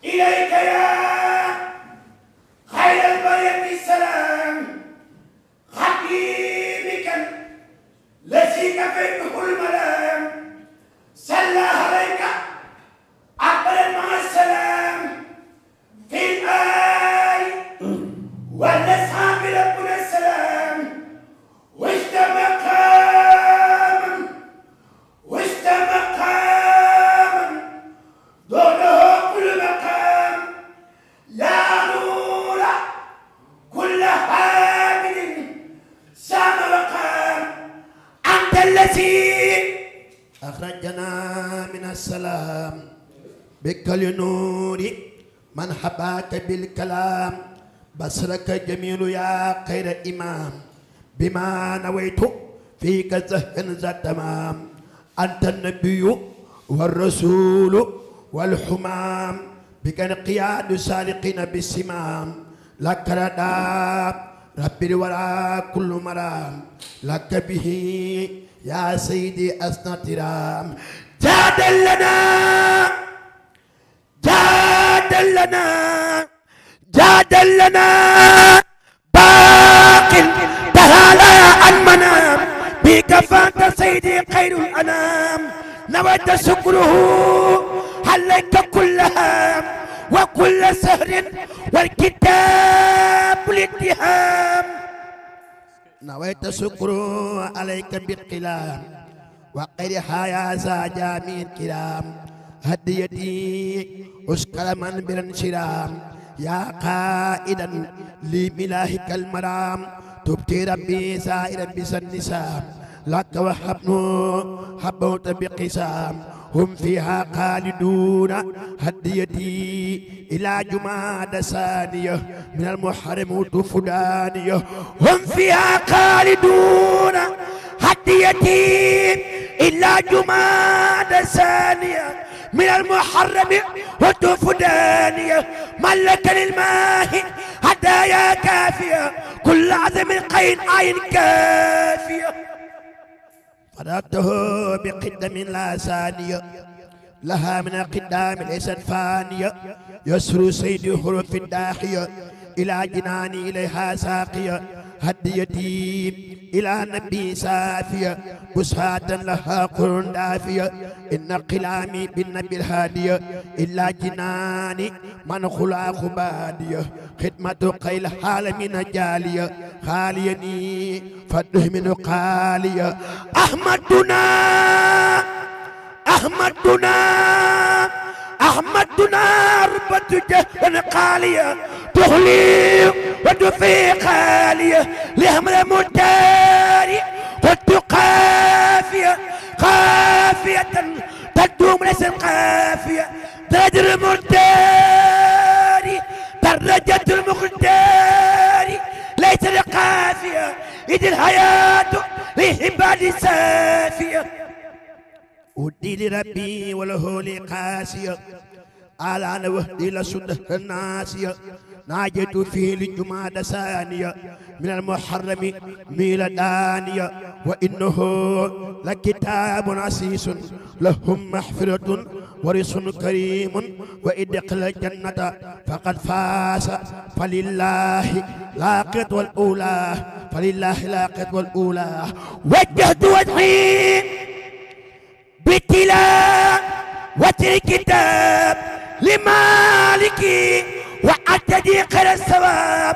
إليك يا خير البرية السلام حكيمك الذي كفيته المنام صلى عليك أقبل مع السلام في الآي والنسعى بربنا السلام واجتمع أخرجنا من السلام بكل نور من حباك بالكلام بصرك جميل يا خير إمام بما نويت فيك زهن ذا تمام أنت النبي والرسول والحمام بك انقياد سالقين بالسمام لك رداب ربي الورى كل مرام لك به يا سيدي أسنى ترام جادل لنا جادل لنا جادل لنا باقل تعالى عن منام بك فانت سيدي خير الأنام نويت شكره عليك كلها وكل سهر والكتاب الاتهام نويت شكرا عليك بالقلام وقرها يا ذا جامي الكرام هديتي أشكر من بالانشرام يا قائدا لملاهك المرام تبتي ربي سائرا بسنسام لك وحبن حبوت بقسام hum fiha xaaliduuna hadiyati ila jumaada saaniya min almuharram tufudaaniya hum fiha xaaliduuna hadiyati ila jumaada saaniya من المحرم والدفدانية ملك للماهي هدايا كافية كل عزم قين عين كافية فردته بقدم لا ثانية لها من القدام ليست فانية يسر سيد حروف الداخية إلى جناني إليها ساقية هديتي إلى نبي سافية بسهات لها قرن دافية إن قلامي بالنبي الهادية إلا جناني من خلاق بادية خدمة قيل حال من جالية خاليني فدهمن قاليا أحمدنا أحمدنا أحمدنا ربة جهن قاليا تغلي وتفي قاليا لأمر مجاري فتقافية قافية تدوم ليس قافية تدر المجاري درجة المختار ليس لقافية إذ الحياة لعبادي سافية ودي لربي وله لقاسية على أنا وحدي لسنة الناسية ناجت فيه الجمعة ثانية من المحرم ميلادانية وإنه لكتاب عسيس لهم محفلة warisun karimun wa idxila jannata faqad faasa falillahi laqit wal ula falillahi laqit wal ula wajjahtu wajhi bitilawati kitab limaliki wa atadi xayra sawab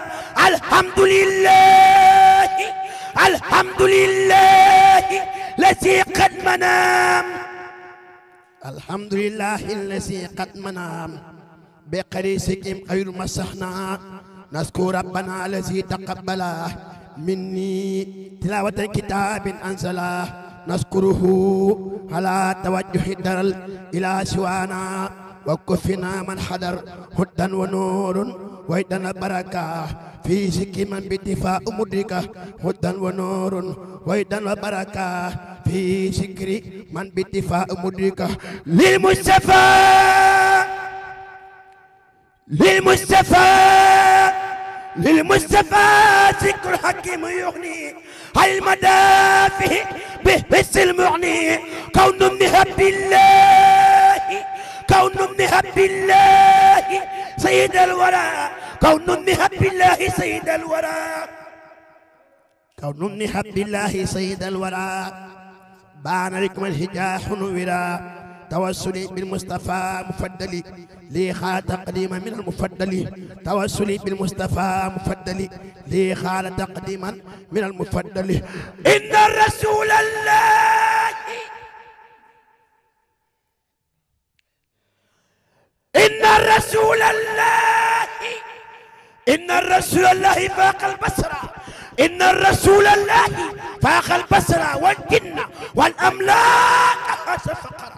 alhamdulillahi alhamdulillahi lazi qad manam الحمد لله الذي قد منام بقريسكم خير مسحنا نذكر ربنا الذي تقبل مني تلاوة كتاب أنزله نذكره على توجه الدرل إلى سوانا وكفنا من حضر هدى ونور ويدنا بركة في سكي من باتفاء مدركة هدى ونور ويدنا بركة في شكري من بدفاع مدركة للمصطفى للمصطفى للمصطفى ذكر حكيم يغني هل المدافع بحس المغني كون من هب الله كون من هب الله سيد الورى كون من هب الله سيد الورى كون من هب الله سيد الورى بان لكم الهجاح نورا توسلي بالمصطفى مفدلي لي خال تقديما من المفدل توسلي بالمصطفى مفدل لي خال تقديما من المفدل إن رسول الله إن رسول الله إن رسول الله فاق البصره إن الرسول الله فاق البصر والجن والأملاك أخاس الفقراء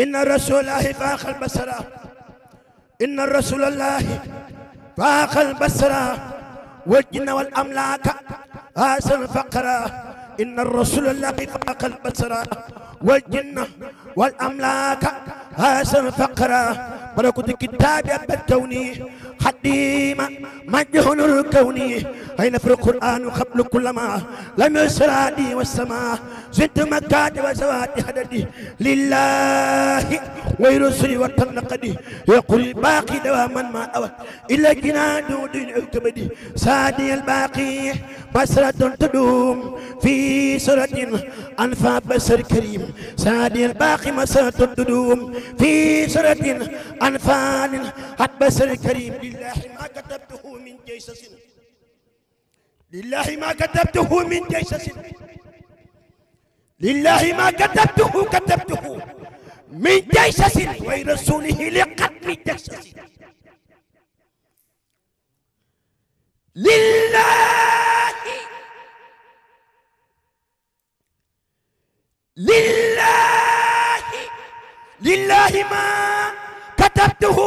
إن رسول الله فاق البصر إن رسول الله فاق البصر والجن والأملاك أخاس الفقراء إن الرسول الله فاق البصر والجن والأملاك أخاس الفقراء ملكوت الكتاب أبتوني حديما مجهول الكون أين في القرآن قبل كلما لم يسرى لي والسماء زدت مكات وزوات حددي لله ويرسلي وتنقدي يقول باقي دواما ما أوت إلا جناد دين الكبدي سادي الباقي بصرة تدوم في سورة أنفى بصر كريم سادي الباقي مسرة تدوم في سورة أنفى حد بصر كريم لله ما كتبته من جيسس لله ما كتبته من جيسس لله ما كتبته كتبته من جيسس ولرسوله لقتل جيسس lillahi lillahi lillahi ma katabtuhu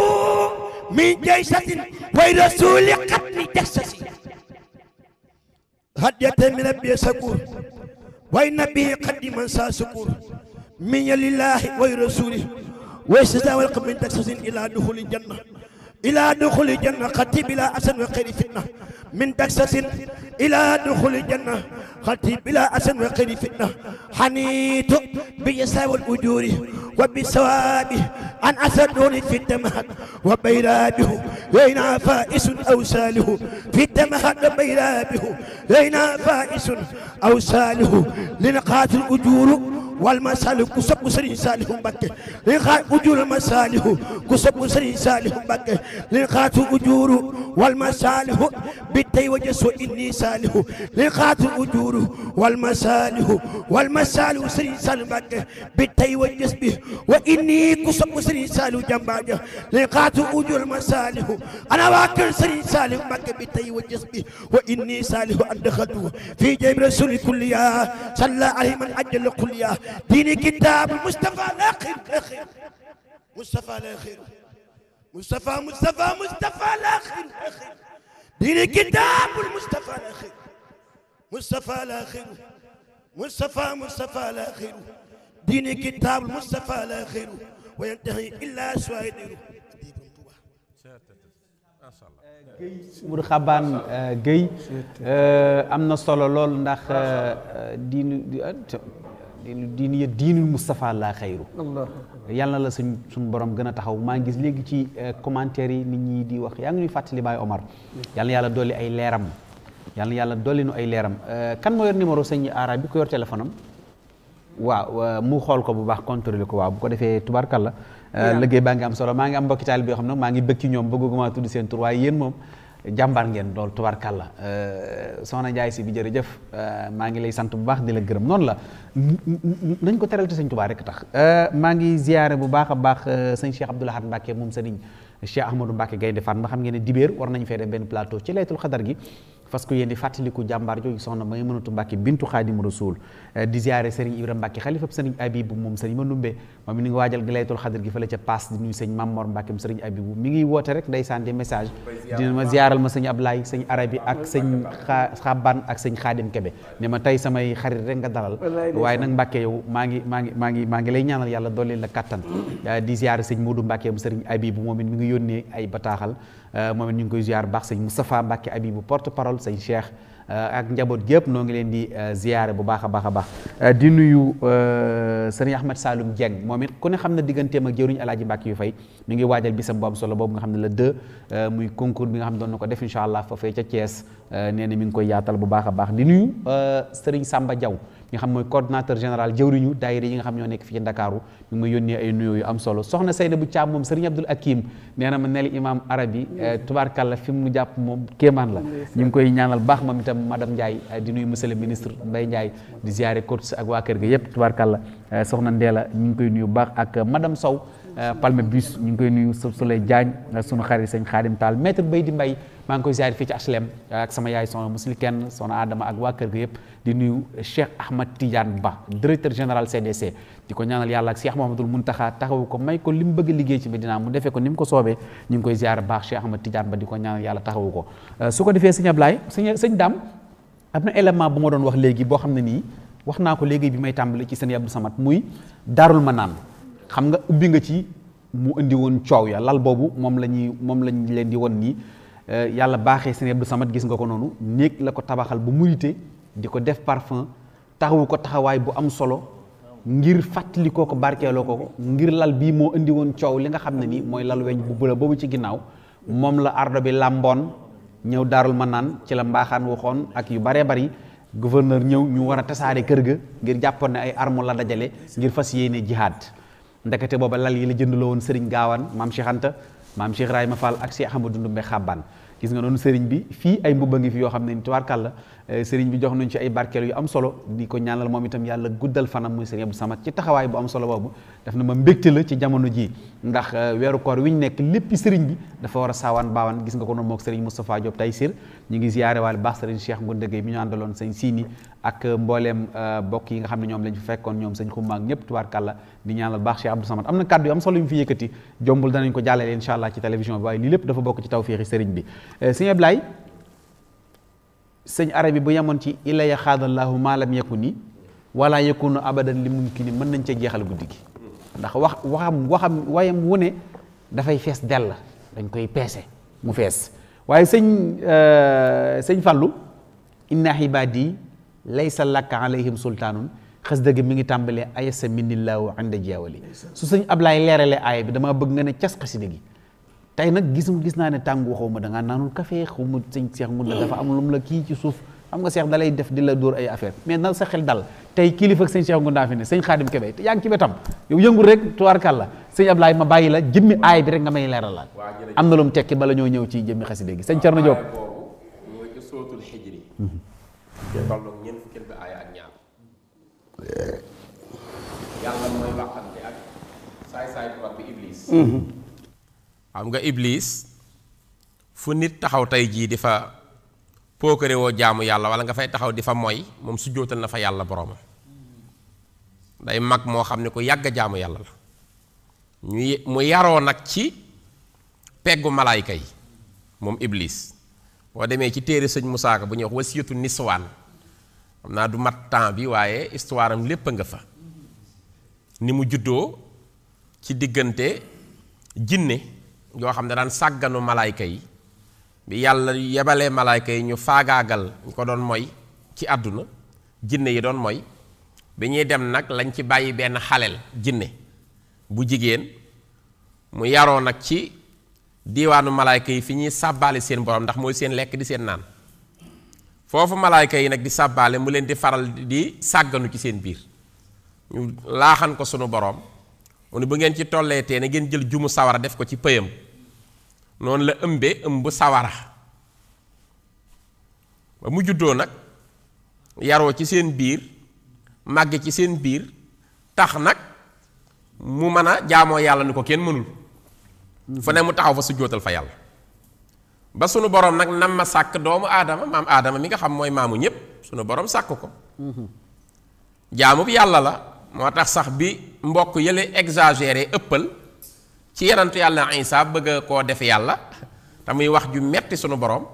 min jaysatin way rasuli qatli jassasi hadiyatan min rabbi sakur way nabi qaddiman sa sukur min lillahi way rasuli way sisa wal qabmin taksasin ila dukhulil janna إلى دخول الجنة خطيب بلا أسن وخير فتنة من دكسس إلى دخول الجنة خطيب بلا أسن وخير فتنة حنيت بيساو الأجور وبسوابه أن أسدون في الدمهد وبيرابه وين فائس أو ساله في الدمهد وبيرابه وين فائس أو ساله لنقاة الأجور wal masalihu ku sopp Serigne Saliou Mbacké li xaat ujur masalihu ku sopp Serigne Saliou Mbacké li xaatu ujuru wal masalihu bi tey salihu li xaatu ujuru wal masalihu wal masalihu Serigne wa inni ku sopp Serigne Saliou jambaaja li xaatu ujur masalihu ana waa kër Serigne Saliou Mbacké bi tey wajas bi wa inni salihu an daxatu fi jayb rasuli kulliya salla alayhi man ajjal kulliya diini kitaabu Moustapha laa xir laa xir Moustapha laa xir Moustapha Moustapha Moustapha laa xir laa xir diini kitaabu Moustapha laa xir Moustapha laa xir Moustapha Moustapha laa xir diini kitaabu Moustapha laa xir wa yantahi illaa suwaydiru Guèye Mourou Xabane Guèye am na solo lool ndax diinu ah, diin ya diinul Moustapha laa xayru yàlla na la suñ suñ borom gën a taxaw maa ngi gis léegi ci eh, commentaire yi nit ñi di wax yaa ngi ñuy fàttali Baay Omar yàlla yàlla dolli ay leeram yàlla na yàlla dolli nu ay leeram eh, kan moo yor numéro sëñ arabe bi ko yor téléphone am waaw eh, mu xool ko bu baax contrôler ko waaw bu ko defee tubaarkàlla liggéey baa ngi am solo maa ngi am mbokki taal bi yoo xam ne maa ngi bëgg ci ñoom bëgguma tudd seen tur waaye yéen moom jàmbaar ngeen tubaar lool la sona Njaay si bi jërëjëf euh, maa ngi lay sant bu baax di la gërëm noonu la nañ ko teral te sëñ Tuubaa rek tax euh, maa ngi ziyaare bu baax a baax euh, sëñ Cheikh Abdoul Ahad Mbacke moom sëriñ Cheikh Ahmadou Mbacke Gaynde Fatma xam ngeen ne war nañu fee def benn plateau ci laytul xadar gi parce que yéen di fàttaliku jàmbaar jooju soxna ba nga mënatu Mbacke bintu Xaadimu Rasuul Eh, di ziare sëriñ Ibra Mbacke xalifab sëriñ Abibu moom sëriñ Manumbe moom mi ngi waajal gi laytul xadar gi fële ca paas di nuyu sëñ Mamor Mbacke sëriñ Abibu mi ngi woote rek ndeysaan di message dina ma ziaral ma sëñ Ablaye sëñ Arabi ak sëñ Xaban ak sëñ Xaadim Kebe ne ma tey samay xarit rek nga dalal waaye nag Mbacke yow maa ngi maa ngi maa ngi maa ngi lay ñaanal yàlla dooleel la kattan eh, di ziare sëñ Modou Mbacke am sëriñ Abibu moom it mi ngi yónnee ay bataaxal eh, moom ñu ngi koy ziar baax sëñ Moustapha Mbacke Abibu porte parole sëñ Cheikh Euh, ak njaboot gépp noo ngi leen di euh, ziyaare bu baax a baax a baax euh, di nuyu sëriñ Ahmed Saloum Dieng moom it ku ne xam na digganteem ak jëruñ alaaji Mbàkke yu fay mi ngi waajal bisam bu am solo boobu nga xam ne la deux muy concours bi nga xam ne doon na ko def incha allah foofee ca Thiès nee na mi ngi koy yaatal bu baax a baax di nuyu sëriñ Samba jaw nga xam mooy coordonnateur général jëwriñu daayira yi nga xam ñoo nekk fii ci Ndakaaru ñu ma yónnee ay nuyoo am solo soxna Seyna bu Caam moom Sëriñ Abdul Akim nee na ma nel imam arabi eh, tubaarkàlla fi mu jàpp moom kéemaan la ñu ngi koy ñaanal baax moom itam madame Ndiaye eh, di nuyu monsieur le ministre Mbaye Ndiaye di ziare course ak waa kër ga yëpp tubaarkàlla eh, soxna Ndeela ñu ngi koy nuyu baax ak madame Sow Palme Bus ñu ngi koy nuyu su Souley Diagne sunu xarit sëñ Xaadim Taal maître Bay di Mbay maa ngi koy ziare fii ci HLM ak sama yaay soxna Musli kenn soxna Adama ak waa kër ga yëpp di nuyu Cheikh Ahmad Tidiane Ba directeur général CDC di ko ñaanal yàlla ak Cheikh mun Muntaxa taxawu ko may ko li mu bëgg liggéey ci Medina mu defee ko ni mu ko soobee ñu ngi koy ziar baax Cheikh Ahmad Tidiane Ba di ko ñaanal yàlla ko euh, su ko defee sëñ Ablaye sëñ sëñ Dame am na élément bu ma doon wax léegi boo xam ne nii wax naa ko léegi bi may tàmbali ci sëñ Abdou samat muy Daarul ma naan xam nga ubbi nga ci mu indi woon coow ya lal boobu moom la ñuy moom lañ leen di won nii euh, yàlla baaxee sëñ Abdou samat gis nga ko noonu néeg la ko tabaxal bu murite di ko def parfum taxawu ko taxawaay bu am solo ngir fàttali koo ko barkeeloo ko ko ngir lal bii moo indi woon coow li nga xam ne nii mooy lal weñ bu bula boobu ci ginnaaw moom la ardo bi làmboon ñëw daarul ma naan ci la mbaaxaan waxoon ak yu baree bari gouverneur ñëw ñu war a tasaare kër ga ngir jàppoon ne ay armo la dajale ngir fas yéene jihaad ndekete booba lal yi la jëndaloo woon Serigne Gaawaan maam Cheikh Anta maam Cheikh Rahima Fall ak Cheikh Amadou Ndoumbe Xabban gis nga noonu Serigne bi fii ay mbubba ngi fi yoo xam ne ni tubaarkàlla Eh, sëriñ bi jox nañ ci ay barkeel yu am solo di ko ñaanal moom itam yàlla guddal fanam muy sëriñ Abdou Samad ci taxawaay bu am solo boobu def na ma mbégte la ci jamono jii ndax eh, weeru koor wi ñu nekk bi dafa war a saawaan baawaan nga ko noonu moog sëriñ Moustapha Diop Taysir ñu ngi ziyaare waale baax sëriñ Cheikh eh, yi nga xam ne ñoom lañ fi fekkoon ñoom ñëpp tubaarkàlla di ñaanal baax Cheikh Abdou Samad am na kàddu yu am solo yu mu fi yëkkati jombul danañ sëñ arab yi bu yemoon ci illa ya xaadallaahu maalam yeku nii wala yakunu abadan li mumkini mën nañ ca jeexal guddi gi ndax wax waxam waxam wayam wu ne dafay fees dell dañ koy peese mu fees waaye sëñ euh, sëñ fàllu inna xibaadi laysa lakka alayhim sultaanun xas dëgg mi ngi tàmbalee ayasa minillaahu inda jeewali su sëñ Ablaay leerale aaya bi damaa bëgg nga ne cas xasida gi tey nag gisuma gis naa ne tàngu xaw ma da ngaa naanul café xaw ma sëñ seex mun la dafa am lu mu la kii ci suuf xam nga seex da lay def di la dóor ay affaire mais na sa xel dal tey kilifa ak sëñ Cheikh Ngounda fi ne sëñ Xaadim Kebe yaa ngi ci wetam yow yëngul rek tubaarkàlla sëñ Ablaye ma bàyyi la jëmmi aay bi rek nga may leeralal am na lu mu tekki bala ñoo ñëw ci jëmmi xaside gi sëñ Thierno Diop mhm. yàlla mooy ak saay xam nga ibliis fu nit taxaw tey jii di fa pookare jaamu yàlla wala nga fay taxaw di fa mooy moom su jóotal na fa yàlla boroomam day mag moo xam ne ko yàgg a jaamu yàlla la mu yaroo nag ci peggu malaayka yi moom iblis boo demee ci téere sëñ Musaa Ka bu ñuy wax wasiyatu niswaan xam naa du mat temps bi waaye histoire lépp a nga fa ni mu juddoo ci diggante jinne yoo xam ne daan sàgganu malaayka yi bi yàlla yebalee malaayka yi ñu faagaagal ñu ko doon mooy ci àdduna jinne yi doon mooy bi ñuy dem nag lañ ci bàyyi benn xaleel jinne bu jigéen mu yaroo nag ci diiwaanu malaayka yi fi ñuy sàbbaale seen borom ndax mooy seen lekk di seen naan foofu malaayka yi nag di sàbbaale mu leen di faral di sàgganu ci seen biir ñu laaxan ko sunu boroom mu ne bu ngeen ci tolleetee na ngeen jël jumu sawara def ko ci pëyam noonu la ëmbee ëmb sawara ba mu juddoo nag yaroo ci seen biir màgge ci seen biir tax nag mu mën a jaamoo yàlla ni ko kenn mënul fu ne mu taxaw fa su jóotal fa yàlla ba sunu boroom nag nam ma sàkk doomu aadama maam aadama mi nga xam mooy maamu ñépp sunu boroom sàkk ko mm-hmm. jaamub yàlla la moo tax sax bi mbokk yële exagéré ëppal ci yonentu yàlla Isa bëgg koo def yàlla te muy wax ju metti sunu borom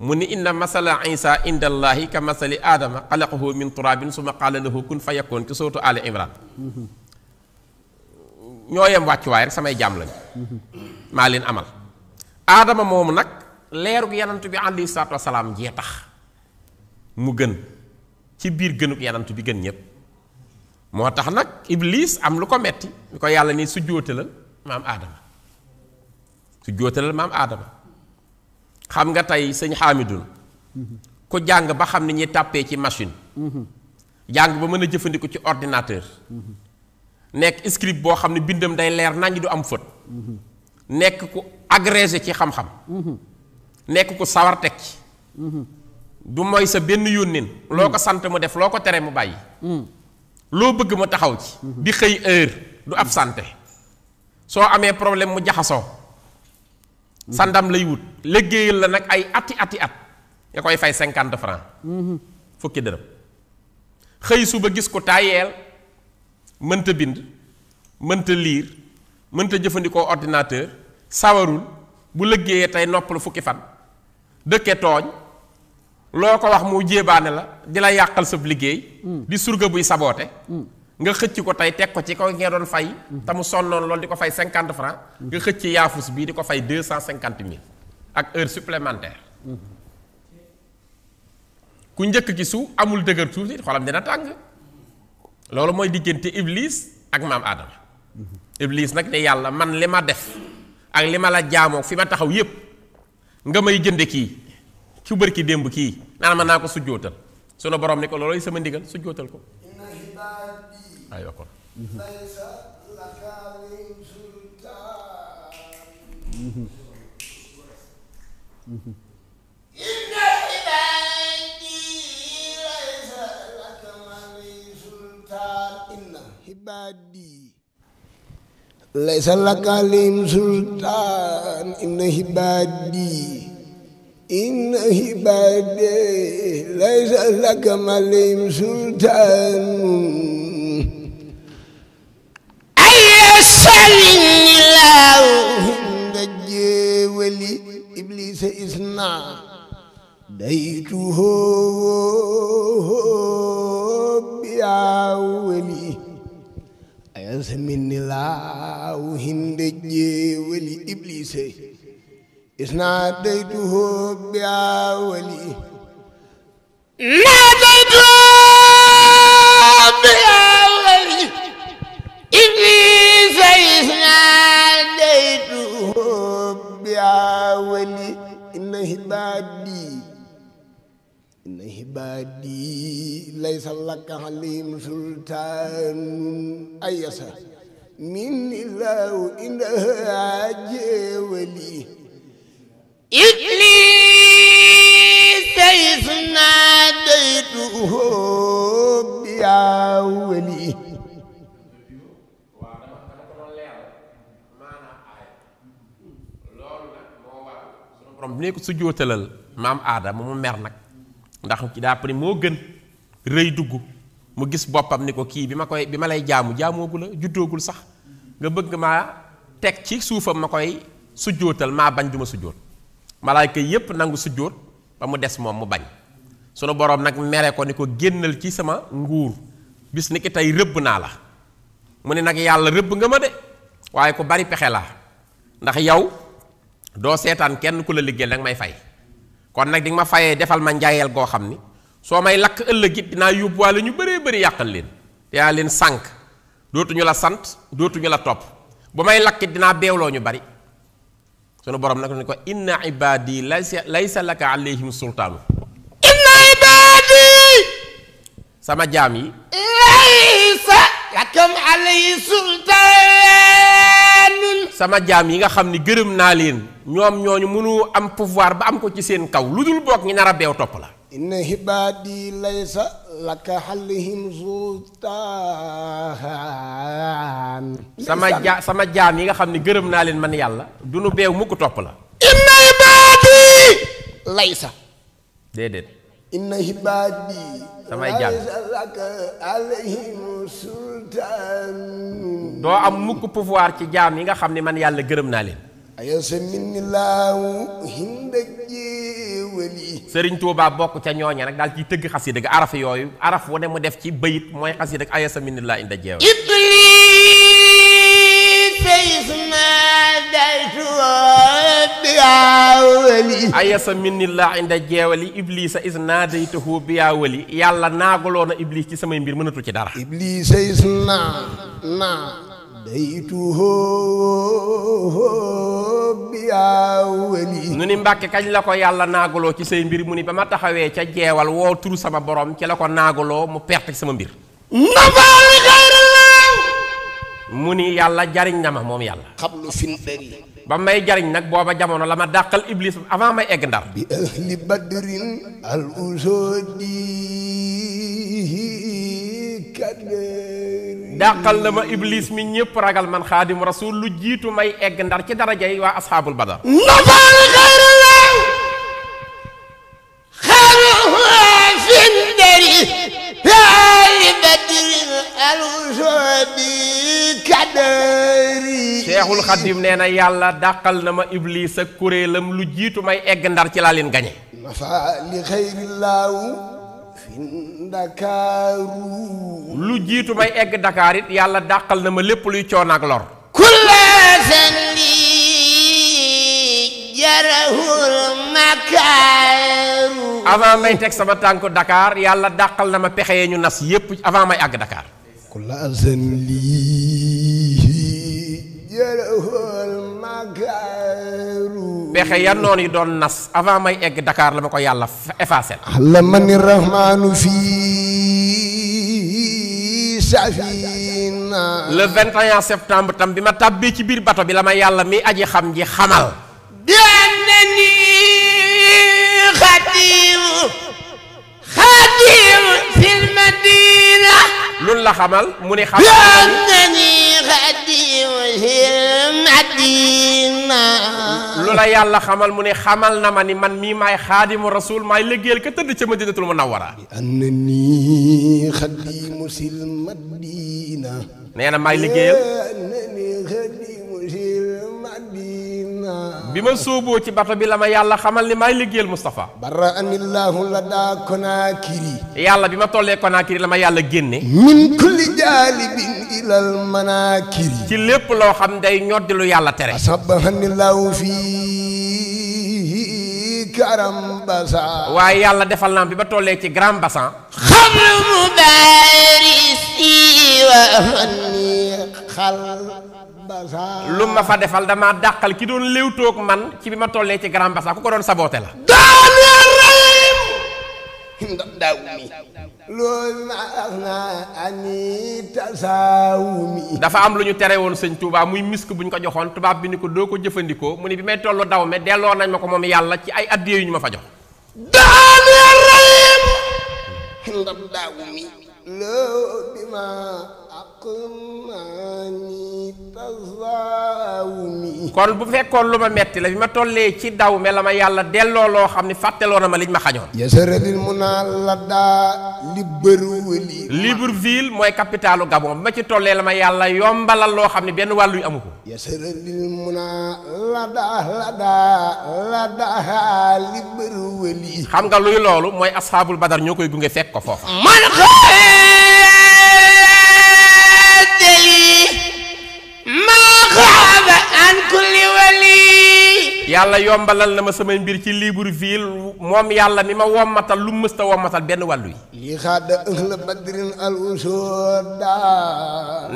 mu ni inna masala Isa inda allahi ka masali aadama xalaqahu min turabin suma qaala lahu kun fa yakun ci sootu ali imran ñoo yem wàccuwaay rek samay jaam lañu maa leen amal aadama moomu nag leerug yanantu bi alayhi salaatu wasalaam jee tax mu gën ci biir gënug yanantu bi gën ñépp moo tax nag iblis am lu ko metti ñu ko yàlla ni su jóotalal maam aadama su jóotalal maam aadama xam nga tey sëñ xaamidun ku jàng ba xam ni ñuy tàppee ci machine jàng ba mën a jëfandiku ci ordinateur nekk script boo xam ne bindam day leer nañ du am fët nekk ku agrégé ci xam-xam nekk ku sawar teg ci du mooy sa benn yónnin loo ko sant mu def loo ko tere mu bàyyi loo bëgg ma taxaw ci. bi xëy heure du ab santé soo amee problème mu jaxasoo. sandam lay wut liggéeyal la nag ay ati ati at nga koy fay cinquante franc. fukki dërëm xëy suba gis ko taayeel mënta bind mënta liir mënta jëfandikoo ordinateur sawarul bu liggéeyee tey noppalu fukki fan dëkke tooñ. loo ko wax mu jéebaane la di la yàqal sa liggéey hmm. di surga buy saboote hmm. nga xëcc ko tey teg ko ci kaw ngeen doon fay hmm. te mu sonnoon loolu di ko fay cinquante francs nga xëcc yaafus bii di ko fay deux cent cinquante mille ak heure supplémentaire ku njëkk ki su amul dëgër suuf si xolam dina tàng loolu mooy diggante iblis ak maam aadama iblis nag ne yàlla man li ma def ak li ma la jaamoo fi ma taxaw yépp nga may jënd kii ku ki démb kii maanaam mën naa ko sujjootal sunu borom ni ko loolooy sama ndigal sujjootal ko. aywa kon. laysa laka sultaan inna hibaadi إن عبادي ليس لك عليهم سلطان أي سلم الله نجي ولي إبليس إسنا ديته يا ولي أيسمن الله هندجي ولي إبليس ناديته بأولي ناديته بأولي إبليس ناديته بأولي إن عبادي إن عبادي ليس لك عليهم سلطان أيسر من الله إنها جولي إبليس ناديته يا ولي borom bi ne ko su jootalal maam aadama mu mer nag ndax ci daa pare moo gën rëy dugg mu gis boppam ni ko kii bi ma koy bi ma lay jaamu jaamoogu la juddoogul sax nga bëgg maa teg ci suufam ma koy sujjootal maa bañ du ma sujjoot malaayka yépp nangu sujjóot ba mu des moom mu bañ sunu boroom nag mere ko ni ko génnal ci sama nguur bis ni ki tey rëbb naa la mu ne nag yàlla rëbb nga ma de waaye ku bari pexe la ndax yow doo seetaan kenn ku la liggéey danga may fay kon nag di nga ma fayee defal ma njaayal goo xam ni soo may lakk ëllëg it dinaa yóbbuwaale ñu bëree bari yàqal leen yaa leen sànq dootuñu la sant dootuñu la topp bu may lakk dinaa beewloo ñu bari sunu boroom nag ne ko inna ibadi laysa laysa laka alayhim sultaanu inna ibadi sama jaam yi laysa lakum alayhi sultaanun sama jaam yi nga xam ni gërëm naa leen ñoom ñooñu mënu am pouvoir ba am ko ci seen kaw lu dul boog ñi nar a topp la inna hibaadi laysa laka xalihim sultaan sama jaa sama jaam yi nga xam ne gërëm naa leen man yàlla du nu beew mukk topp la inna hibaadi laysa déedéet inna hibaadi samay jaam doo am mukk pouvoir ci jaam yi nga xam ne man yàlla gërëm naa leen wali sëriñ Touba bokk ca ñooña nag daal ciy tëgg xasida ga araf yooyu araf wu ne mu def ci bayit mooy xasida ak ayasa minillah inda jeew ayasa minillah inda jeewali iblisa is naadaytahu biyaa wali yàlla naagaloona iblis ci samay mbir mënatul ci dara baytuhu biyaawali nu ni mbàkke la ko yàlla naaguloo ci say mbir mu ni ba ma taxawee ca jeewal woo turu sama borom ci la ko naagaloo mu perte sama mbir nafaali xayrallah mu ni yàlla jariñ na ma moom yàlla ba may jariñ nag booba jamono la ma dàqal iblis avant may egg ndar bi ahli badrin al usodi kadr dàqal la ma iblis mi ñëpp ragal man xaadim rasul lu jiitu may egg ndar ci daraja waa asxaabul badar nafaal xayrullah xaaruha fi ndari ahli Seexul Xadim nee na yàlla dàqal na ma Iblis ak kuréelam lu jiitu may egg ndar ci laa leen gañe lu jiitu may egg Dakar yàlla dàqal na ma lépp luy coon ak lor avant may teg sama tànk dakaar yàlla dàqal na ma pexe ñu nas yépp avant may àgg Dakar قل أذن لي pexe yan noonu yi doon nas avant may egg dakaar la ma ko yàlla effacé la. la man rahmaanu fii safina. le 21 tam bi ma tàbbee ci biir bato bi la ma yàlla mi aji xam ji xamal. bien na ni xadim xadim fil madina loolu la xamal mu ne xam nani xadim fil madina lu la yàlla xamal mu ne xamal na ma ni man mii maay xaadimu rasul maay liggéeyal ka tëdd ca madinatul munawwara annani xadimu sil madina nee na maay liggéeyal annani xadimu sil madina bi ma sóoboo ci bato bi la ma yàlla xamal ni maay liggéeyal Moustapha bara anillahu la daa konaakiri yàlla bi ma tollee konaakiri la ma yàlla génne min kulli jaalibin ilal manaakiri ci lépp loo xam day ñoddi lu yàlla tere asabahanillahu fi karam basan waaye yàlla defal naa bi ma tollee ci grand basan xamru mubaarisi wa xal lu ma fa defal dama dàqal ki doon léewtoog man ci bi ma tollee ci grand bassa ku ko doon saboote la daaneel rayim dafa am lu ñu tere woon sëñ Touba muy misk bu ñu ko joxoon tubaab bi ni ko doo ko jëfandikoo mu ni bi may tollu daw me delloo nañ ma ko moom yàlla ci ay addiye yu ñu ma fa jox kon bu fekkoon lu ma metti la bi ma tollee ci daw me la ma yàlla delloo loo xam ne fàtteloo na ma liñ ma xañoon yasaratil mun naa mooy capitalu Gabon bi ma ci tollee la ma yàlla yombalal loo xam ne benn wàllu yu amu ko yasaratil xam nga luy loolu mooy asxaabul badar ñoo koy gunge fekk ko foofa man yàlla yombalal na ma samay mbir ci Libreville moom yàlla mi ma wommatal lu mësta wommatal benn wàllu yi lii xaada ëxla badrin al usoda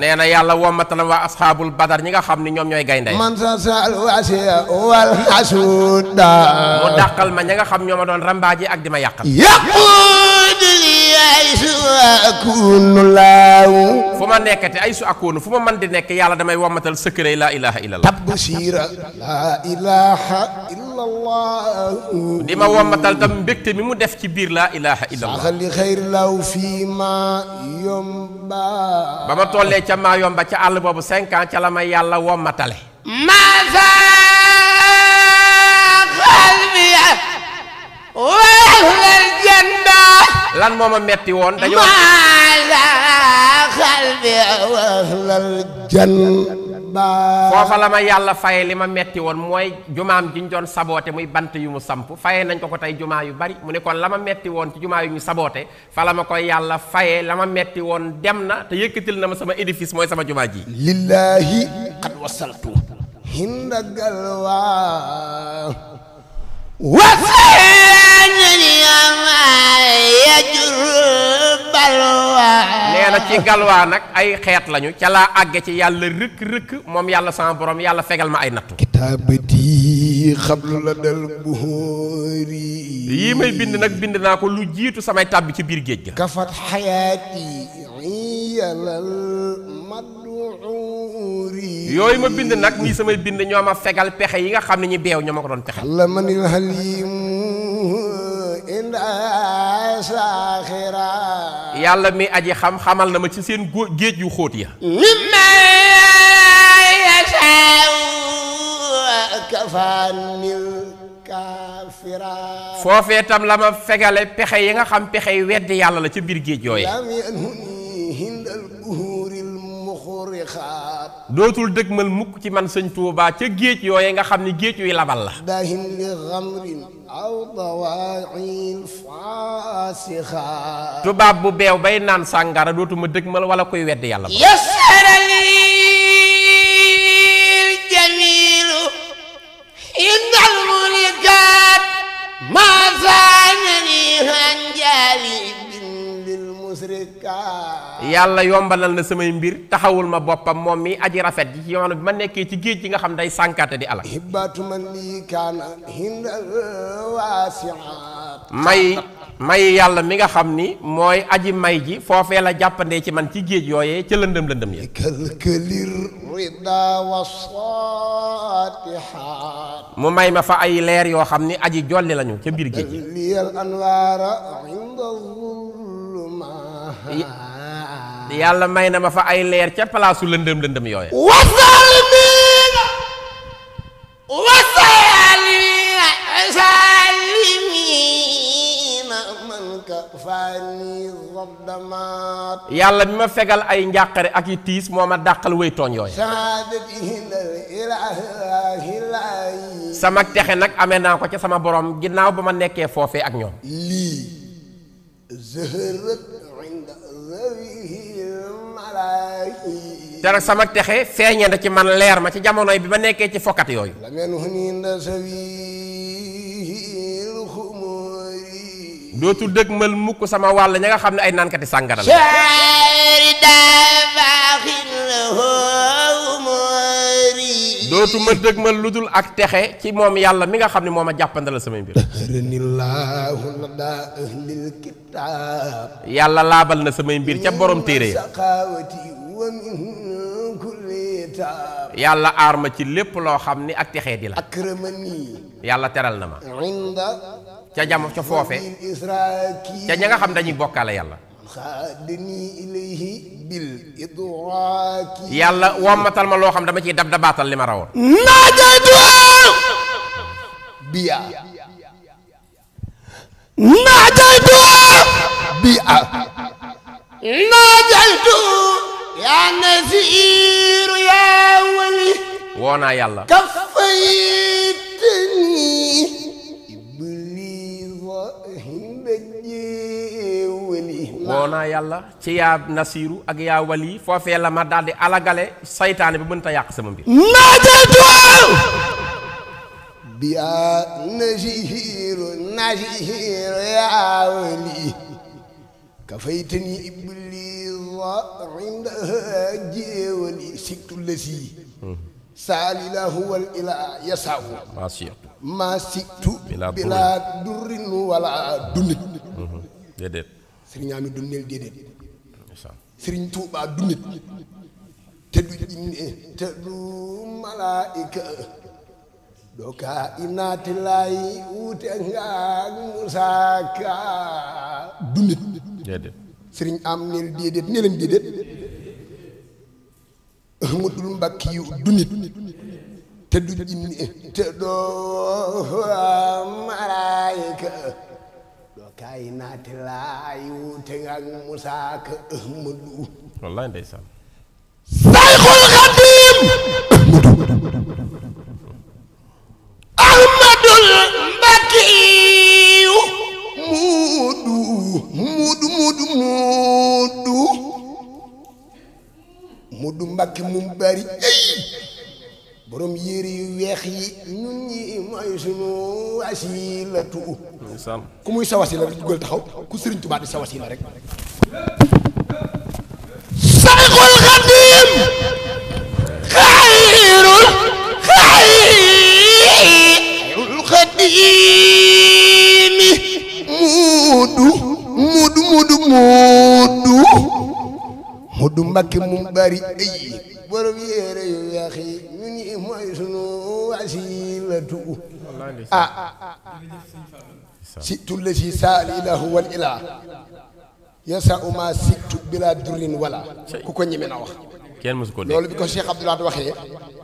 nee na yàlla wommatal asxaabul badar ñi nga xam ni ñoom ñooy gaynday man sa sal waasiya wal xasuda mu dàqal ma ña nga xam ñoom ma doon rambaaji ak di ma yàqal aysu akunu laaw fu ma nekkati aysu akunu fu ma mën di nekk yàlla damay wammatal sëkkëre laa ilaha illallah tabsira laa ilaha illallah di ma wammatal tam mbégte mi mu def ci biir laa ilaha illallah saxali xayr law fii ma yomba ba ma tollee ca maa yomba ca àll boobu cinq ans ca la may yàlla wammatale ma fa xalbiya wal janda lan moo ma metti woon dañu foofa la ma yàlla faye li ma metti woon mooy jumaam ji ñu doon saboote muy bant yu mu samp faye nañ ko ko tey jumaa yu bari mu ne kon la ma metti woon ci jumaa yu ñu saboote fa la ma ko yàlla faye la ma metti woon dem na te yëkkatil na ma sama édifice mooy sama jumaa ji lillahi qad wasaltu hindagal waa nee na ci galwaa nag ay xeet lañu ca laa àgge ci yàlla rëkk-rëkk moom yàlla sama borom yàlla fegal ma ay nattu kitaabati xablu la dal buhóori yii may bind nag bind naa ko lu jiitu samay tàbbi ci biir géej ga kafat xayaati yàllal mad yooyu ma bind nag ñii samay bind ñoo ma fegal pexe yi nga xam ne ñi beew ñoo ma ko doon pexe la man yu yàlla mi aji xam xamal na ma ci seen gó géej yu xóot ya foofee tam la ma fegale pexe yi nga xam pexe yi weddi yàlla la ci biir géej yooyu dootul dëgmal mukk ci man sëñ Touba ca géej yooye nga xam ni géej yuy labal la tubaab bu beew bay naan sàngara dootuma dëgmal wala koy wedd yàlla ba indal mulikat ma saanani hanjali yàlla yombalal na samay mbir taxawul ma boppam moom mi aji rafet ji yoon bi ma nekkee ci géej gi nga xam day sànkaate di alal may may yàlla mi nga xam ni mooy aji may ji foofee la jàppandee ci man ci géej yooyee ca lëndëm lëndëm ya mu may ma fa ay leer yoo xam ni aji jolli lañu ca biir géej gi yàlla may na ma fa ay leer ca palaasu lëndëm lëndëm yooya yàlla bi ma fegal ay njàqare ak yi tiis moo ma dàqal wéy yooya sama texe nag ame naa ko ca sama borom ginnaaw ba ma nekkee foofee ak ñoom dara sama texe feeñe na ci man leer ma ci jamonoy bi ma nekkee ci fokkat yooyu dootu dëgmal mukk sama wàll ña nga xam ne ay naankati sàngara la dootu ma dëgmal lu dul ak texe ci moom yàlla mi nga xam ne moo ma jàppandalal samay mbir yàlla laabal na samay mbir ca borom téere ya yàlla aar ma ci lépp loo xam ni ak texee di la yàlla teral na ma ca jam ca foofe ca ña xam dañuy bokkaale yàlla yàlla wommatal ma loo xam dama ciy dab dabaatal li ma rawoon najadu bia yaa nasiiru yaa wali woo yàlla kafaytani woo naa yàlla ci yaa nasiiru ak yaa wali foofee la ma daldi di alagale saytaane bi mënta yàq sama mbir najatu nasiiru nasiiru yaa wali kafaytani iblisa inda jéewali siktu lasi hmm. saalilahu wal ilaa yasaawu maa siktu bilaa durrin wala dunit hmm. déedéet sëriñ Amidou du neel déedéet sëriñ Tuubaa du nit te du jinne te du malaayika doo kaa inaati laay wuute nga ak Musaa Ka du nit sëriñ am neel déedéet nee leen déedéet Ahmadul Mbàkke yu du nit te du jinne te doo malaayika kaay naate laay wuute ak Moussa ak Ahmadou wallaay ndeysaan sayxul xadim ahmadul mbakiyu muudu muudu muudu muudu muudu mbakki mum bari ay borom yére yu weex yi ñun ñi mooy sunu wasilatu ku muy sa wasila rek ku Sëriñ Tuubaa di sa wasila Xadiim muudu muudu muudu muudu muudu mu bari ay ñun ñi mooy sunu wasilatu ah, ah, ah, ah situ la si saali lahu wal ilaa yasa uma situ bila durin wala ku ko ñeme na wax kenn mësu ko loolu bi ko Cheikh Abdoul Ahad waxee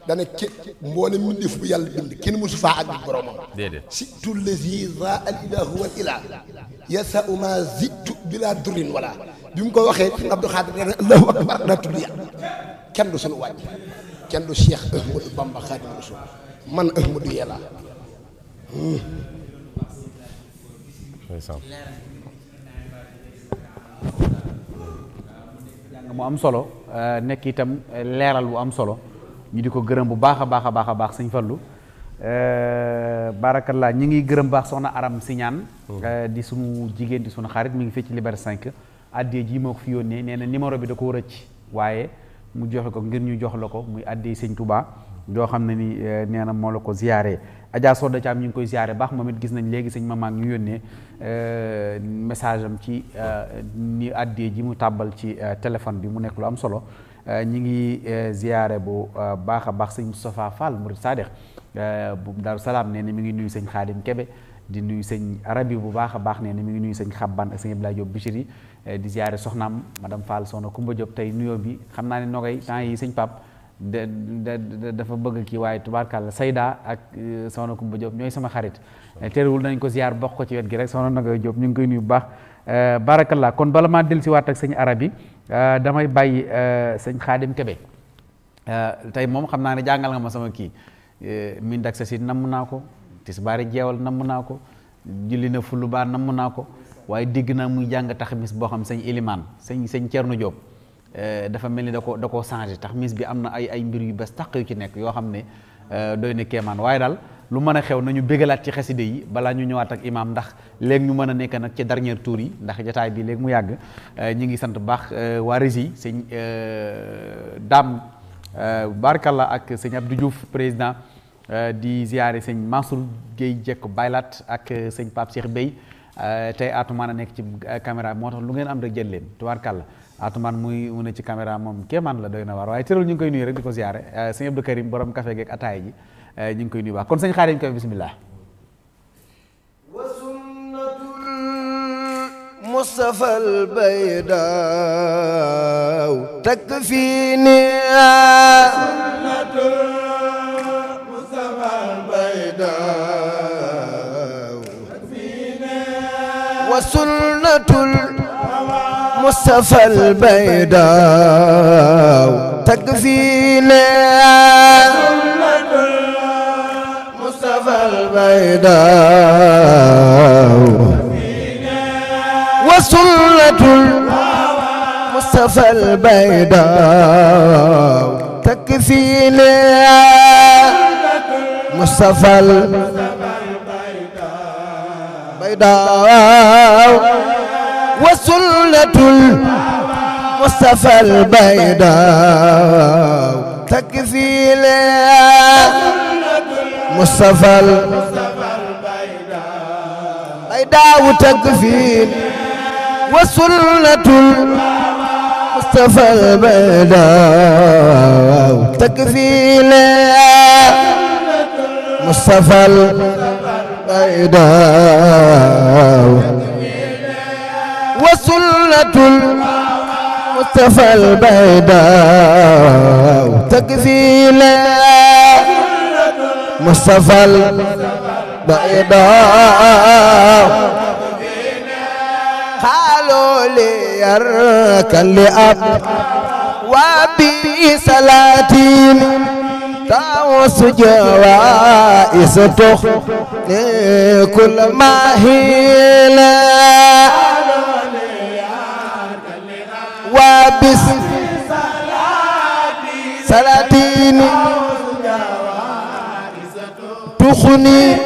dana ki mboole mbindeef bu yàlla bind kenn musu faa ak boromam déedéet situ la si saali lahu wal ilaa yasa uma situ bila durin wala bi mu ko waxee Abdou Khadre dana kenn du sunu wàññi kenn du Cheikh Ahmadou Bamba Khadim Rasoul Yàlla mu am solo eh, nekk itam eh, leeral bu am solo ñu di ko gërëm bu baax a baax a baax a baax sëñ Fallu eh, barakallaa ñi ngi gërëm baax soxna Aram Siñaan hmm. di sunu jigéen di sunu xarit mu ngi fii ci Liberté 5 àddee ji moo ko fi yónnee nee na numéro bi da ko rëcc waaye mu joxe ko ngir ñu jox la ko muy àddee sëñ Touba joo xam ne ni eh, nee na moo la ko ziyaare Adja Soda Thiam ñu ngi koy ziyaare baax moom it gis nañ léegi sëñ Mama ñu yónnee eh, message am ci eh, ni àddee ji mu tàbbal ci téléphone bi mu nekk lu am solo ñi ngi ziyaare bu baax a baax sëñ Moustapha Fall Murid Sadex bu Daaru Salaam nee na mi ngi nuyu sëñ Xaadim Kebe di nuyu sëñ Arabi bu baax a baax nee na mi ngi nuy sëñ Xabban ak sëñ Abdoulaye Diop Bichiri Eh, di ziare soxnaam madame Fall soxna Kumba Diop tey nuyoo bi xam naa ne nogay temps yi sëñ Pape de dafa bëgg kii waaye tubaarkàlla Sayda ak eh, soxna Kumba Diop ñooy sama xarit eh, terewul nañ ko ziar bokk ko ci wet gi rek soxna Nogay Diop ñu ngi koy nuyu bu baax barakallah kon bala maa dellu si waat ak sëñ arab yi damay bàyyi sëñ xaadim Kebe tey moom xam naa ne jàngal nga ma sama kii min dak sa si namm naa ko tisbaari jeewal namm naa ko julli na fulubaa namm naa ko waaye dégg naa muy jàng taxmis boo xam sëñ Elimaan sëñ sëñ Thierno Diop eh, dafa mel ni da ko da koo changé taxmis bi am na ay ay mbir yu bees tàq yu ci nekk yoo xam ne eh, doy na kemaan waaye daal lu mën a xew nañu bégalaat ci xaside yi balaa ñu ñëwaat ak imaam ndax léegi ñu mën a nekk nag ci dernier tour yi ndax jataay bi léegi mu yàgg eh, ñu ngi sant baax waa Rési sëñ Dame Barkalla ak sëñ Abdou Diouf président di ziare sëñ Mansour Guèye Jekko baylaat ak sëñ Pape Cheikh Bey Euh, tey Atoumane a nekk ci euh, caméra moo tax lu ngeen am rek jël leen tubaarkàlla Atoumane muy mu ne ci caméra moom kéemaan la doy na waar waaye tëral ñu ngi koy nuyu rek di ko ziare euh, sëñ Abdou Karim borom café geeg ataay ji ñu ngi koy nuyu baax kon sëñ xaar yi ñu koy bisimilah. مصطفى البيداو تكفيني سنة وسنة المصطفى البيضاء تكفينا سنة المصطفى البيضاء وسنة المصطفى البيضاء تكفينا مصطفى البيضاء البيضاء وسلة المصطفى البيضاء تكفيل مصطفى البيضاء تكفيل وسلة المصطفى البيضاء تكفيل مصطفى البيضاء البيضاء وسنة المصطفى البيضاء تكفيلا مصطفى البيضاء قالوا لي أركن لأب وبي سلاتين تعوس جوائز تخلي كل ما هي لا وبسم سلاتيني تخني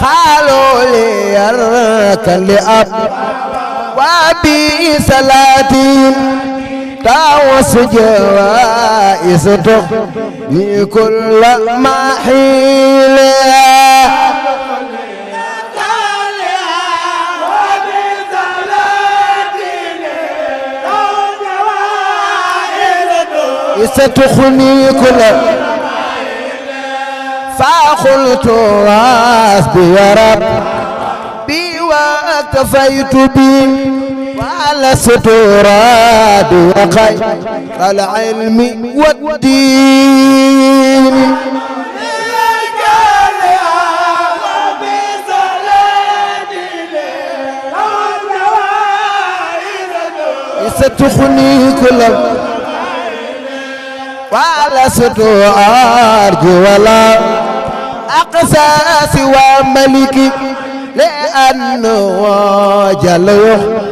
قالوا لي يركن لأب وبي سلاتيني تاوس جوائز تغني كل ما حيل ستخني كل فقلت راسبي يا رب بي وكفيت بي على ستراد وقي العلم والدين ستخني كل وعلى ستراد ولا أقسى سوى ملكي لأنه جل يحب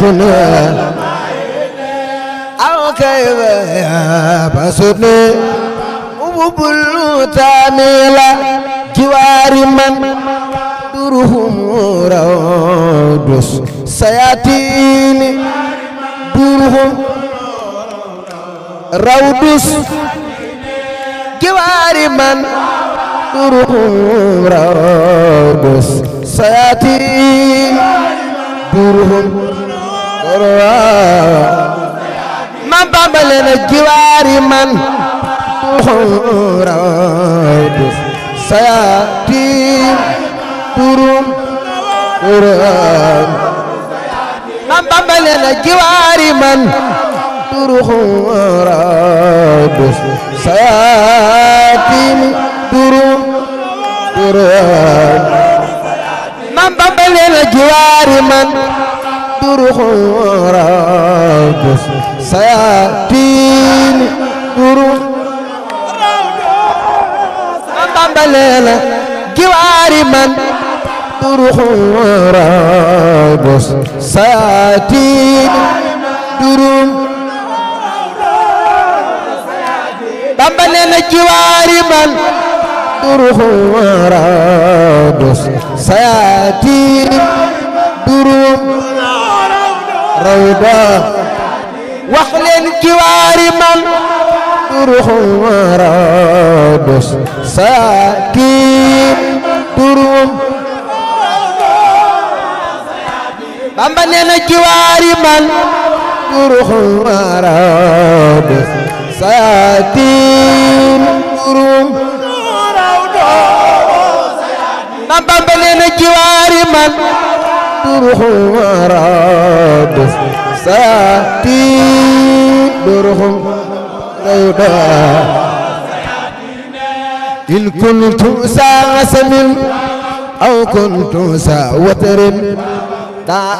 كنا أو كيف يبسطني وبلو تاميلا جوار من درهم رودس سياتيني درهم رودس جوار من درهم رودس سياتيني درهم man Bamba leen a jiwaari man rawdu sayatim turum turum turum turum turum man Bamba leen jiwaari man درخ رب سياتيني درخ بلالة جواري من درخ رب سياتيني درخ Bamba nee na jiwaari man duruxu warabus sayaati durum روضة واخلن جواري من تروح ورادس ساكين تروم بامبا نينا جواري من تروح ورادس ساكين تروم بامبا نينا جواري من درهم رب سيأتي درهم غيبا إن كنت ساسم أو كنت ساوتر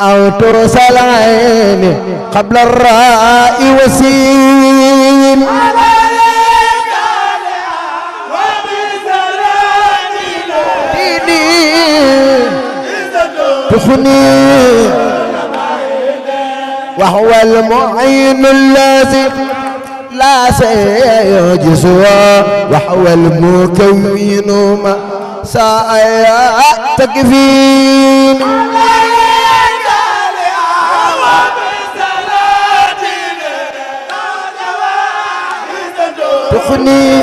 أو ترس العين قبل الراء وسين تخني وهو المعين الذي لا سيجزه وهو المكون ما ساء تكفين تخني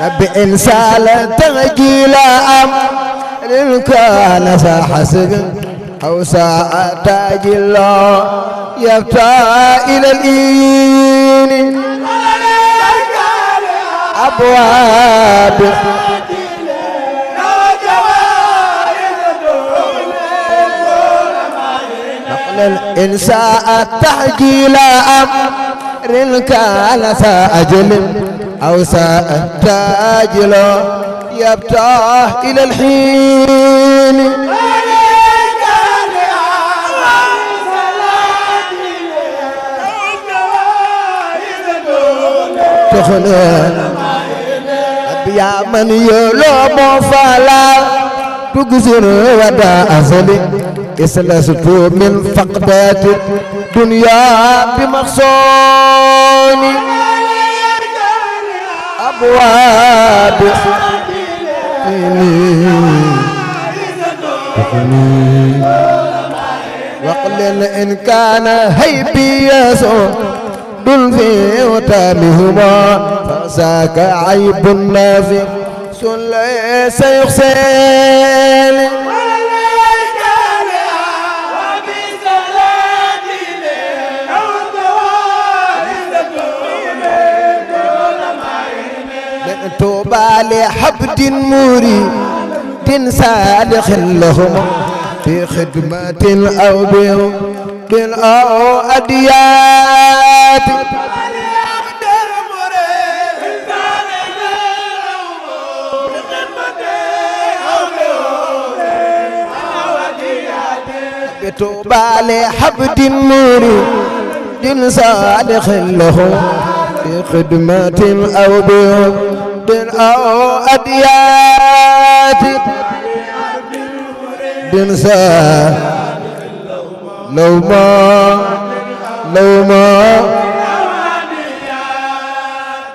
نبي إنسان تغجيل أمر بحر كان سحسب أو ساعة تاج الله يفتى إلى الإين أبواب الإنساء تحجيل أمر كان سأجل أو سأتاجل يبتاه إلى الحين تخلون يا من يلوم فلا تجزر ودا أزلي إسلست من فقدات الدنيا بمخصوني أبواب وقلن إن كان هيبي يسوع دل في وتامهما فذاك عيب نافع سلي سيخسر طوبى لحبد مريد صالح لهم في خدمة أو بعبد أو أديات طوبى لحبد مريد صالح لهم في خدمة أو بعبد عبد أو أبيات بنسى لو ما لو ما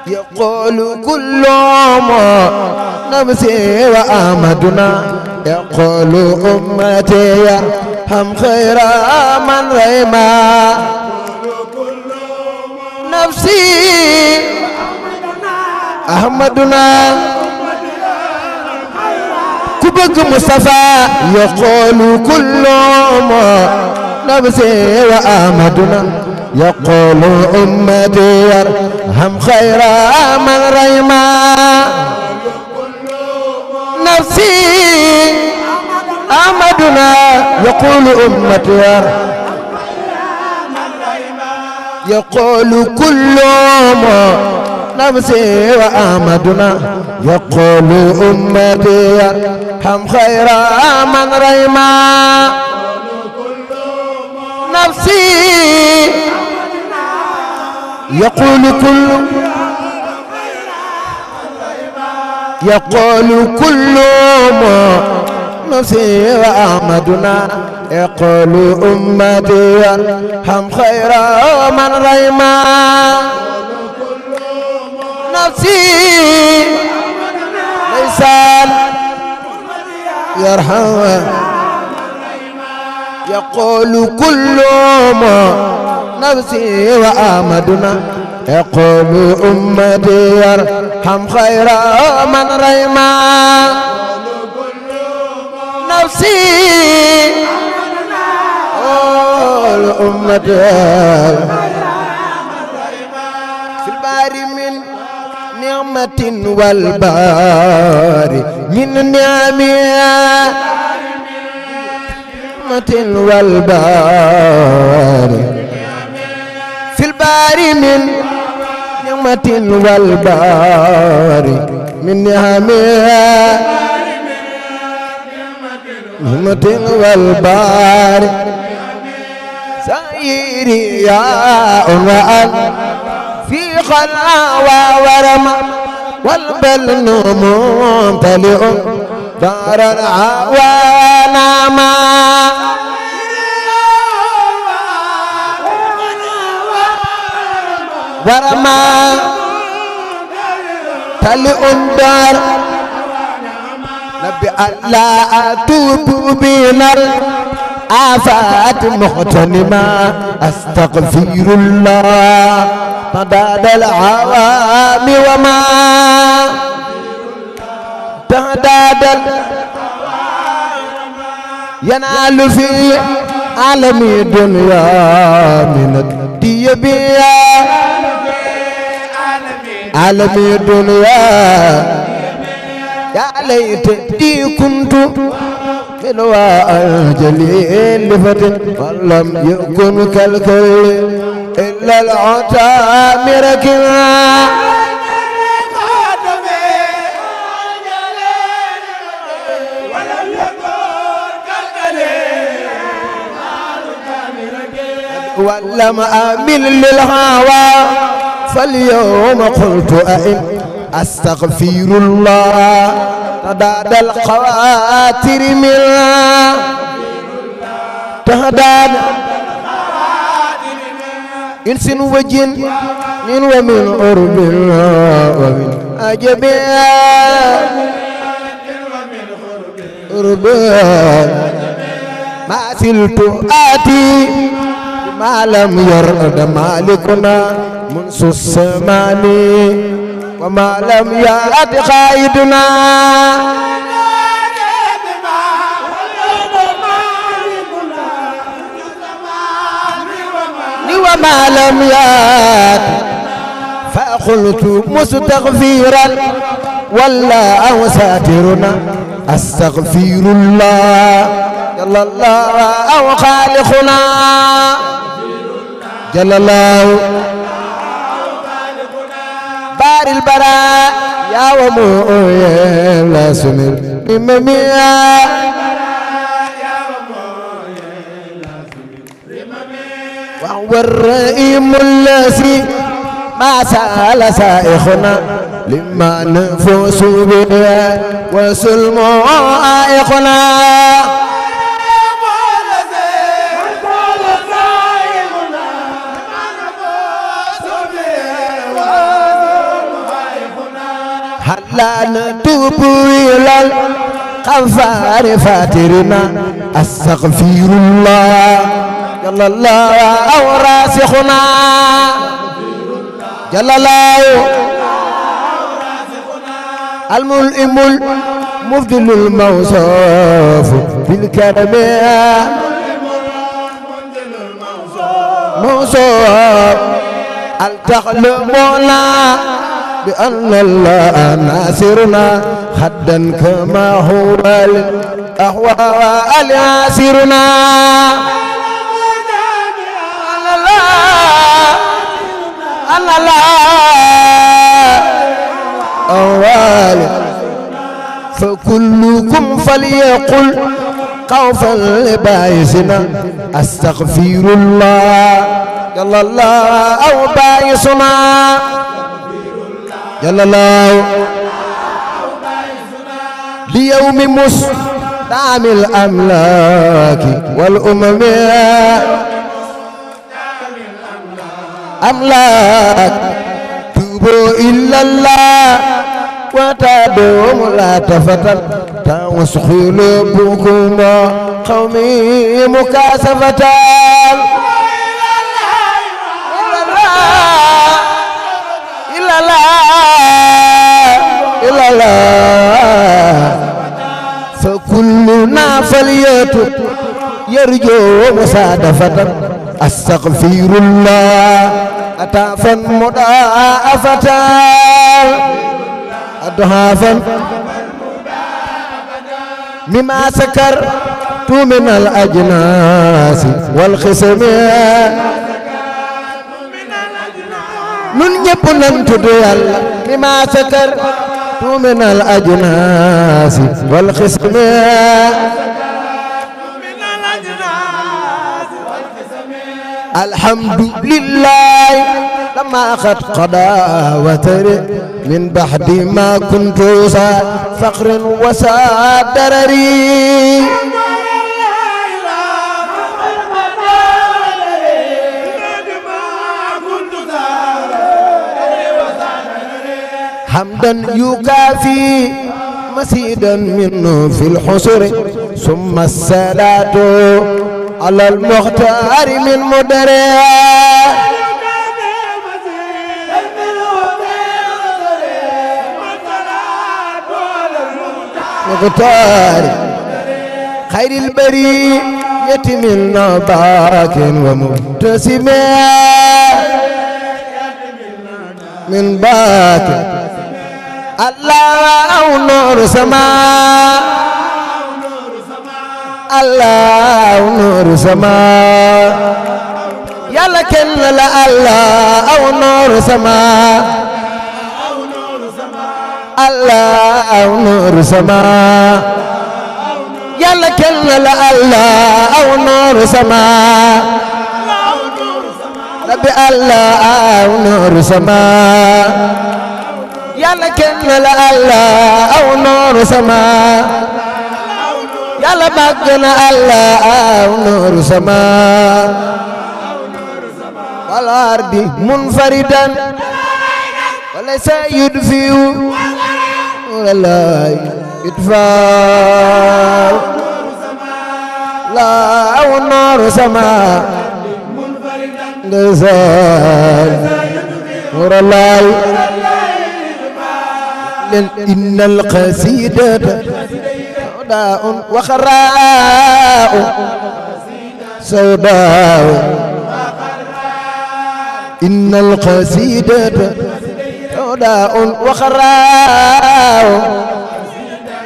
يقول كل ما نفسي وأمدنا يقول أمتي هم خير من ريما نفسي ahmaduna ku bëgg Mustafa yaqulu kulluma nafsi wa ahmaduna yaqulu ummati warham khayra man rayma nafsi ahmaduna yaqulu ummati warham يقول كل ما نفسي وأمدنا يقول أمتي هم خير من ريما نفسي يقول كل يقول كل ما نفسي وأمدنا يقول أمتي هم خير من ريما nafsi ndeysaan yarham yaqulu kulluma nafsi wa amaduna yaqulu ummati yarham khayra man rayma nafsi ummati نعمة والبار من نعم نعمة والبار في البار من نعمة والبار من نعم نعمة والبار سيري يا أمان في خلا ورمى والبلن ممتلئ دارا ونما ورما تلئ دار نبي ألا أتوب بنار آفات مغتنما أستغفر الله تعداد العوام وما تعداد ينال في عالم الدنيا من الديبية عالم الدنيا يا ليت دي كنت بلوى الجليل فتن فلم يكن كالكل إلا العتا مركبا ولم أمل للهوى فاليوم قلت أئن أستغفر الله تداد الخواتر من تهداد إنس وجن من ومن أرب ومن أجب أرب ما سلت آتي ما لم يرد مالكنا منذ السمان وما لم يرد قائدنا ما لم يات فقلت مستغفرا ولا أو ساترنا أستغفر الله جل الله أو خالقنا جل الله بار البراء يا ومؤيا لا سنين مميا وهو الرئيم الذي ما سأل سائخنا لما نفوس به وسلم آئخنا هلا نتوب إلى الغفار فاترنا أستغفر الله جل الله أو راسخنا جل الله الملئم المفضل الموصوف بالكرم موصوف التخلقنا بأن الله ناصرنا حدا كما هو الأهواء الياسرنا على أوال فكلكم فليقل خوفا لبايسنا أستغفر الله جل الله أو بايسنا جل الله ليوم مس دعم الأملاك والأمم أملاك توبوا إلا الله وتابوا لا تفتر تاوسخلوا بكما قومي مكاسفة إلا الله إلا الله فكلنا فليتب يرجو مساعدة فتر astaghfirullah atafan mudaafata aduhafan mimma sakar tu min al ajnas wal khisam nun ñépp nan tudd Yàlla mimma sakar tu min al ajnas wal khisam الحمد لله لما قد قضى وتر من بعد ما كنت فقر وساد درري حمدا يكافي مسيدا منه في الحسر ثم الصلاه على المختار من مدرع مختار خير البرية من باك ومبتسم من باك الله نور سماه allah nuuru samaa yàlla kenn la allah aw nuuru samaa allah aw nuuru samaa yàlla kenn la allah aw nuuru samaa rabbi allah aw nuuru samaa yàlla kenn la allah aw nuuru samaa yàlla màgg na allah aw nooru sama wal ardi munfaridan wala sayyid fiu wala lay itfa la aw nooru sama ndeysaan wala lay innal qasidata باء وخراء سوداء إن القصيدة سوداء وخراء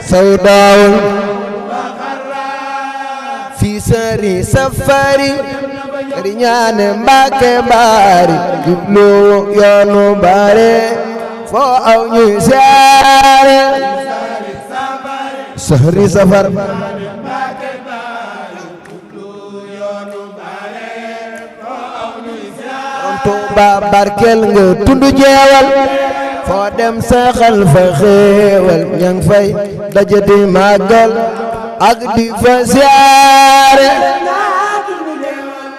سوداء في سري سفري riñaane Mbàkke mbaari jublu yoonu bare fo aw ñuy saare sahri safar Tuuba barkel nga tundu jeewal foo dem saxal fa xéewal ñang fay daje di màggal ak di fa siyaare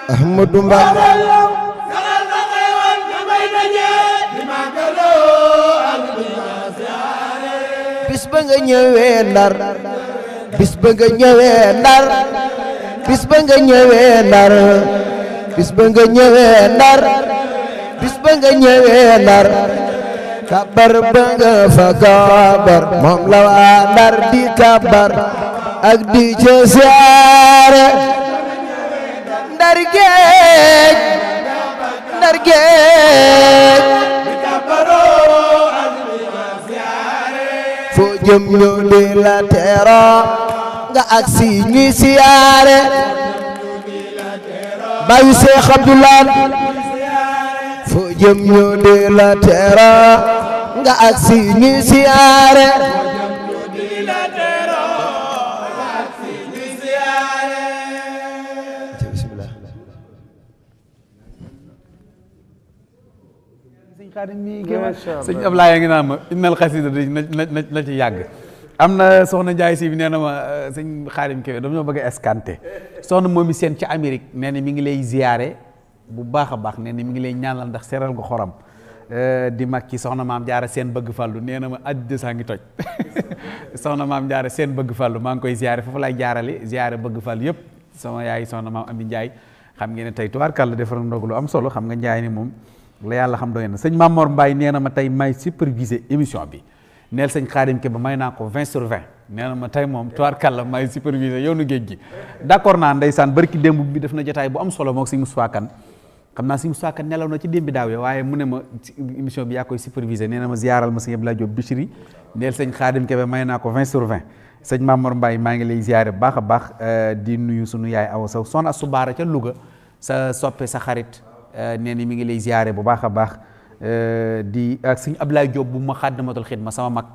Ahmadu Bamba ba nga ñëwee bis ba nga ñëwee ndar bis ba nga ñëwee bis ba nga ñëwee bis ba nga ñëwee ndar kabar fa kabar moom la waa di kabar ak di cosaare ndar géej ndar géej jëm ñëw di la teroo nga ak si ñuy siyaare bàyyi Seex nga ak si ñuy xaadim mi géma sëñ Ablaye ma innal xasida di na na ci yàgg am na soxna Ndiaye si bi nee na ma euh, sëñ xaadim Kébé dama ñoo bëgg a escanté soxna moom seen ci Amérique nee na mi ngi lay ziyaare bu baax a baax nee na mi ngi lay ñaanal ndax seral nga xoram euh, di mag ci soxna maam jaara seen bëgg fàllu nee na ma àddina saa ngi toj soxna maam jaara seen bëgg fàllu maa ngi koy ziyaare foofu laay jaarale ziyaare bëgg fal yëpp sama yaay soxna maam Ami Ndiaye xam ngeen ne tey tubaarkàlla defar na ndog lu am solo xam nga njaay ni moom la yàlla xam doy na sëñ Mamor Mbaye nee na ma tey may superviser émission bi neel sëñ Xaadim ke ba may naa ko 20 sur 20 nee na ma tey moom tubaarkàlla may superviser yoonu géej gi d'accord naa ndeysaan barki démb bi def na jotaay bu am solo moog sëñ Moussa Kane xam naa sëñ Moussa Kane nelaw na ci démb bi daaw waaye mu ne ma émission bi yaa koy nee na ma ziyaaral ma sëñ Abdoulaye Diop Bichri neel sëñ Xaadim ke ba naa ko 20 sur 20 sëñ Mamor Mbaye maa ngi lay ziyaare baax a baax euh, di nuyu sunu yaay awa saw soxna Subaara ca Louga sa soppe sa xarit Euh, nee na mi ngi lay ziare bu baax a baax euh, di ak sëñ Ablaye Diop bu ma xàddamatul xidma sama mag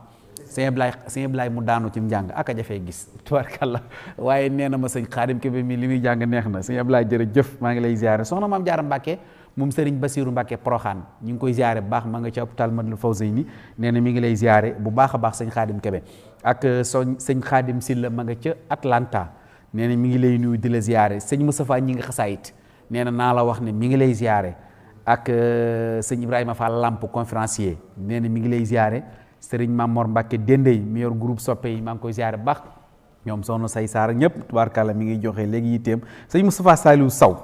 sëñ Ablaye sëñ Ablaye mu daanu ci njàng ak a jafee gis tubarkalla waaye nee na ma sëñ Xaadim Kebe mi li muy jàng neex na sëñ Ablaye jërëjëf maa ngi lay ziare soxna maam Jaara Mbàkke moom Serigne Bassirou Mbacke Proxaan ñu ngi koy ziare bu baax ma nga ci hôpital Madlou Fawzeyni nee na mi ngi lay ziare bu baax a baax sëñ Xaadim Kebe ak euh, soñ sëñ Xaadim Silla ma nga ca Atlanta nee na mi ngi lay nuyu di la ziare sëñ ma Moustapha ñi nga xasaayit nee na naa la wax ne mi ngi lay ziare ak euh, sëñ Ibrahima Fall Lamp conférencier nee na mi ngi lay ziare sëriñ Mamor Mbacke Dendey mi yor group soppe yi maa ngi koy ziare bu baax ñoom soxna say saar ñëpp tubaarkàlla mi ngi joxe léegi yitteem sëñ Moustapha Saliou Saw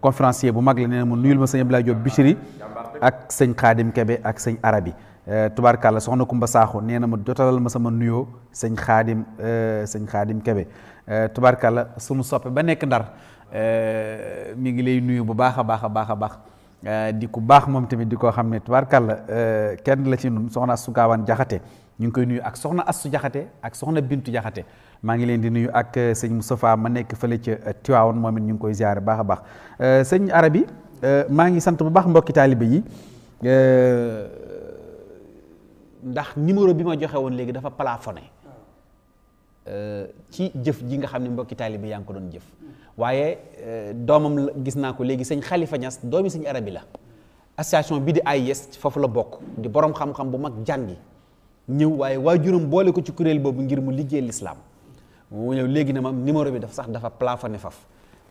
conférencier bu mag la nee na mu ma sëñ Abdoulaye Diop Bichiri ak sëñ Kebe ak sëñ Arabi euh, tubaarkàlla soxna Kumba Saaxo nee na ma jotalal ma sama nuyoo sëñ Xaadim euh, sëñ Xaadim Kebe tubaarkàlla sunu soppe ba nekk ndar Euh, mii ngi lay nuyu bu baax a baax a baax a baax euh, di ku baax moom tamit di koo xam ne tubaarkàlla euh, kenn la ci nun soxna Astou Gawane Jaxate ñu ngi koy nuyu ak soxna Astou Jaxate ak soxna Bintu Jaxate maa ngi leen di nuyu ak sëñ Moustapha ma nekk fële ca Tiwaawoon moom it ñu ngi koy ziare baax a baax sëñ Arabi maa ngi sant bu baax mbokki taalibe yi ndax numéro bi ma joxe woon léegi dafa plafonné ci jëf ji nga xam ne mbokki taalibe yaa ngi ko doon jëf waaye euh, doomam gis naa ko léegi sëñ Khalifa Niass doomi sëñ arabi la association bi di ay AIS foofu la bokk di borom xam-xam bu mag jàngi ñëw waaye waajuram boole ko ci kuréel boobu ngir mu liggéey lislaam mu ñëw léegi na ma numéro bi dafa sax dafa plafone faf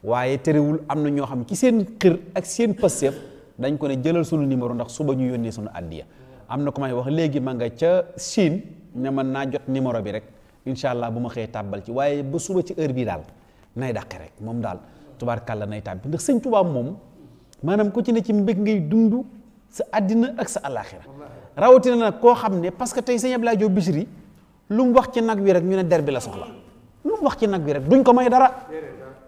waaye terewul am na ñoo xam ci seen xir ak seen pësseef dañ ko ne jëlal sunu numéro ndax suba ñu yónnee sunu àddiya am na ko may wax léegi ma nga ca Chine ne man naa jot numéro bi rek incha allah bu ma xëyee tàbbal ci waaye ba suba ci heure bii daal nay dàqe rek moom daal tubaarkàlla nay tàbbi ndax sëñ Tuubaa moom maanaam ku ci ne ci mbég ngay dund sa àddina ak sa àllaaxira rawatina nag koo xam ne parce que tey sëñ Abdoulaye Diop Bichri lu mu wax ci nag wi rek ñu ne der bi la soxla wax ci nag wi rek duñ ko may dara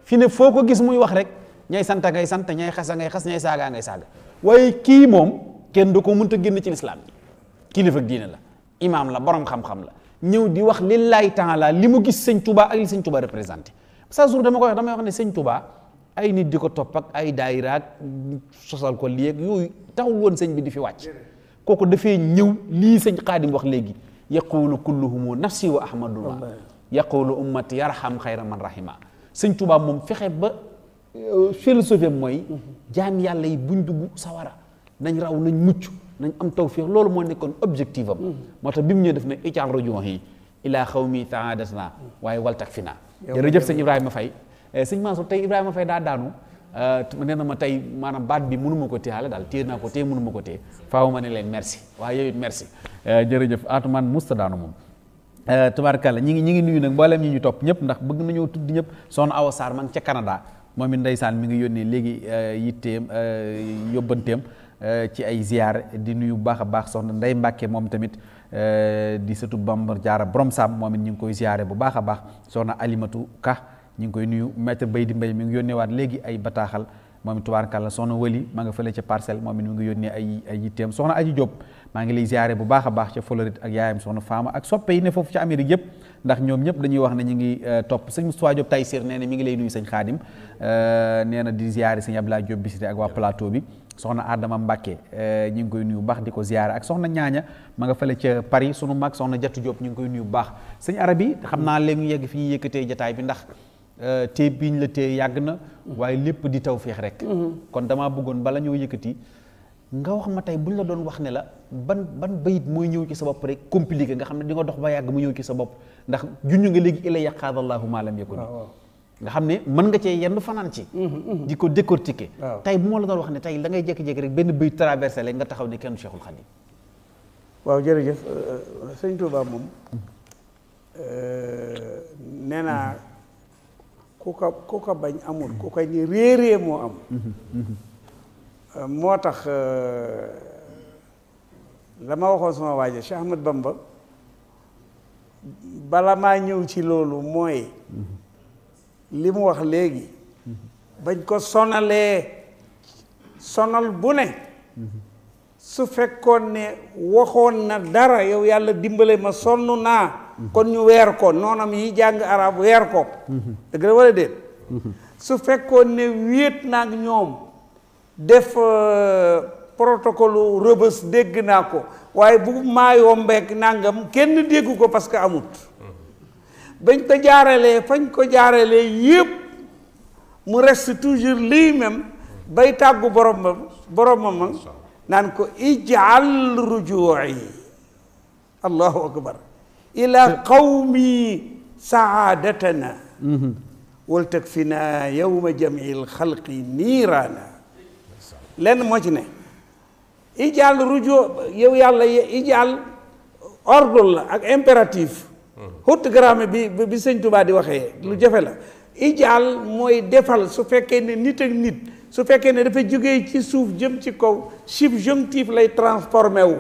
fi ne foo ko gis muy wax rek ñay sant ngay sant ñay xasa ngay xas ñay saaga ngay saaga waaye kii moom kenn du ko mënta génn ci lislaam ji kilifa diine la imaam la borom xam la ñëw di wax lillahi taala li mu gis sëñ ak li sëñ Tuubaa représenté sa jour dama koy wax damay wax ne sëñ Touba ay nit di ko topp ak ay daayira ak sosal ko lii ak yooyu taxul woon sëñ bi di fi wàcc kooku defee ñëw lii sëñ Xaadim wax léegi yaqulu kulluhumu nafsi wa ahmadullah yaqulu ummati yarham xayra man rahima sëñ Touba moom fexe ba euh, philosophie mooy jaam yàlla yi buñ dugg sawara nañ raw nañ mucc nañ am tawfiq loolu moo nekkoon objectif am mm-hmm. moo tax bi mu ñëw def na ical rajo yi ilaa xaw mi taadas naa waaye waltak fi naa jërëjëf sëñ Ibrahima Faye eh, sëñ Mansour tey Ibrahima fay daal daanu eh, nee na ma tey maanaam baat bi mënuma ko téyaale daal téye naa ko téye mënuma ko téye ma ne leen merci waaye yow it merci eh, jërëjëf Atoumane musta daanu moom tubaarkàlla ñi ngi ñi ngi nuyu nag mboolem ñi ñu topp ñëpp ndax bëgg nañoo tudd ñëpp soxna Awa Sarr ma ngi ca Canada moom it ndeysaan mi ngi yónnee léegi yitteem yóbbanteem ci ay ziar di nuyu bu baax a baax soxna Ndey Mbàkke moom tamit Eh, di sëtu Bamba Jaara Borom Sam moom it ñu ngi koy ziare bu baax a baax soxna Alimatu Ka ñu ngi koy nuyu maître bay di mbay mi ngi yónnee waat léegi ay bataaxal moom it tubaarkàlla soxna Wëli ma ngi fële ca parcelle moom it mu ngi yónnee ay ay yitteem soxna Aji Diop maa ngi lay ziare bu baax a baax ca Floride ak yaayam soxna Faama ak soppe yi ne foofu ca Amérique yëpp ndax ñoom ñëpp dañuy wax ne ñu ngi eh, topp sëñ Moustapha Diop Taysir nee ne mi ngi lay nuyu sëñ Xaadim eh, nee na di ziare sëñ Abdoulaye Diop Bichri ak waa bi soxna Adama Mbacke eh, ñu ngi koy nuyu baax di ko ziyaara ak soxna ñaaña ma nga fële ca Paris sunu mag soxna Jatu Diop ñu ngi koy nuyu baax sëñ arab yi xam naa léegi yegg fi ñuy yëkkatee jataay bi ndax eh, te biiñ la tée yàgg na waaye lépp di taw feex rek mm-hmm. kon damaa bëggoon bala ñoo yëkkati nga wax ma tey buñ la doon wax ne la ban ban bayit mooy ñëw ci sa bopp rek compliqué nga xam ne di nga dox ba yàgg mu ñëw ci sa bopp ndax junñu nga léegi ila yaqaadallaahu maalam yakun nga xam ne mën nga cee yenn fanaan ci mm-hmm, di ko décortiquer tey bu ma la doon wax ne tey la ngay jékki-jékki rek benn béy traversé la nga taxaw ne kenn Cheikhul Khadim waaw jërëjëf euh, sëñ Touba moom euh, nee naa ku ko ku ko bañ amul ku koy ni réerée moo am mm-hmm. moo tax euh, la ma waxoon sama waaje Cheikh Ahmad Bamba bala maa ñëw ci loolu mooy mm-hmm. li mu wax léegi bañ ko sonalee sonal bu ne su fekkoon ne waxoon na dara yow yàlla dimbale ma sonn naa kon ñu weer ko noonam yi jàng arab weer ko dëgg la wala déet su fekkoon ne wéet naa ak ñoom def euh, protocole rëbës dégg naa ko waaye bu maa yombeek nangam kenn dégg ko parce que amut bañ ko jaaralee fañ ko jaaralee yépp mu reste toujours lii même bay tàggu boromam boromam naan ko ijal rujuu'i allahu akbar ila qawmi saadatana mhm. wal takfina yowma jamci lxalqi niiraana lenn moo ci ne ijal ruju yow yàlla ijal ordre la ak impératif xóotu garaame bi bi sëñ Tuubaa di waxee lu jafe la ijaal mooy defal su fekkee ne nit ak nit su fekkee ne dafay jógee ci suuf jëm ci kaw tiif lay transformé wu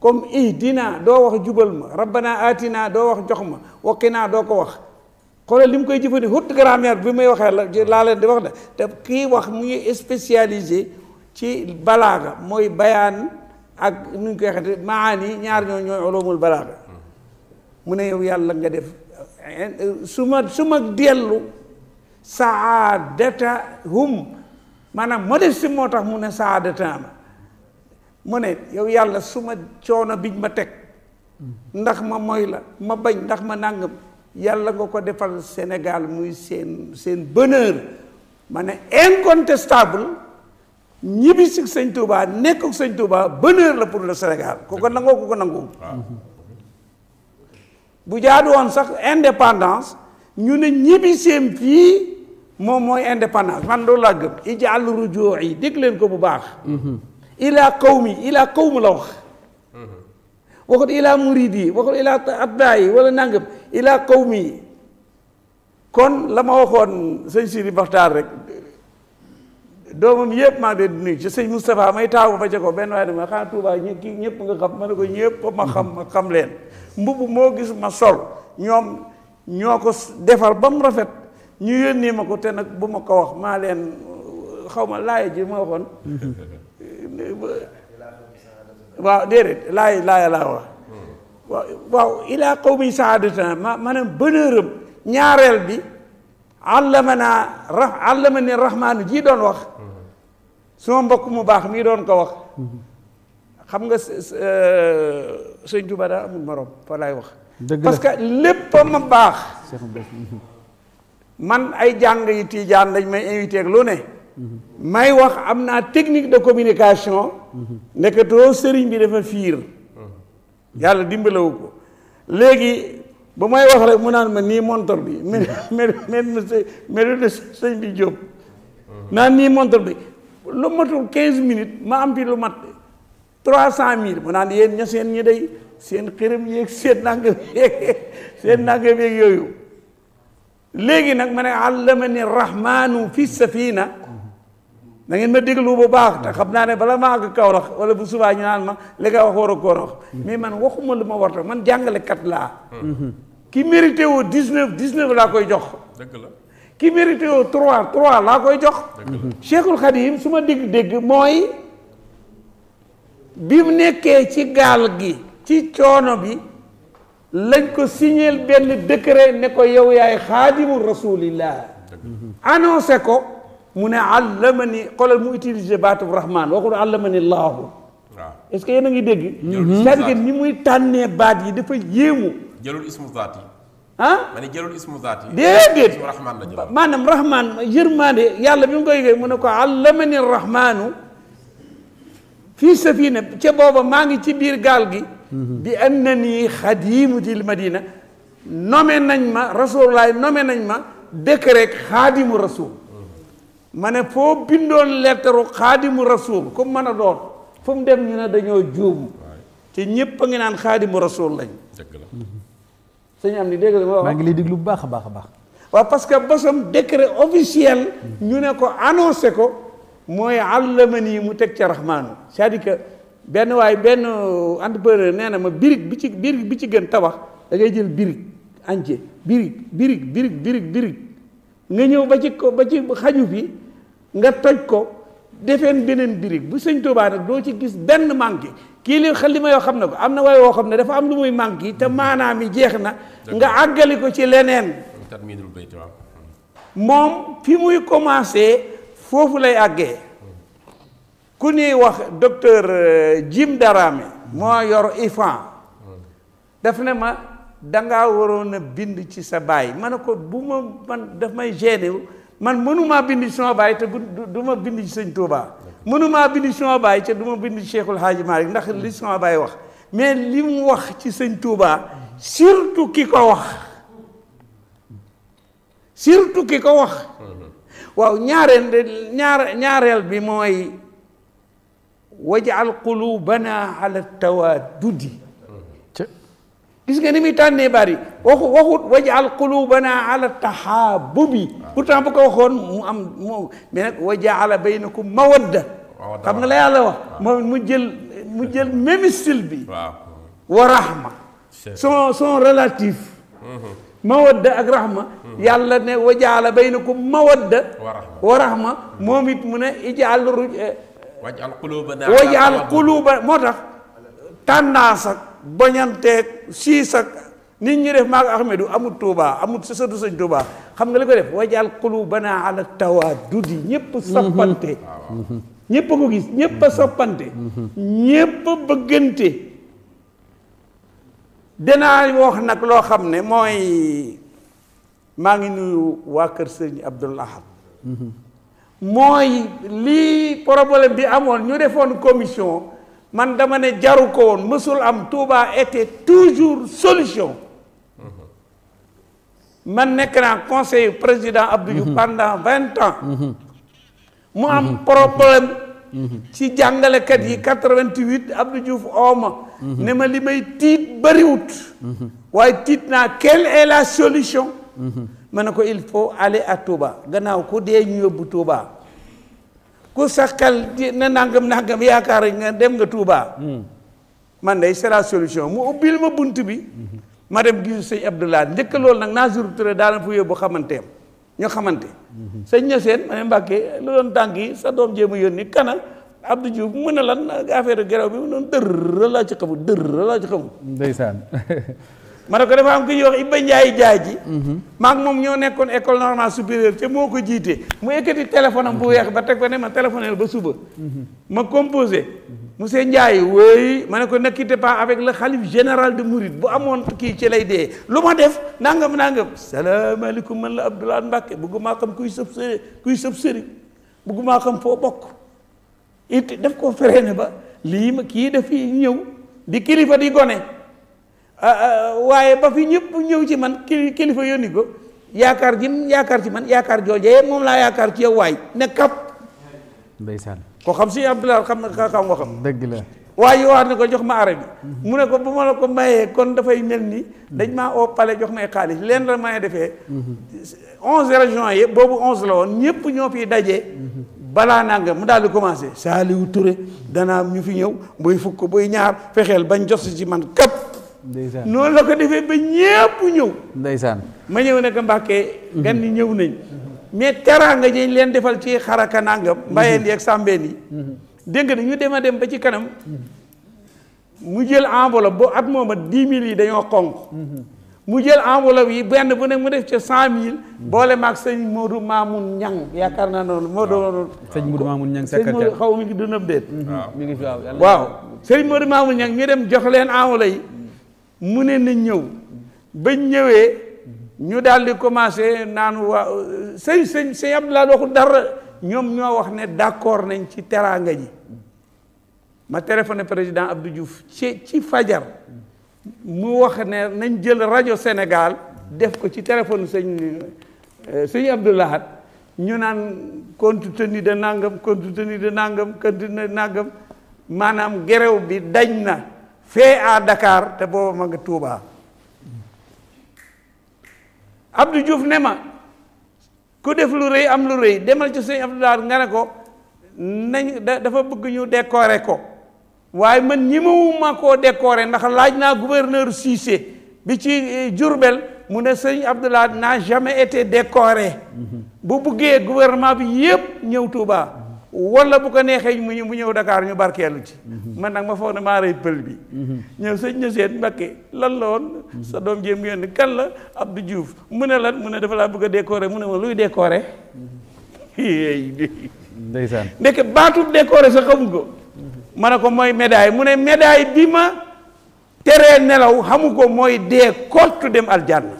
comme ihdina doo wax jubal ma rabbana atina doo wax jox ma naa doo ko wax xoolal li mu koy jëfandikoo haute grammaire bi muy waxee la laa leen di wax de te kii wax mu ngi spécialisé ci balaaga mooy bayaan ak nu ñu koy waxee maani ñaar ñoo ñooy ulumul balaaga mu ne yow yàlla nga def suma suma su ma dellu saadata hum maanaam modeste moo tax mu ne saadata ma mu ne yow yàlla su ma coono biñ ma teg ndax ma mooy la ma bañ ma nàngam yàlla nga ko defal Sénégal muy seen seen bonheur ma ne incontestable ñibbi si sëñ Touba nekk sëñ Touba bonheur la pour le Sénégal ku ko nangoo ku ko nanguwul bu jaadu woon sax indépendance ñu ne ñibbi seem fii moom mooy indépendance man loolu laa gëm ijaal rujuu yi dégg ko bu baax mhm. ilaa qawmi ilaa qawmi la wax mhm. waxut ilaa murid yi waxut ilaa atbaa yi wala nangam kaw mi kon la ma waxoon sëñ Sidi Baxtaar rek doomam yëpp maa ngi leen nuyu ci sëñ Moustapha may taawu ba ca ko benn waaye dama xanaa Touba ñi kii ñëpp nga xam ma ne ko ñëpp ma xam ma xam leen mbubu moo gis ma sol ñoom ñoo ko defar ba mu rafet ñu yónnee ma ko te nag bu ma ko wax maa leen xaw ma laay ji ma waxoon waaw déedéet laay laay laa wax hmm. waaw waaw ilaa qawmi saadatan ma maanaam bonheuram ñaareel bi àllamanaa ra àllamani rahmaanu jii doon wax suma mbokk mu baax mii doon ko wax xam nga eh, sëñ Tuba daa amul morom fa wax parce que lépp ma baax man ay jàng yi tiijaan dañ may invité ak lu ne may wax am naa technique de communication mm-hmm. nekkatoo sëriñ bi dafa fiir mm-hmm. yàlla dimbalawu ko léegi ba may wax rek mu naan ma nii montor bi mel mel mel na sëñ bi Jóob naan nii montor bi lu quinze minutes ma am fi mat trois cent mille mu naan yéen ña seen ñi day seen xërëm yéeg seen nangam yéeg seen nangam yéeg yooyu léegi nag ma ne àllama ni rahmaanu fi safina dangeen ma déglu bu baax te xam naa ne bala maa àgg kaw rax wala bu subaa ñu naan ma li wax war a koo rax mais man waxuma lu ma warta man jàngalekat laa ki mérité woo dix laa koy jox la ki mérité woo trois trois laa koy jox Cheikhul Khadim su ma dégg-dégg mooy bi mu nekkee ci gaal gi ci coono bi lañ ko signeel benn décret ne ko yow yaay xaadimu rasulillah annoncé ko mu ne allamani xoolal mu utilisé baatu rahman waxul allamani laahu waaw est ce que yéen a ngi dégg. c'est-à-dire ni muy tànnee baat yi dafa yéemu. jëlul ismu zaat yi. ah ma ne jëlul ismu zaat yi. déedéet maanaam rahman yërmande yàlla bi mu koy yëgee mu ne ko allamani rahmaanu fii safina ca booba maa ngi ci biir gaal gi. Mhm. bi annani xadimu til madina nome nañ ma rasulullah nome nañ ma décret xaadimu rasul ma ne foo bindoon lettaru xaadimu rasul ku mën a doon fu mu dem ñu ne dañoo juum te ñëpp a ngi naan xaadimu rasul lañ sëñ am ni dégg la ma maa ngi lay déglu bu baax a baax a baax waaw parce que basam décret officiel ñu ne ko annoncé ko mooy allamani mu teg ci rahmaanu c'est-à-dire benn waaye benn entrepreneur nee na ma birig bi ci birig bi ci gën tabax da ngay jël birig entier birig birig birig birig birig nga ñëw ba ci ko ba ci xaju bi nga toj ko defeen beneen birig bu sëñ Tuubaa nag doo ci gis benn manqué kii li xel li ma yoo xam ne ko am na waay woo xam ne dafa am lu muy yi te maanaam yi jeex na nga àggali ko ci leneen moom fi muy commencé foofu lay àggee ku ñuy wax docteur euh, Jim Darame moo yor IFAN daf ne ma dangaa waroon a bind ci sa baay ma ne ko bu ma man daf may génnewu man mënumaa bind ci sama baay te du ma bind ci sëñ Touba mënumaa bind ci sama baay te du ma bind ci Cheikhul Hadji ndax li sama baay wax mais li mu wax ci sëñ Touba surtout ki ko wax surtout ki ko wax waaw ñaareel ñaar ñaareel bi mooy wajal qulubana ala tawaddudi gis nga ni muy tànnee bari waxu waxut wajal qulubana ko waxoon mu am mu mais nag wajaala baynakum mawadda nga la yàlla wax mu jël mu jël wa rahma son son relatif mm-hmm. mawadda ak rahma mm-hmm. yàlla ne wajaala baynakum mawadda wa rahma moom it mu ne ijaal ruj eh, wajal qulubana wajal moo tax tànnaas ak siis ak nit ñi def maag Ahmadu amul Touba amut sa sëtu sëñ Touba xam nga li ko def wajal qulubana ala tawaddudi ñëpp soppante ñëpp ko gis ñëpp a soppante ñëpp a bëggante danaa wax nag loo xam ne mooy maa ngi nuyu waa kër sëñ Abdul Ahad mhm. mooy lii problème bi amoon ñu defoon commission man dama ne jaru ko woon mësul am Touba était toujours solution man nekk naa conseiller président Abdou Diouf pendant vingt ans mu am problème ci jàngalekat yi quatre-vingt-huit Abdou Diouf ne ma li may tiit bëriwut waaye tiit naa quelle est la solution ma ne ko il faut aller à Touba gannaaw ko dee ñu yóbbu Touba ku sakkal na nangam nangam yaakaar nga dem nga Touba. Hmm. man day c'est la solution mu ubbil ma bunt bi. Hmm. ma dem gisu sëñ Abdoulaye njëkk loolu nag Nasirou Touré daana fu yóbbu xamanteem ñu xamante. Hmm. sëñ Niassène ma ne Mbàkke lu doon tànk yi sa doom jéem a yónni kana Abdou Diouf mën na lan affaire geraw bi mu doon dërër laa ci xamul dërër laa ci xamul. ndeysaan. ma ne ko dafa am ku ñuy wax Iba Ndiaye Diadji. Mhm. maak moom ñoo nekkoon école normale supérieure te moo ko jiite. mu yëkkati téléphone am bu weex ba teg ko ne ma téléphonel ba suba. Mhm. ma composé. monsieur Ndiaye wooy ma ne ko ne quittez pas avec la xalif général de Mouride bu amoon kii ci lay dee lu ma def nangam nangam. salaamaaleykum man la Abdoulaye Mbacke bëgguma xam kuy sëb sëri kuy sëb sëri bëgguma xam foo bokk. it daf ko freiné ba lii ma kii daf fi ñëw di kilifa di gone. Ah, ah, waaye ba fi ñëpp ñëw ci man kilifa yónni ko yaakaar jim yaakaar ci man yaakaar joojee moom laa yaakaar ci yow waay ne kap ndeysaan ko xam suñu abdoulaye xam na xam nga xam dëgg la waaye yowaat ne ko jox ma arabi mm-hmm. mu ne ko bu ma la ko mayee kon dafay mel nii mm-hmm. dañ maa oo pale jox may xaalis leen la may defee mm-hmm. onze régions yi boobu onze la woon ñëpp ñoo fi dajee balaa nanga mu daal di commencé Saliou Touré danaa ñu fi ñëw buy fukk buy ñaar fexeel bañ jos ci man kap ndeysaan noonu la ko defee ba ñépp ñëw ndeysaan ma ñëw nag Mbàkke gan ni ñëw nañ mais teraanga ji leen defal ci xaraka nangam mbayeen yi ak sàmbeen yi dégg nga ñu dem a dem ba ci kanam mu jël enveloppe ba at mooma dix mille yi dañoo xonq mu jël enveloppe yi benn bu ne mu def ca cent mille boole ak sëñ Modou Mamoun Ñang yaakaar naa noonu moo doon sëñ Modou Mamoun Ñang sëñ Modou xaw mi ngi mi ngi fi waaw sëñ Modou Mamoun Ñang ñu dem jox leen enveloppe yi mu ne na ñëw bañ ñëwee ñu daal di commencé naan waa sëñ sëñ sëñ Abdoulaye waxul dara ñoom ñoo wax ne d'accord nañ ci teraanga ji ma téléphoné président Abdou Diouf ci ci fajar mu wax ne nañ jël rajo Sénégal def ko ci téléphone sëñ euh, sëñ Abdoulahat ñu naan compte tenu de nangam compte tenu de nangam compte tenu de nangam maanaam gerew bi dañ na fee à dakaar te booba ma nga Touba Abdou ne ma ku def lu rëy am lu rëy demal ci sëñ Abdou Lahad nga ne ko nañ dafa bëgg ñu décorer ko waaye man ñi mawuma koo décorer ndax laaj naa gouverneur Cissé bi ci eh, Diourbel mu ne sëñ Abdou Lahad n'a jamais été décoré mm-hmm. bu buggee gouvernement bi yépp ñëw tuubaa wala bu ko neexee mu ñëw Dakar ñu barkeelu ci. Mhm. man nag ma foog ne maa rey pël bi. Mhm. ñëw sëñ na Mbakke lan la mhm. sa doom jéem ngeen ni kan la Abdou Diouf mu ne lan mu ne dafa laa bëgg a décorer mu ne ma ne ko mooy médaille mu ne médaille bi ma teree nelaw xamu ko mooy dee kottu dem aljanna.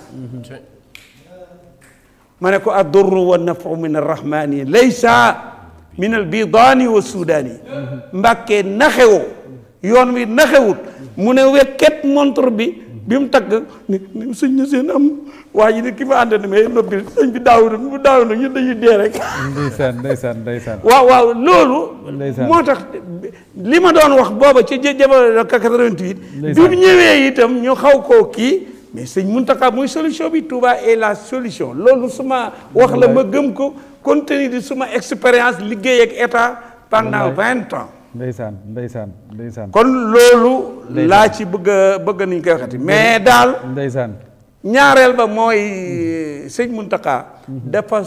ma ne ko addurru wa nafu min arrahmani laysa minal bidaani wa suudaani mbàkkee naxewoo yoon wi naxewut mu ne wekket montre bi bi mu tagg ni sëñ na seen am waa ji ne ki ma ànd ne mais noppi sëñ bi daawul mu daawul nag ñun dañuy dee rek ndeysaan ndeysaan ndeysaan waaw waaw loolu moo tax li ma doon wax booba ci jamono 88 bi mu ñëwee itam ñu xaw koo kii mais sëñ Mountakha mooy solution bi Touba et la solution loolu suma wax la ma gëm ko compte tenu suma expérience liggéey ak état pendant vingt ans ndeysaan ndeysaan ndeysaan kon loolu laa ci bëgg a bëgg nañ koy waxati mais daal ndeysaan ñaareel ba mooy mm-hmm. sëñ muntaka mm-hmm. dafa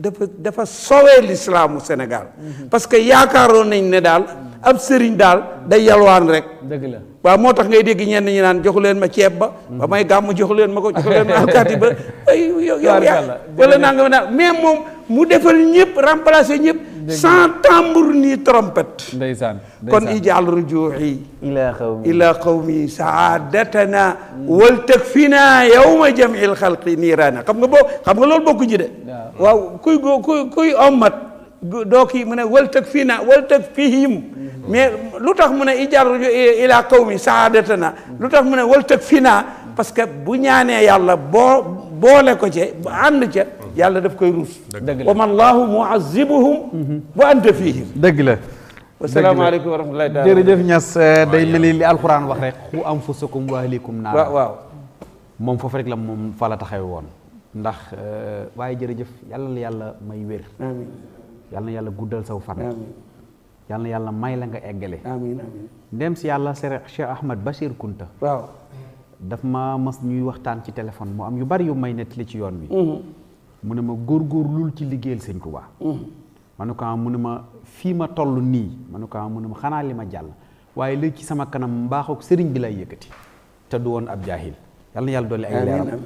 dafa dafa sowee lislaamu Sénégal mm-hmm. parce que yaakaaroon nañ ne daal ab sëriñ daal day yalwaan rek dëgg waaw moo tax ngay dégg ñenn ñi naan joxu leen ma ceeb ba ba may gàmm joxu leen ma ko joxu leen ma alkaati ba ay yow yaa wala naa nga mais moom mu defal ñëpp remplacer ñëpp sans tambour ni trompet ndeysaan kon ijaal rujuuxi ila qawmi saadatana wal takfina yawma jam'il xalqi niiraana xam nga boo xam nga loolu bokku ji de waaw kuy kuy kuy ommat doo kii mu ne waltëg fii na waltëg fihim mais lu tax mu ne ijaru ila qawmi saadatana lu tax mu ne waltëg fii naa parce que bu ñaanee yàlla boo boole ko ci bu ànd ca yàlla def koy ruus wa man laahu muazibuhum wa anta fihim dëgg la wasalaamaaleykum wa rahmatullahi taala jërëjëf Ñas eh, day mel li wax rek xu anfusakum wa ahlikum naar waaw waaw moom foofu rek la moom fa la taxawe woon ndax eh, waaye jërëjëf yàlla la yàlla may wér yal yàlla guddal sa fan yal na yàlla may la nga eggale amiin ndem si yàlla Cheikh Ahmad Bachir Kunta waaw daf ma mas ñuy waxtaan ci téléphone mu am yu bari yu may nettali ci yoon wi mhm. mu ne ma góorgóorlul ci liggéeyal sëñ Tuubaa mhm. ma ne ko ah, mu ne ma fii ma toll nii ma ne ko ah, mu ne ma xanaa li ma jàll waaye léegi ci sama kanam mbaaxook sëriñ bi lay yëkkati te du woon ab jaahil yàlla na yàlla dolli ay leeram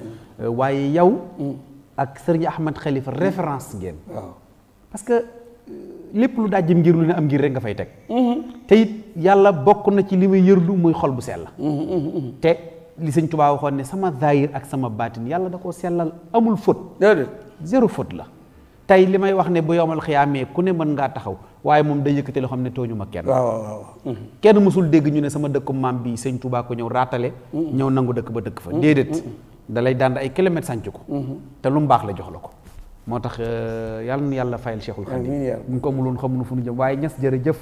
waaye yow mhm. ak sëriñ Ahmad Khalifa référence ngeen parce que euh, lépp lu dajjim ngir lu ne am ngir rek nga fay teg. te it yàlla bokk na ci li may yërlu muy xol bu sell. te li sëñ Tuubaa waxoon ne sama zaahir ak sama baatin yàlla da koo sellal amul faute. déedéet zéro la. tey li may wax ne bu yowmal xiyaamee ku ne mën ngaa taxaw waaye moom day yëkkati loo xam ne tooñu ma kenn. Mm-hmm. kenn mësul dégg ñu ne sama dëkku maam bi sëñ Tuubaa ko ñëw raatale. Mm-hmm. ñëw nangu dëkk ba dëkk fa. Mm-hmm. déedéet da lay daan ay kilomètres sànc ko. te lu mu la jox la ko. moo tax euh, yàlla na yàlla fayal Cheikhul Khadim bu ñu ko amuloon xamuñu fu ñu jëm waaye ñas jërëjëf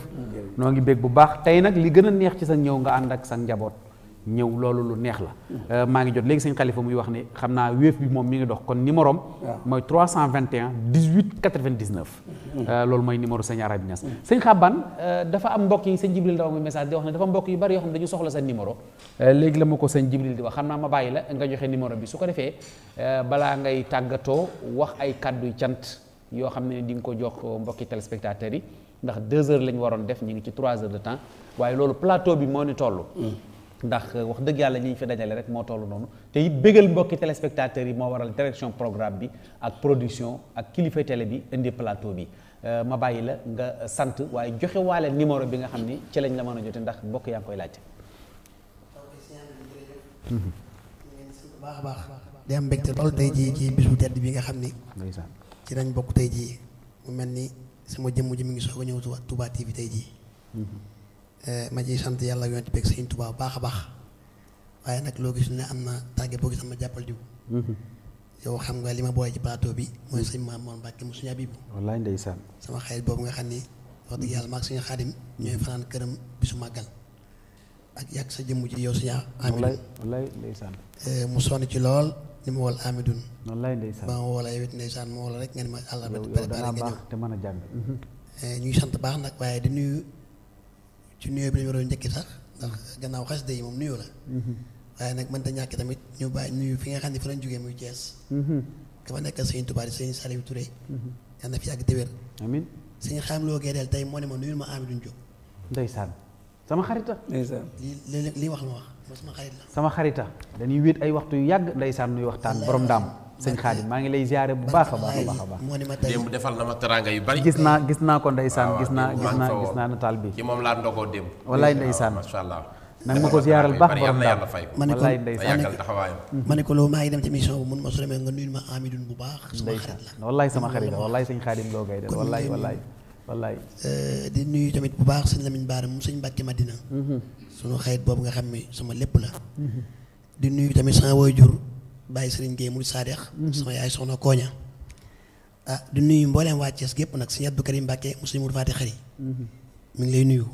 noo ngi bég bu baax tey nag li gën a neex ci sa ñëw nga ànd ak sa njaboot ñëw loolu lu neex la hmm. euh, maa ngi jot léegi sañ Xalifa muy wax ne xam naa wéef bi moom mi ngi dox kon numéro am ah. mooy 321 18 99 loolu mooy numéro sëñ Arabi Niass hmm. sëñ Xaban euh, dafa am mbokk yi sëñ Jibril ndax muy message di ne dafa mbokk yu bari yoo xam ne dañu soxla sa numéro euh, léegi la ma ko sëñ Jibril di wax xam naa ma bàyyi la nga joxe numéro bi su ko defee balaa ngay tàggatoo wax ay kàdduy cant yoo xam ne di nga ko jox mbokki téléspectateurs yi ndax deux heures la ñu waroon def ñu ngi ci trois heures de temps waaye loolu plateau bi moo ne toll hmm. ndax euh, wax dëgg yàlla ñi fi dajale rek moo toll noonu te it bégal mbokki téléspectateurs yi moo waral direction programme bi ak production ak kilifa télé bi indi plateau bi euh, ma bàyyi la nga sant waaye joxe waale numéro bi nga xam ni ci lañ la mën a jotee ndax mbokk yaa koy laajte. baax a baax tey jii ci bisu nga xam ni. ci lañ bokk tey jii mu mel ni sama jëmm ji mi ngi soog a ñëw Touba TV tey jii. Mm-hmm. Eh, ma ciy sant yàlla yonent beeg sëñ Tuubaa baax a baax waaye nag loo gis ne am na tàgge boo gis am na jàppal diw mhm. yow xam nga li ma booy ci plateau bi mooy sëñ Mamoun Mbacke mu suñu Abibu wallaay ndeysaan sama xarit boobu nga xam ni yàlla maag suñu xaadim ñooy fanaan këram bisu màggal ak yàgg sa jëmm ji yow suñu Amidun wallaay ndeysaan eh, mu sonn ci lool ni ma wol Amidun wallaay ndeysaan ba ma woola yow it ndeysaan ma woola rek nga ma àll ba te mën a jàng eh, ñu ngi sant baax nag waaye di nuyu ci nuyoo bi lañu waroon njëkki sax ndax gannaaw xasida yi moom nuyoo la mhm. waaye nag mënta ñàkk tamit ñu bàyyi nuyu fi nga xam ne fi lañ jógee muy Thiès mhm. ka fa nekk sëñ Tuubaa di sëñ Saliou Touré mhm. yal na fi yàgg te wér amiin sëñ Xaam Lo Guédel tey moo ne ma nuyul ma Amidou Diop ndeysaan sama xarita ndeysaan li li wax ma wax sama xarit sama xarita dañuy wéet ay waxtu yu yàgg ndeysaan nuy waxtaan borom daam sëñ Xaadim maa ngi lay ziare bu baax a baax a defal na ma teraanga yu bari. gis naa gis naa ko ndeysaan gis naa gis naa naa nataal bi. ci moom laa ndogoo démb. wallaay ndeysaan macha allah. nag ma ko ziyaaral baax borom daal wallaay ndeysaan ma ne ko loolu maa ngi dem ci émission ma su demee bu baax. sama xarit la sama xarit la wallaay sëñ loo koy def wallaay wallaay. wallaay eh, di nuyu tamit bu baax sëñ Lamine Baara moom sëñ Mbàkke Madina. Mm-hmm. sunu xarit boobu nga xam ne suma lépp la. Mm-hmm. di nuyu tamit sama waajur bàyyi sëriñ Gueye mu saa Sadex sama yaay soxna Koña. ah di nuyu mbooleem waa Thiès gépp nag sëñ Abdou Karim Mbacke mu sëñ Mour Fati Xari mhm. mi ngi lay nuyu.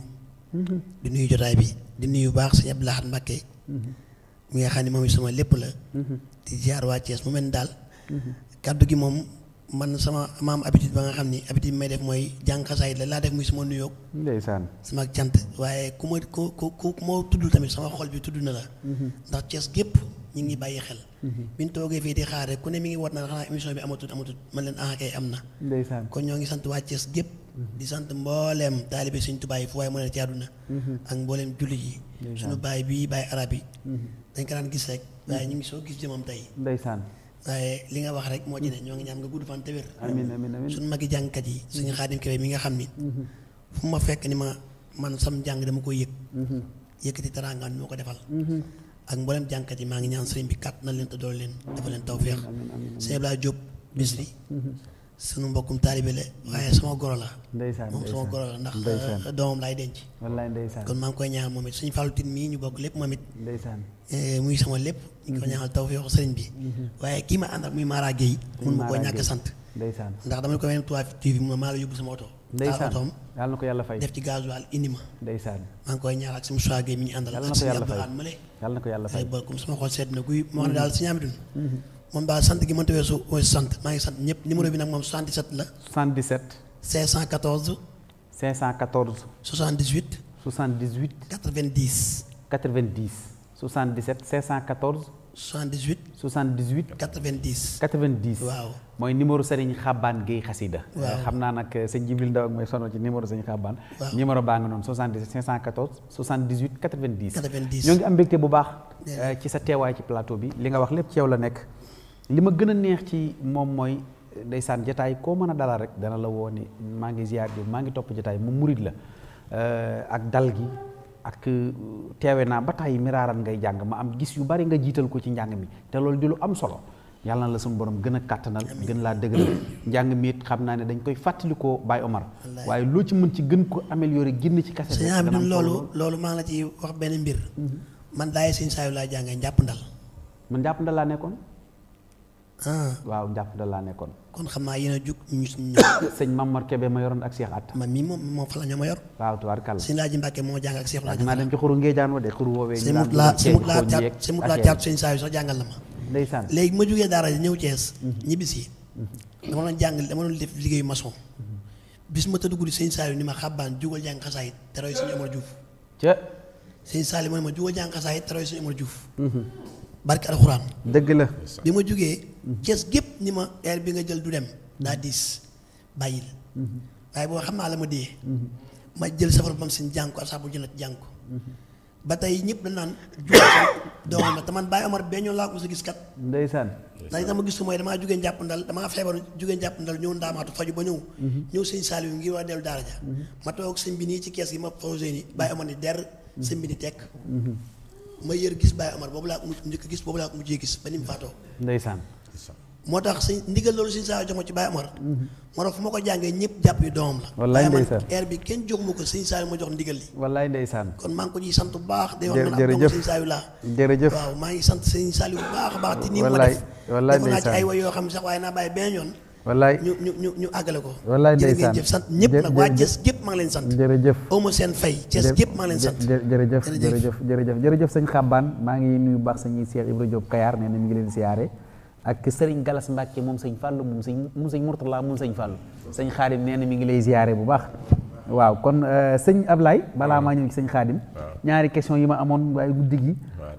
Mhm. di nuyu jotaay bi di nuyu baax sëñ Abdou Lahad Mbacke. Mhm. nga xam ne moom sama lépp la. di ziar waa Thiès mu mel ni daal. kàddu gi moom man sama maam habitude ba nga xam ni habitude bi may def mooy jàng xasaayit la laa def muy sama nuyoog. ndeysaan sama ak cant waaye ku ma ku ku ku moo tudd tamit sama xol bi tudd na la. ndax Thiès gépp ñu ngi bàyyi xel. Mhm. bi ñu toogee fii di xaar rek ku ne mi ngi war naan xanaa émission bi amatul amatul man leen ah kay am na. ndeysaan sant waa Thiès gépp mhm. di sant mbooleem taalibe suñ tubaay yi fu waaye mën a ci àdduna mhm. ak mbooleem jullit yi suñu baay bii baay arab yi dañ ko daan gis rek waaye ñu ngi soo gis jëmam tey ndeysaan waaye li nga wax rek moo ci ne ñoo ngi ñaan nga gudd fan te wér amiin amiin amiin suñu magi yi suñu xaadim kebe mi nga xam ni fu ma fekk ni ma man sam jàng dama koy yëg yëkkati taraangaan moo ko defal ak mboolem jànkat yi maa ngi ñaan sëriñ bi kàttanal leen te doo leen dafa leen tawféex sëñ Abdoulaye Diop bis bi sunu mbokkum taalibe la waaye sama goro la moom sama goro la ndax euh, doomam laay denc kon maa ngi koy ñaanal moom it suñu Fallou mii ñu bokk lépp moom it eh, muy sama lépp ñu ko ñaanal tawféexu sëriñ bi mm-hmm. waaye kii ma ànd ak muy Mara Gueye mun ma koo ñàkk sant ndax dama ko wenn Touba TV maa la yóbbu sama oto ndeysaan yàlla na ko yàlla fay def ci gasoil indi ma ndeysaan maa ngi koy ñaar ak sama soage mi ñu àndal ak suñu abdoulaye male yàlla na ko yàlla fay comme sama xol seet na guy moo xam ne mm-hmm. daal suñu amitun mm-hmm. moom daal sant gi mënta weesu mooy sant maa ngi sant ñëpp numéro bi nag moom 77 la 77 514 514 78 78 90 90 77 514 78. 78. 90. 90. waaw mooy numéro Serigne Xabane Guèye Xasida. waaw xam naa nag eh, sëñ Jibril Ndaw ak mooy sonal ci numéro sëñ Xabane. waaw numéro baa nga noonu 77 514 78 90. 90 ñoo ngi am mbégte bu baax. Eh, ci sa teewaay ci plateau bi li nga wax lépp ci yow la nekk. li ma gën a neex ci moom mooy eh, ndeysaan jataay koo mën a dalal rek dana la woo ni maa ngi ziar bi maa ngi topp jataay mu murit la ak dal gi. ak euh, teewe naa ba yi miraaran ngay jàng ma am gis yu bari nga jiital ko ci njàng mi te loolu di lu am solo yàlla na la suñu borom gën a kàttanal gën laa dëgëral njàng mi it xam naa ne dañ koy fàttalikoo Baye Omar waaye loo ci mën ci gën ko améliorer génn ci kase bi loolu loolu maa la ci wax benn mbir mhm. man daay sëñ saayu laa jàngee njàpp ndal man njàpp ndal laa nekkoon Ah. waaw jàpp da laa nekkoon. kon xam naa yéen a jug ñu ñu. sëñ Mamar Kébé ma yoroon ak seex at man mii moom moom fa la ñoo ma yor. waaw tubaarkàlla. sëñ Laaji Mbàkke moo jàng ak Cheikh Laaji. dinaa dem ci xuru Ngéejaan wa de xuru woowee. ñu daan doon ma yeeg sëñ Mutulaa la ma. ndeysaan léegi ma jugee daara ñëw Thiès. Mhm. ñibbisi. Mhm. dama doon jàng dama doon def liggéeyu maçon. bis ma tëdd guddi sëñ Saayu ni ma xàbbaan jugal jàng xasaayit te roy sëñ Omar Diouf. ca. sëñ Saayu ma ma jugal jàng xasaayit te roy sëñ Omar Diouf. Mhm. dëgg la bi ma jugee Cees gépp ni ma air bi nga jël du dem daa diis bàyyil waaye xam naa la ma dee ma jël safar bam sin jàng ko asaabu jënat jàng ko ba tey ñëpp da naan doomam man Baye Omar beñoo laa ko sa gis kat ndeysaan ndax dama gis mooy damaa jugee njàpp ndal damaa feebaru jugee njàpp ndal ñëw ndaamaatu faju ba ñëw ñëw sëñ Saliou ngir war dellu daara ma toog sëñ bi nii ci kees gi ma posé ni Baye ni der sëñ bi ni tekk mhm. ma gis Baye Omar boobu laa ko mujj njëkk gis boobu laa ko mujjee gis ba ni mu faatoo ndeysaan moo tax si ndigal loolu sëñ Saliou jox ma ci Baye Amar mm-hmm. moo tax fu ma ko jàngee ñëpp jàpp yu doomam la wallaay ndeysaan air bi kenn jox ma ko sëñ Saliou ma jox ndigal li wallaay ndeysaan kon maa ngi ko sant bu baax day wax man am doom sëñ Saliou maa ngi sant sëñ Saliou bu baax a baax te nii ma ko naa ci ay way yoo xam ne sax waaye naa bàyyi benn yoon wallaay ñu ñu ñu ñu àggale ko wallaay ndeysaan jërëjëf sant ñëpp nag waa Thiès gépp maa ngi leen sant jërëjëf auma seen fay Thiès gépp maa ngi leen sant jërëjëf jërëjëf jërëjëf maa ngi nuyu baax sëñ Cheikh Ibra Diop Kayar nee ngi leen siyaare ak sëriñ Galas Mbàkke moom sëñ Fàllu moom sëñ moom sëñ Murtala moom sëñ Fàllu sëñ Xaadim nee na mi ngi lay ziyaare bu baax waaw kon euh, sëñ Ablaay balaa maa ñëw ci sëñ Xaadim ñaari question yi ma amoon waaye guddi gi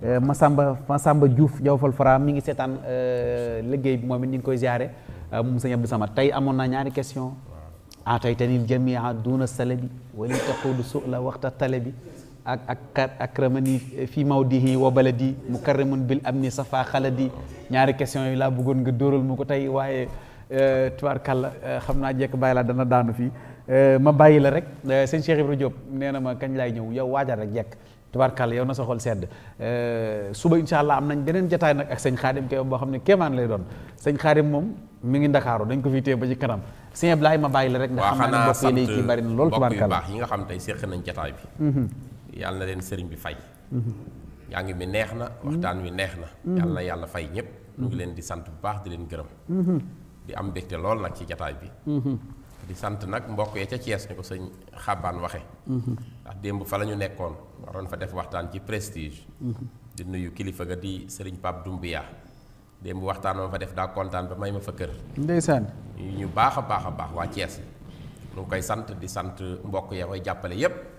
euh, Masamba Masamba Diouf Jawfal Fara mi ngi seetaan euh, liggéey bi moom it ñu ngi koy ziyaare moom sëñ Abdou sama tey amoon naa ñaari question a ah, ataytanil jamia duuna salabi wali taqudu su'la waxta bi ak ak akramani fii mawdihi wa baladi mukarramun bil amni safa xaladi ñaari question yi laa bëggoon nga dóoral ma ko tey waaye euh, tubaarkàlla euh, xam naa jekk bàyyi laa dana daanu fii euh, ma bàyyi la rek sëñ Cheikh Ibra Diop nee na ma kañ laay ñëw yow waajal rek jekk kal yow na sa xol sedd suba incha allah am nañ beneen jotaay nag ak sëñ Xaadim kay boo xam ne kéemaan lay doon sëñ Xaadim moom mu ngi ndakaaru dañ ko fi téye ba ci kanam sëñ ma bàyyi la rek. nga xam naa ne mbokk yi lay ci bari na lool tubaarkàlla waaw xanaa sant yàlla na leen sëriñ bi fay mm-hmm. ngi mi neex na mm-hmm. waxtaan wi neex na mm-hmm. yàlla na yàlla fay ñëpp ñu ngi leen di sant bu baax di leen gërëm di am mbégte lool nag ci jataay bi di sant nag mbokk ya ca Thiès ni ko sëñ démb fa la ñu nekkoon waroon fa def waxtaan ci prestige di nuyu kilifa ga di sëriñ Pape Doumbia démb waxtaan fa def daa kontaan may ma fa kër ndeysaan baax a baax a baax waa Thiès ñu ngi koy sant di sant mbokk yaa koy jàppale yépp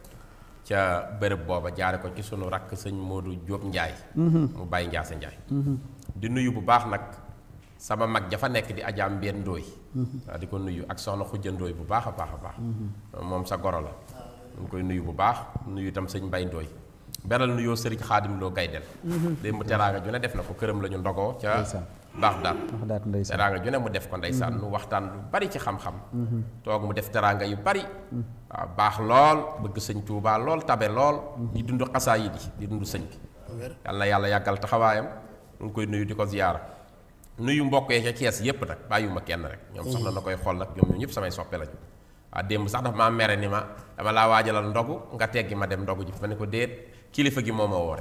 ca bërëb booba jaare ko ci sunu rakk sëñ Modou Diop Ndiaye. Mhm. mu bàyyi Ndiass Ndiaye. Mhm. di nuyu bu baax nag sama mag jafa nekk di Adja Mbène Ndoye. Mhm. waaw di ko nuyu ak soxna Khoudia Ndoye bu baax a baax a baax. moom sa goro la. ñu koy nuyu bu baax nuyu itam sëñ Mbaye Ndoye. beral nuyoo Serigne Khadim Lo Gaydel. démb teraanga ju ne def na ko këram lañu ñu ndogoo ca. baax daat teraanga ju ne mu def ko ndeysaan mm-hmm. nu waxtaan bu bari ci xam-xam mm-hmm. toog mu def teraanga yu bari mm-hmm. waaw baax lool bëgg sëñ Tuubaa lool tabe lool di dund xasaa yi di dund sëñ bi yal yàlla yàggal taxawaayam nu ngi koy nuyu di ko ziyaara nuyu mbokk yi ca Cees yépp nag bàyyiwuma kenn rek ñoom soxna na koy xool nag ñoom ñu samay soppe lañu waaw démb sax dafa maa mere ni ma dama laa waajalal ndogu nga teggi ma dem ndogu ji ma ne ko déet kilifa gi moo ma woo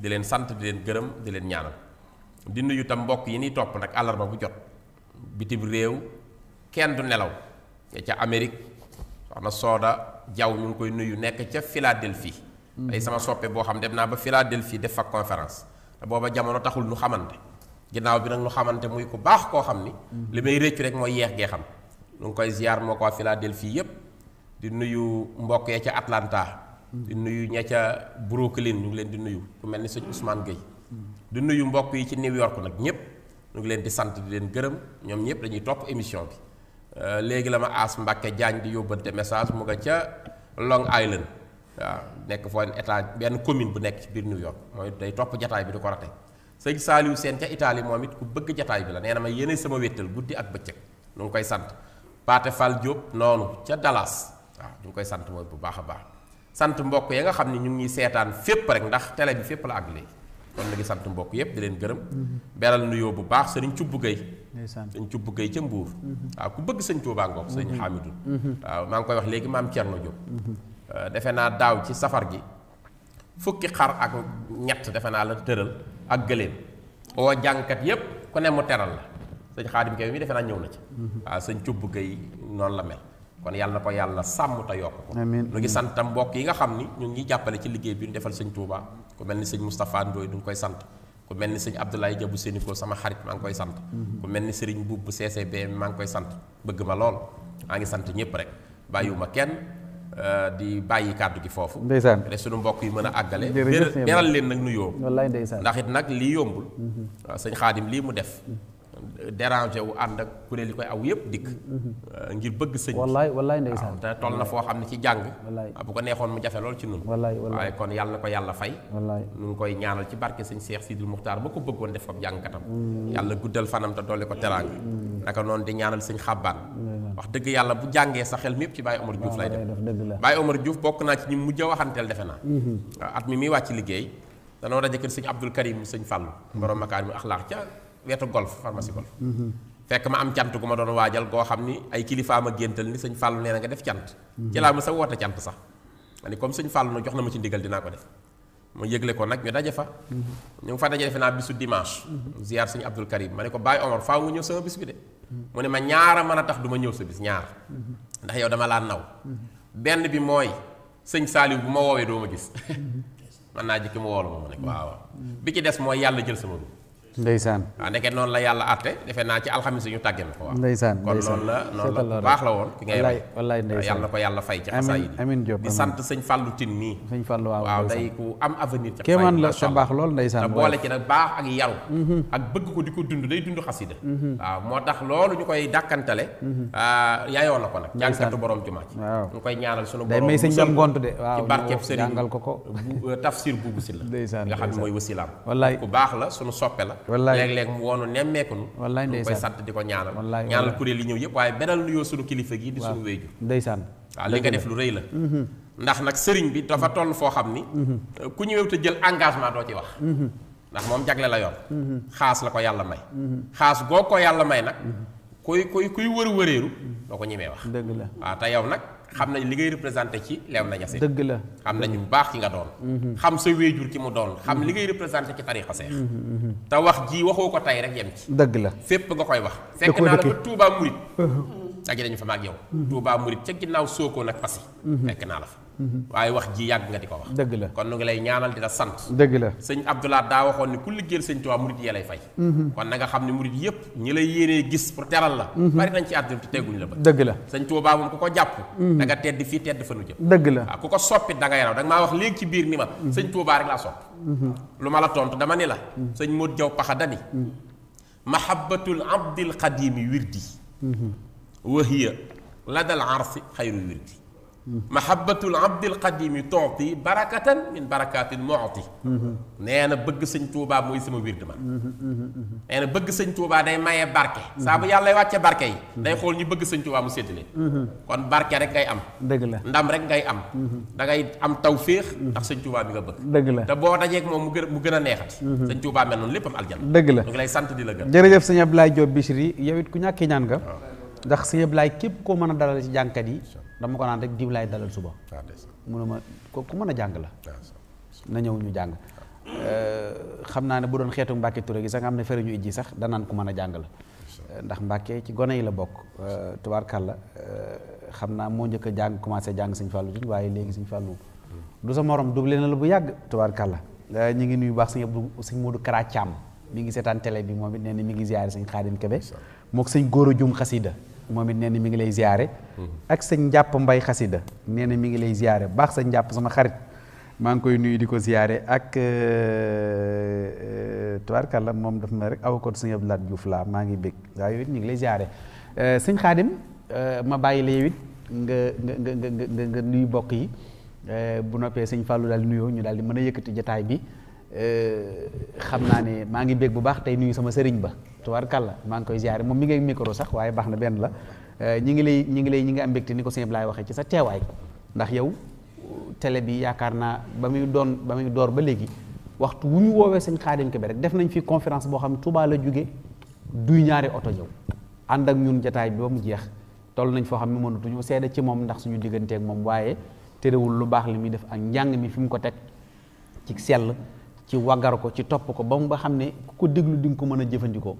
di leen sant di leen gërëm di leen ñaanal di nuyu tam mbokk yi ni topp nag àllarba bu jot bitim réew kenn du nelaw ca Amérique soxna Sooda Jaw ñu ngi koy nuyu nekk ca Philadelphie mhm. ay sama soppe boo xam ne dem naa ba Philadelphie def fa conférence te booba jamono taxul nu xamante ginnaaw bi nag nu xamante muy ku baax koo xam ni mhm. li may réccu rek mooy yeex gee xam nu ngi koy ziar moo ko waa Philadelphie yépp di nuyu mbokk ya ca Atlanta di nuyu ña ca Brooklyn ñu ngi leen di nuyu ku mel ni sëñ Ousmane Gueye di nuyu mbokk yi ci New York nag ñëpp ñu ngi leen di sant di leen gërëm ñoom ñëpp dañuy topp émission bi euh, léegi la ma aas Mbacke Diagne di yóbbante message mu nga ca Long Island waaw nekk foo état benn commune bu nekk ci biir New York mooy day topp jataay bi di ko rate sëñ Saliou Sène ca Italie moom it ku bëgg jataay bi la nee na ma yéene sama wéttal guddi ak bëccëg ñu ngi koy sant Pathé Fall Diop noonu ca Dallas waaw ñu ngi koy sant mooy bu baax a baax sant mbokk yi nga xam ne ñu ngi seetaan fépp rek ndax tele bi fépp la àgg léegi kon nag sant mbokk yëpp di leen gërëm mm-hmm. beral nuyoo bu baax sëriñ cubb gay sëriñ cubb gay ca mbuur mm-hmm. waaw ku bëgg sëñ Tuubaa ngoog sëñ Xaamidu waaw maa ngi koy wax léegi maam Cerno Jóob mm-hmm. euh, defe naa daaw ci safar gi fukki xar ak ñett defe naa la tëral ak gëléem oo jànkat yëpp ku ne mu teral la sëñ Xaadim Kebe mi defe naa ñëw na ci waaw sëñ cubb gay noonu la mel kon yàlla na ko yàlla sàmm te yokk ko ñu ngi sant tam mbokk yi nga xam ni ñu ngi jàppale ci liggéey bi ñu defal sëñ Touba ku mel ni sëñ Moustapha Ndoye du ngi koy sant ku mel ni sëñ Abdoulaye Jabu Séniko sama xarit maa ngi koy sant ku mel ni sëriñ Buub bu CCBM maa ngi koy sant bëgg ma lool maa ngi sant ñëpp rek bàyyiwuma kenn euh, di bàyyi kàddu gi foofu ndeysaan suñu mbokk yi mën a àggale beral leen nag nuyoo ndax it nag lii yombul mhm. waaw sëñ Xaadim lii mu def mhm. dérangé wu ànd ak kuréel yi koy aw yëpp dikk. Mm-hmm. ngir bëgg sëñ bi wallaay wallaay ndeysaan te toll na foo xam ne ci jàng. Ah, bu ko neexoon mu jafe lool ci nun wallaay waaye kon ko yàlla fay. wallaay nu ngi koy ñaanal ci barke sëñ Cheikh Sidil Muxtaar ba ko bëggoon def ko jàngkatam. Mm. yàlla guddal fanam te dolli ko teraanga. Mm. naka noonu di ñaanal sëñ xàbbaan wax dëgg yàlla bu jàngee sa xel mépp ci Baye Omar Diouf lay def Baye Omar Diouf bokk naa ci ñi mujj mm-hmm. at mi muy wàcc liggéey danoo daje kër sëñ Abdul Karim sëñ Fàllu borom makaari mu axlaax ca wetu golf pharmacie golf mm-hmm. fekk ma am cant gu ma doon waajal goo xam ni ay kilifaa ma géntal ni sëñ Fallou nee na nga def cant mm-hmm. ci laa ma sa woote cant sax ma ni comme sëñ Fallou na jox na ma ci ndigal dinaa ko def mu yëgle ko nag ñu daje fa mm-hmm. ñu ngi fa daje defe naa bisu dimanche ziar sëñ Abdul Karim ma ne ko bàyyi Omar faaw nga ñëw sama bis bi de mu ne ma ñaara mën a tax du ma ñëw sa bis ñaar ndax yow dama laa naw benn bi mooy sëñ Saliou bu ma woowee doo ma gis man naa jikki mu woolu ma ma waaw bi ci des mooy yàlla jël sama ndeysaan waaw ndeket noonu la yàlla àtte defe naa ci alxamis ñu tàgge ma ko waaw ndeysaan kon noonu la noonu la baax la woon ki ngay wallaay ndeysaan yàlla na ko yàlla fay ci xasaay yi amiin Diop di sant sëñ Fallou Tine mii sëñ Fallou waaw waaw ku am avenir ci kéemaan la te baax lool ndeysaan boole ci nag baax ak yaru mhm. ak bëgg ko di ko dund day dund xasida mhm. waaw moo tax loolu ñu koy dàkkantale mhm. ah, yayoo na ko nag jàngkatu borom jumaa ci ñu koy ñaanal sunu borom day may ci euh, la nga xam ne wallaay léeg-léeg mu woonu nemmeeku nu wallaay ndeysaan koy sant di ko ñaanal ñaanal kuréel yi ñëw yëpp waaye benal nuyoo sunu kilifa gi di sunu wéeju ndeysaan waaw li nga def lu rëy la mm-hmm. ndax nag sëriñ bi dafa toll foo xam ni mm-hmm. ku ñëw te jël engagement doo ci wax mm-hmm. ndax moom jagle la yoon xaas la ko yàlla may xaas goo ko yàlla may nag kuy kuy kuy wër wëreeru doo ko ñemee wax dëgg la te yow nag xam nañ li ngay représenté ci na Niassène dëgg la xam nañu bu baax ki nga doon mm-hmm. Mm-hmm. xam sa wéejur ki mu doon xam li ngay représenté ci tarixa seex mm-hmm. te wax ji waxoo ko tey rek yem ci dëgg la fépp nga koy wax fekk naa la ba Touba Murit uh-huh. daje dañu fa maag yow Touba Murit ca ginnaaw Sokone ak Passy fekk naa la fa waaye wax ji yàgg nga di ko wax. dëgg la kon nu ngi lay ñaanal di la sant. dëgg la sëñ Abdoulaye daa waxoon ni ku liggéeyal sëñ Tuubaa murit yee lay fay. Mhm. kon na xam ne murit yëpp ñi lay yéenee gis pour teral la. Mhm. bari nañ ci àdduna te teguñ la ba. dëgg la sëñ Tuubaa moom ku ko jàpp. da mhm. nga tedd fii tedd fa nu jëm. dëgg la waaw ku ko soppi da ngay raw da maa wax léegi ci biir ni ma. sëñ Tuubaa rek laa sopp. lu ma la tontu dama ni la. sëñ Modou Diaw Paxa dani. mahabbatul abdil qadimi wirdi. wahiya ladal arsi xayru wirdi mahabbatul abdil qadimi tuuti barakatan min barakatil muti nee na bëgg sëñ Tuubaa mooy sama wird man nee bëgg sëñ Tuubaa day maye barke saa bu yàlla wàcce barke yi day xool ñi bëgg sëñ Tuubaa mu séddale kon barke rek ngay am dëgg la ndam rek ngay am da ngay am tawféex ndax sëñ Tuubaa bi nga bëgg dëgg la te boo dajeeg moom mu gën mu gën a neexat mhm. sëñ Tuubaa mel noonu léppam aljana dëgg la ñu ngi lay sant di la gën jërëjëf sëñ Abdoulaye Diop Bichri yow it ku ñàkki ñaan nga ndax sëñ Abdoulaye képp koo mën a dalal ci jànkat yi dama ko naan rek diw laay dalal suba. Ah, munuma ko ku mën a jàng la. Ah, na ñëw ñu jàng. Euh, xam naa ne bu doon xeetu Mbàkke Touré gi sax nga am ne fere ñu ijji sax danaan ku mën a jàng la. Euh, ndax Mbàkke ci gone yi la bokk. Euh, tubaarkàlla xam naa moo njëkk a jàng commencé jàng Sëñ Fàllu tuuti waaye léegi Sëñ Fàllu du sa morom duble na la bu yàgg tubaarkàlla. ñu ngi nuyu baax sëñ Abdou sëñ Modou Kara Thiam mi ngi seetaan tele bi moom it nee na mi ngi ziare sëñ Xaadim Kebe mook sëñ Góora Jum Xasida moom it nee na mi ngi lay ziyaare ak sëñ njàpp mbay xasida nee na mi ngi lay ziyaare baax sëñ njàpp sama xarit maa ngi koy nuyu di ko ziyaare ak euh, euh, tubaarkàlla moom daf na rek aw ko sëñ Abdoulaye Diouf laa maa ngi bég waaye yow it ñu ngi lay ziyaare euh, sëñ Xaadim ma bàyyi la yow nga nga nga nga nga nuyu mbokk yi bu noppee sëñ Fallou daal nuyoo ñu daal di mën a yëkkati jataay bi Euh, xam naa ne maa ngi bég bu baax tey nuyu sama sëriñ ba tubaarkàlla maa ngi koy ziare moom mi ngi micro sax waaye baax na benn la euh, ñi ngi lay ñi ngi lay ñi ngi ni ko sëñ Ablaye waxee ci sa teewaay ndax yow télé bi yaakaar naa ba muy doon ba muy door ba léegi waxtu wu ñu woowee sëñ Xaadim Kebe rek def nañ fi conférence boo xam ne Touba jóge duy ñaari oto ñëw ànd ak ñun jataay bi ba mu jeex toll nañ foo xam ne mënatuñu seede ci moom ndax suñu digganteeg moom waaye terewul lu baax li muy def ak njàng mi fi mu ko teg ci sell ci waggar ko ci topp ko ba mu nga xam ne ku ko déglu di nga ko mën a jëfandikoo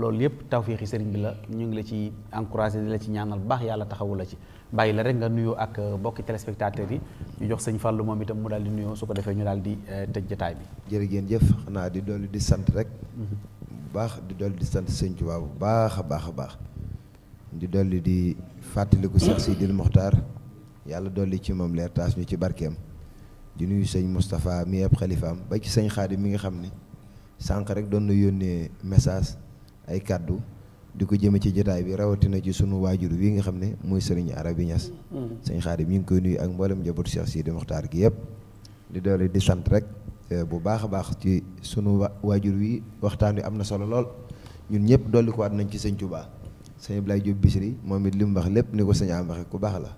loolu yëpp tawféexi sëriñ bi la ñu ngi la ci encouragé di la ci ñaanal baax yàlla taxawu la ci bàyyi la rek nga nuyoo ak euh, bokki téléspectateurs yi ñu jox sëñ Fallou moom itam mu daal di nuyoo su ko defee ñu daal di euh, tëj jataay bi. jërëjëf jëf xanaa di dolli di sant rek. Mhm. baax di dolli di sant sëñ Tuubaa bu baax a baax a baax. di dolli di fàttaliku Cheikh Sidil Mokhtar yàlla dolli ci moom leer taas ci barkeem. di nuyu sëñ Moustapha mi ab xalifaam ba ci sëñ Xaadim mi nga xam ne sànq rek doon na yónnee message ay kàddu di ko jëme ci jotaay bi rawatina ci sunu waajur wi nga xam ne mooy sëriñ Arabi Ñas hmm. sëñ Xaadim ñu ngi koy nuyu ak mboolem njabootu Cheikh Sidi Mokhtar gi yëpp di doole di sant rek eh, bu baax a baax ci sunu waajur wi waxtaan wi am na solo lool ñun ñëpp dolli ko waat nañ ci sëñ Touba sëñ Ablaye Diop bisiri moom it li mu wax lépp ni ko sëñ am ku baax la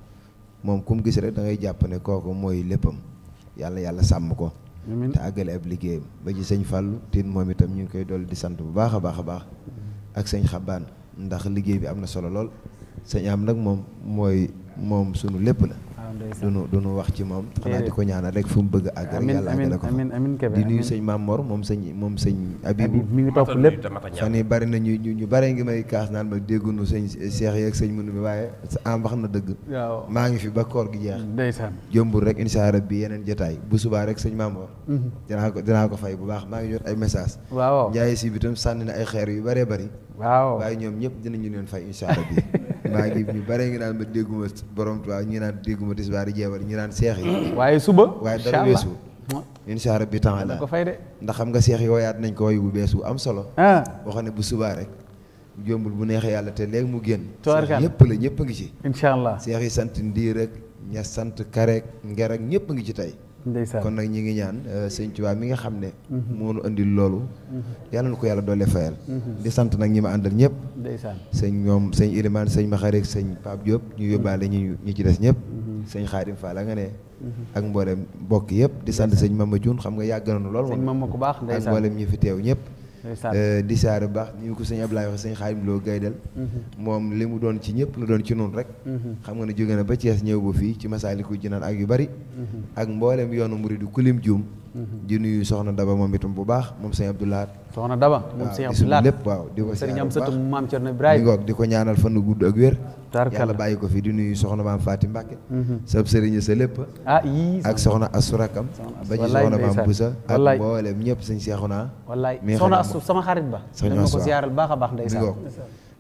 moom ku mu gis rek da ngay jàpp ne kooku mooy léppam yàlla yàlla sàmm ko te àggale ab liggéeyam ba ji sëñ Fallou Tine moom itam ñu ngi koy dool di sant bu baax a baax a baax ak sañ Xabaan ndax liggéey bi am na solo lool sëñ am nag moom mooy moom sunu lépp la dunu dunu wax ci moom xanaa di ko ñaanal rek fu mu bëgg àgg rek yàlla àggale ko fa di nuyu sëñ Maam Mor moom sëñ moom sëñ Abibu mi ngi topp lépp fan yi bari na ñu ñu bari ngi may kaas naan ma déggunu sëñ Cheikh yeeg sëñ mënu bi waaye am wax na dëgg maa ngi fi ba koor gi jeex ndeysaan rek insha bi yeneen jotaay bu subaa rek sëñ Maam mhm. dinaa ko dinaa ko fay bu baax maa ngi jot ay message waaw njaay si bi tam sànni na ay xeer yu bëree bëri waaw waaye ñoom ñëpp dinañu leen fay insha Allah bi maa ngi ñu bare ngi naan ma dégguma borom Tuubaa ñi naan dégguma tisbaar yi jeebar ñu naan seex yi waaye suba waaye dara weesu insha rabbi taala ko fay de ndax xam nga seex yi woyaat nañ ko woyu bu bees bu am solo ah. xam ne bu subaa rek jombul bu neexee yàlla te léegi mu génn ñëpp la ñëpp a ngi ci insha allah seex yi sant ndiir ak ña sant karek ngerek ñëpp a ngi ci tey ndeysaan kon nag ñi ngi ñaan euh, sëñ Tuubaa mi nga xam ne. Mhm. moo nu loolu. Mhm. yàlla na ko yàlla doole fayal. Mhm. di sant nag ñi ma àndal ñëpp. ndeysaan sëñ ñoom sëñ Ilimaan sëñ Maxareeg sëñ Pape Diop ñu yóbbaale ñi ñu ci des ñëpp. sëñ Xaadim Fall la nga ne. ak mboolem mbokk yëpp di sant sëñ ma Dioune xam nga yàgg nañu lool. sëñ Mama ko baax ndeysaan ak mboolem ñi fi teew ñëpp. Euh, di saare baax ñu ko sëñ Ablaye wax sëñ Xaadim Lo Gaydel mhm. moom li mu doon ci ñëpp lu doon ci noonu rek mhm. xam nga ne jóge na ba Thiès ñëw ba fii ci Masaalikul Jinaan ak yu bari mhm. ak mboolem yoonu Mouride ku lim juum di nuyu soxna Daba moom itam bu baax moom sëñ Abdou Lahad soxna Daba moom sëñ Abdou lépp waaw di ko sëriñ am sëtu maam Cerno Ibrahima di ko ñaanal fan gudd ak wér bàyyi ko fi di nuyu soxna maam Faati Mbàkke mhm. sab sëriñ sa lépp ah, ak soxna Astu rakkam ba ci soxna maam Busa ak mboolem ñëpp sëñ Seexuna wallaay soxna Astu sama xarit ba dañ siyaaral baax a baax ndeysaan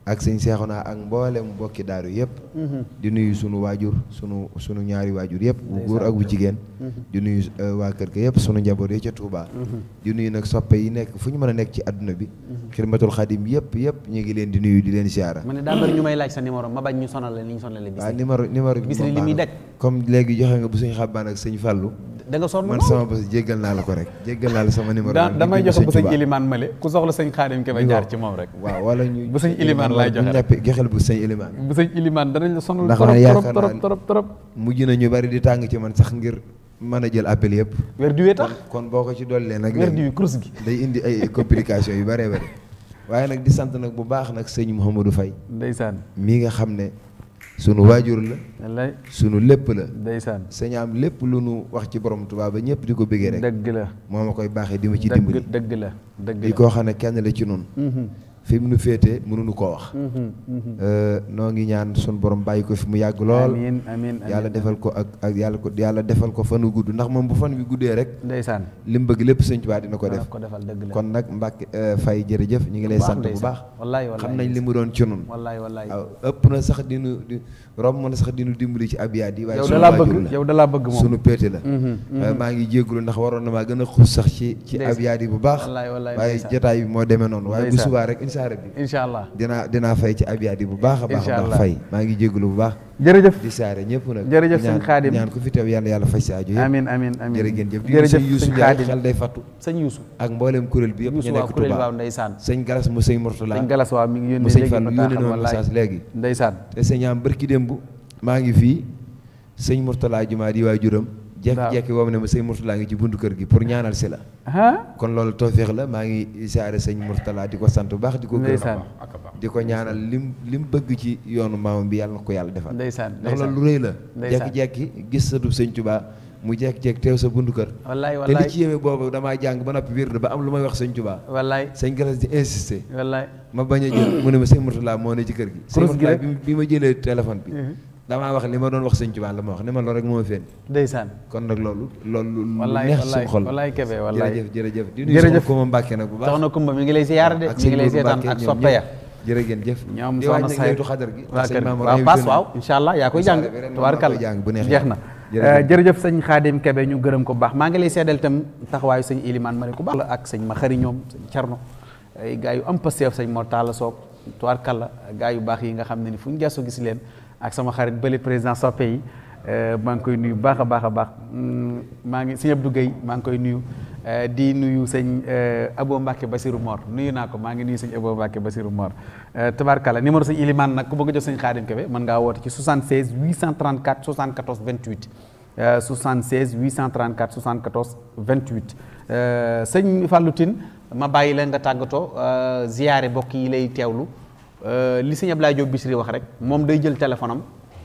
ak sëñ Seexuna ak mboolem mbokki daaru yëpp. Mhm. di nuyu sunu waajur sunu sunu ñaari waajur yëpp. bu góor ak bu jigéen. Mhm. di nuyu euh, waa kër ga yëpp sunu njaboot yi ca Touba. Mhm. di nuyu nag soppe yi nekk fu ñu mën a nekk ci àdduna bi. xidmatul xadim yëpp yëpp ñu ngi leen di nuyu di leen siyaara. ma ne daa bëri ñu may laaj sa ma bañ ñu sonal ñu sonal leen. waaw numéro numéro bi li muy daj comme léegi joxe nga bu sëñ Xabbaan ak sëñ Fallou. da nga sonn man sama bés jéggal naa la ko rek jéggal naa la sama numéro. damay joxe bu sëñ Ilimaan male ku soxla sëñ Xaadim ke ba jaar ci moom laay joxe rek bu gexel bu sëñ Ilimaan. bu sëñ Ilimaan danañ la sonal. ndax man yaakaar naa trop trop mujj na ñu bari di tàng ci man sax ngir mën a jël appel yëpp. weer diwee tax kon boo ko ci dollee nag. weer diwee course day indi ay complications yu bare bëri. waaye nag di sant nag bu baax nag sëñ Mouhamadou Faye. ndeysaan mi nga xam ne. sunu waajur la. sunu lépp la. ndeysaan sëñ am lépp lu nu wax ci borom Tuubaa ba ñëpp di ko bëggee rek. dëgg la moo ma koy baaxee di ma ci dimbali. dëgg dëgg la dëgg la di koo xam ne kenn la ci noonu. Mhm. fi mu nu féete mënuñu koo wax. Mm-hmm, mm-hmm. Euh, noo ngi ñaan sunu borom bàyyi ko fi mu yàgg lool. amiin amiin yàlla defal ko ak ak yàlla ko yàlla defal ko fanu gudd ndax moom bu fan wi guddee rek. ndeysaan li mu bëgg lépp sëñ Tuubaa dina ko def. kon nag Mbacke euh, Faye jërëjëf ñu ngi lay sant bu baax. wallaay wallaay xam nañ li mu doon ci nun wallaay wallaay waaw ëpp na sax di nu di romb sax di nu dimbali ci ab yi. waaye sunu waajur la laa bëgg moom sunu péete la. Mm-hmm, euh, maa ngi jégalu ndax waroon na maa gën a xuus sax ci ci abiyaat bu baax. wallaay wallaay waaye jotaay bi moo demee noonu waaye bu subaa wasaare bi incha allah dinaa dinaa fay ci abiyaat yi bu baax a baax a baax fay maa ngi jégalu bu baax jërëjëf di saare ñëpp nag jërëjëf sëñ xaadim ñaan ku fi teew yàlla yàlla fay sa aajo amiin amiin jëf jërëjëf sëñ Youssou Ndiaye xel day fattu sëñ Youssou ak mbooleem kuréel bi yëpp ñu nekk Touba ndeysaan sëñ Galas mu sëñ Mourtala sëñ Galas waaw mi ngi yónnee mu yónnee na message léegi ndeysaan te sëñ am barki démb maa ngi fii sëñ Mourtala jumaa di waajuram jekki-jekki woo ne ma sëñ Mourtala ngi ci buntu kër gi pour ñaanal si la kon loolu tawféex la maa ngi saare sëñ Mourtala di ko sant bu baax di ko gërëm di ko ñaanal lim bëgg ci yoonu maamam bi yàlla na ko yàlla defal ndax loolu rëy la jekki-jekki gis sa dub sëñ Tuubaa mu jekki-jekki teew sa buntu kër wallaay wallaay te li ci yéeme boobu damaa jàng ba noppi wér ba am lu may wax sëñ Tuubaa wallaay sëñ Galas di insister wallaay ma bañ a jël mu ne ma sëñ Mourtala moo ne ci kër gi sëñ bi damaa wax li ma doon wax sëñ Tuubaa la ma wax ni ma loolu rek moo fenn. ndeysaan kon nag loolu. loolu lu neex suñu xol wallaay kebe wallaay jërëjëf jërëjëf. di nuyu soxna bu baax soxna Kumba mi ngi lay siyaar de mi ngi lay seetaan ak soppe ya jërëgeen jëf ñoom soxna Saytu xadar gi euh, jërëjëf sëñ Xaadim Kebe ñu gërëm ko bu baax maa ngi lay seedal itam taxawaayu sëñ Ilimaan Mari ku baax la ak sëñ Maxari ñoom sëñ Carno gaa yu am pasteef sëñ Mortalla Soog kalla gaa yu baax yi nga xam ne ni fu ñu gesu gis leen ak sama xarit bële président soppe euh, yi maa ngi koy nuyu baax a baax a baax mm, maa ngi sëñ Abdou Guèye maa ngi koy nuyu euh, di nuyu sëñ euh, Abo Mbacke Basirou Mor nuyu naa ko maa ngi nuyu sëñ Abo Mbacke Basirou Mor tabarkala numéro sëñ Ilimane nag ku bëgg a jot sëñ Xaadim Kebe mën ngaa woote ci 76 834 74 28 76 834 74 28 sëñ Fallou Tine ma bàyyi leen nga tàggatoo ziyaare mbokk yi lay teewlu Euh, li sëñ Ablaye Diop Bichri wax rek moom day jël téléphone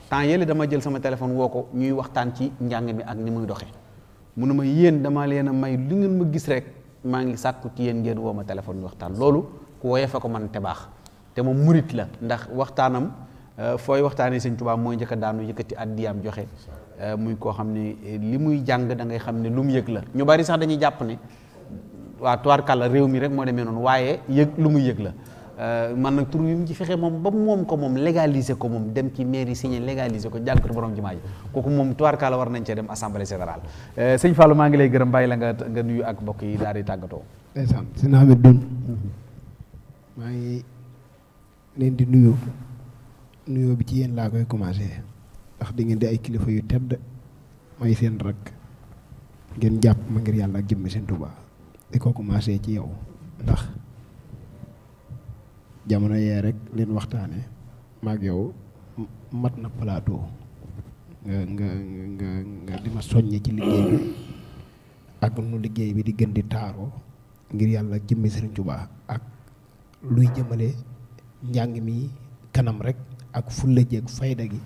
temps yële dama jël sama téléphone woo ko ñuy waxtaan ci njàng mi ak ni muy doxee mu ne ma dama leen a may li ngeen ma gis rek maa ngi sàkku ci yéen ngeen woo ma téléphone waxtaan loolu ku woyee fa ko man te baax te moom murit la ndax waxtaanam euh, fooy waxtaanee sëñ Tuubaa mooy njëkk a daanu yëkkati addiyaam joxe euh, muy koo xam ne li muy jàng da ngay xam ne lu mu yëg la ñu bari sax dañuy jàpp ne waa tubaarkàlla réew mi rek moo demee noonu waaye yëg lu muy yëg la Euh, man nag tur yi mu ci fexe moom ba moom ko moom légaliser ko moom dem ci mairie signé légaliser ko jànkatu borom jumaa ji kooku moom tubaarkaala war nañ cee dem assemblée générale euh, sëñ Fallou maa ngi lay gërëm bàyyi la nga nga nuyu ak mbokk yi daal di tàggatoo. ndeysaan sëñ Ahmed Dun maa ngi leen di nuyu nuyoo bi ci yéen laa koy commencé ndax da ngeen di ay kilifa yu tedd may seen rak ngeen jàpp ma ngir yàlla ak jëmmi seen Tuubaa di ko commencé ci yow jamono yee rek leen waxtaane maag yow mat na plateau nga nga nga di ma soññ ci liggéey bi ak nu liggéey bi di gën di taaroo ngir yàlla jëmmi Sëriñ Tuubaa ak luy jëmale njàng mi kanam rek ak fulla jeeg fayda gi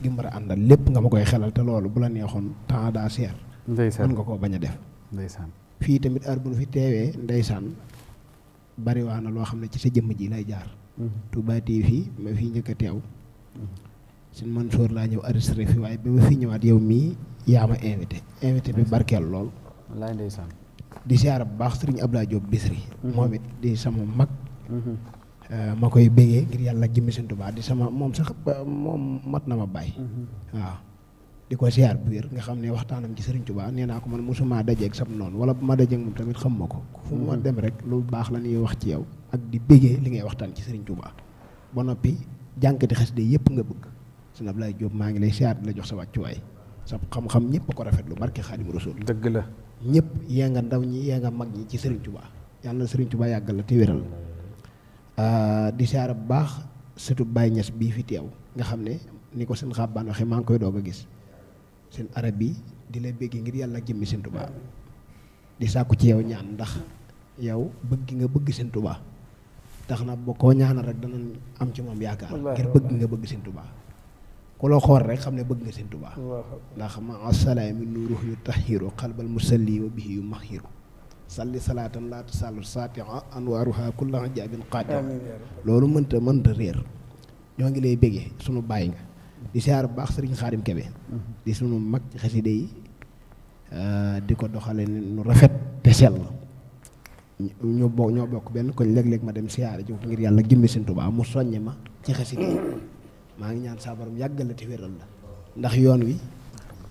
gi mën àndal lépp nga ma koy xelal te loolu bu la neexoon temps daa seer. ndeysaan mën nga koo bañ a def. fii tamit heure nu fi teewee ndeysaan bariwaa na loo xam ne ci sa jëmm ji lay jaar mhm. Touba fii ma fi njëkk a teew man mhm. Mansour laa ñëw enregistré fi waaye bi ma fi ñëwaat yow mii yaa ma invité invité bi barkeel lool wallaay ndeysaan di siyaara bu baax sëriñ Abdoulaye Diop Bisri mhm. moom it di sama mag euh, ma koy bégee ngir yàlla jëmmi sëñ Touba di sama moom sax moom mat na ma bàyyi waaw di ko ziar bu wér nga xam ne waxtaanam ci Serigne Touba nee naa ko man mosuma dajeeg sam noonu wala bu ma dajeeg moom tamit xam ma ko fu hmm. dem rek lu baax la wax ci yow ak di bégee li ngay waxtaan ci Serigne ba noppi jànkati xasida yëpp nga bëgg sëñ Ablaye Diop maa ngi lay ziar la jox sa wàccuwaay sa xam-xam ñëpp ko rafetlu barke Xaadimu Rasuul dëgg la ñëpp yee nga ñi yee nga mag ñi ci Serigne Touba yàlla na Serigne yàggal la te wéral ah, di ziar bu baax surtout Baye Niass bii fi teew nga xam ne ni ko seen xaabaan waxee maa ngi koy doog a gis seen arab yi di la bégg ngir yàlla jëmmi seen Tuubaa di sàkku ci yow ñaan ndax yow bëgg nga bëgg seen Tuubaa tax na boo koo ñaanal rek danañ am ci moom yaakaar ngir bëgg nga bëgg seen Tuubaa ku la xool rek xam ne bëgg nga seen Tuubaa ndax ma asalaami nuuru yu taxiru xalbal musalli wa bihi yu maxiru salli salaatan laatu sallu saatia anwaaruha kulla jaabin qaatia loolu mënta mënta réer ñoo ngi lay bégee sunu bàyyi nga di siyaar bu baax sëriñ xaadim kebe di sunu mag ci xaside yi euh, di ko doxale nu rafet te sell ñu bokk ñoo bokk benn koñ léeg-léeg ma dem siyaar ji ngir yàlla jëmmi sëñ Tuubaa mu soññe ma ci xaside yi maa ngi ñaan saa borom yàggal la te wéral la ndax yoon wi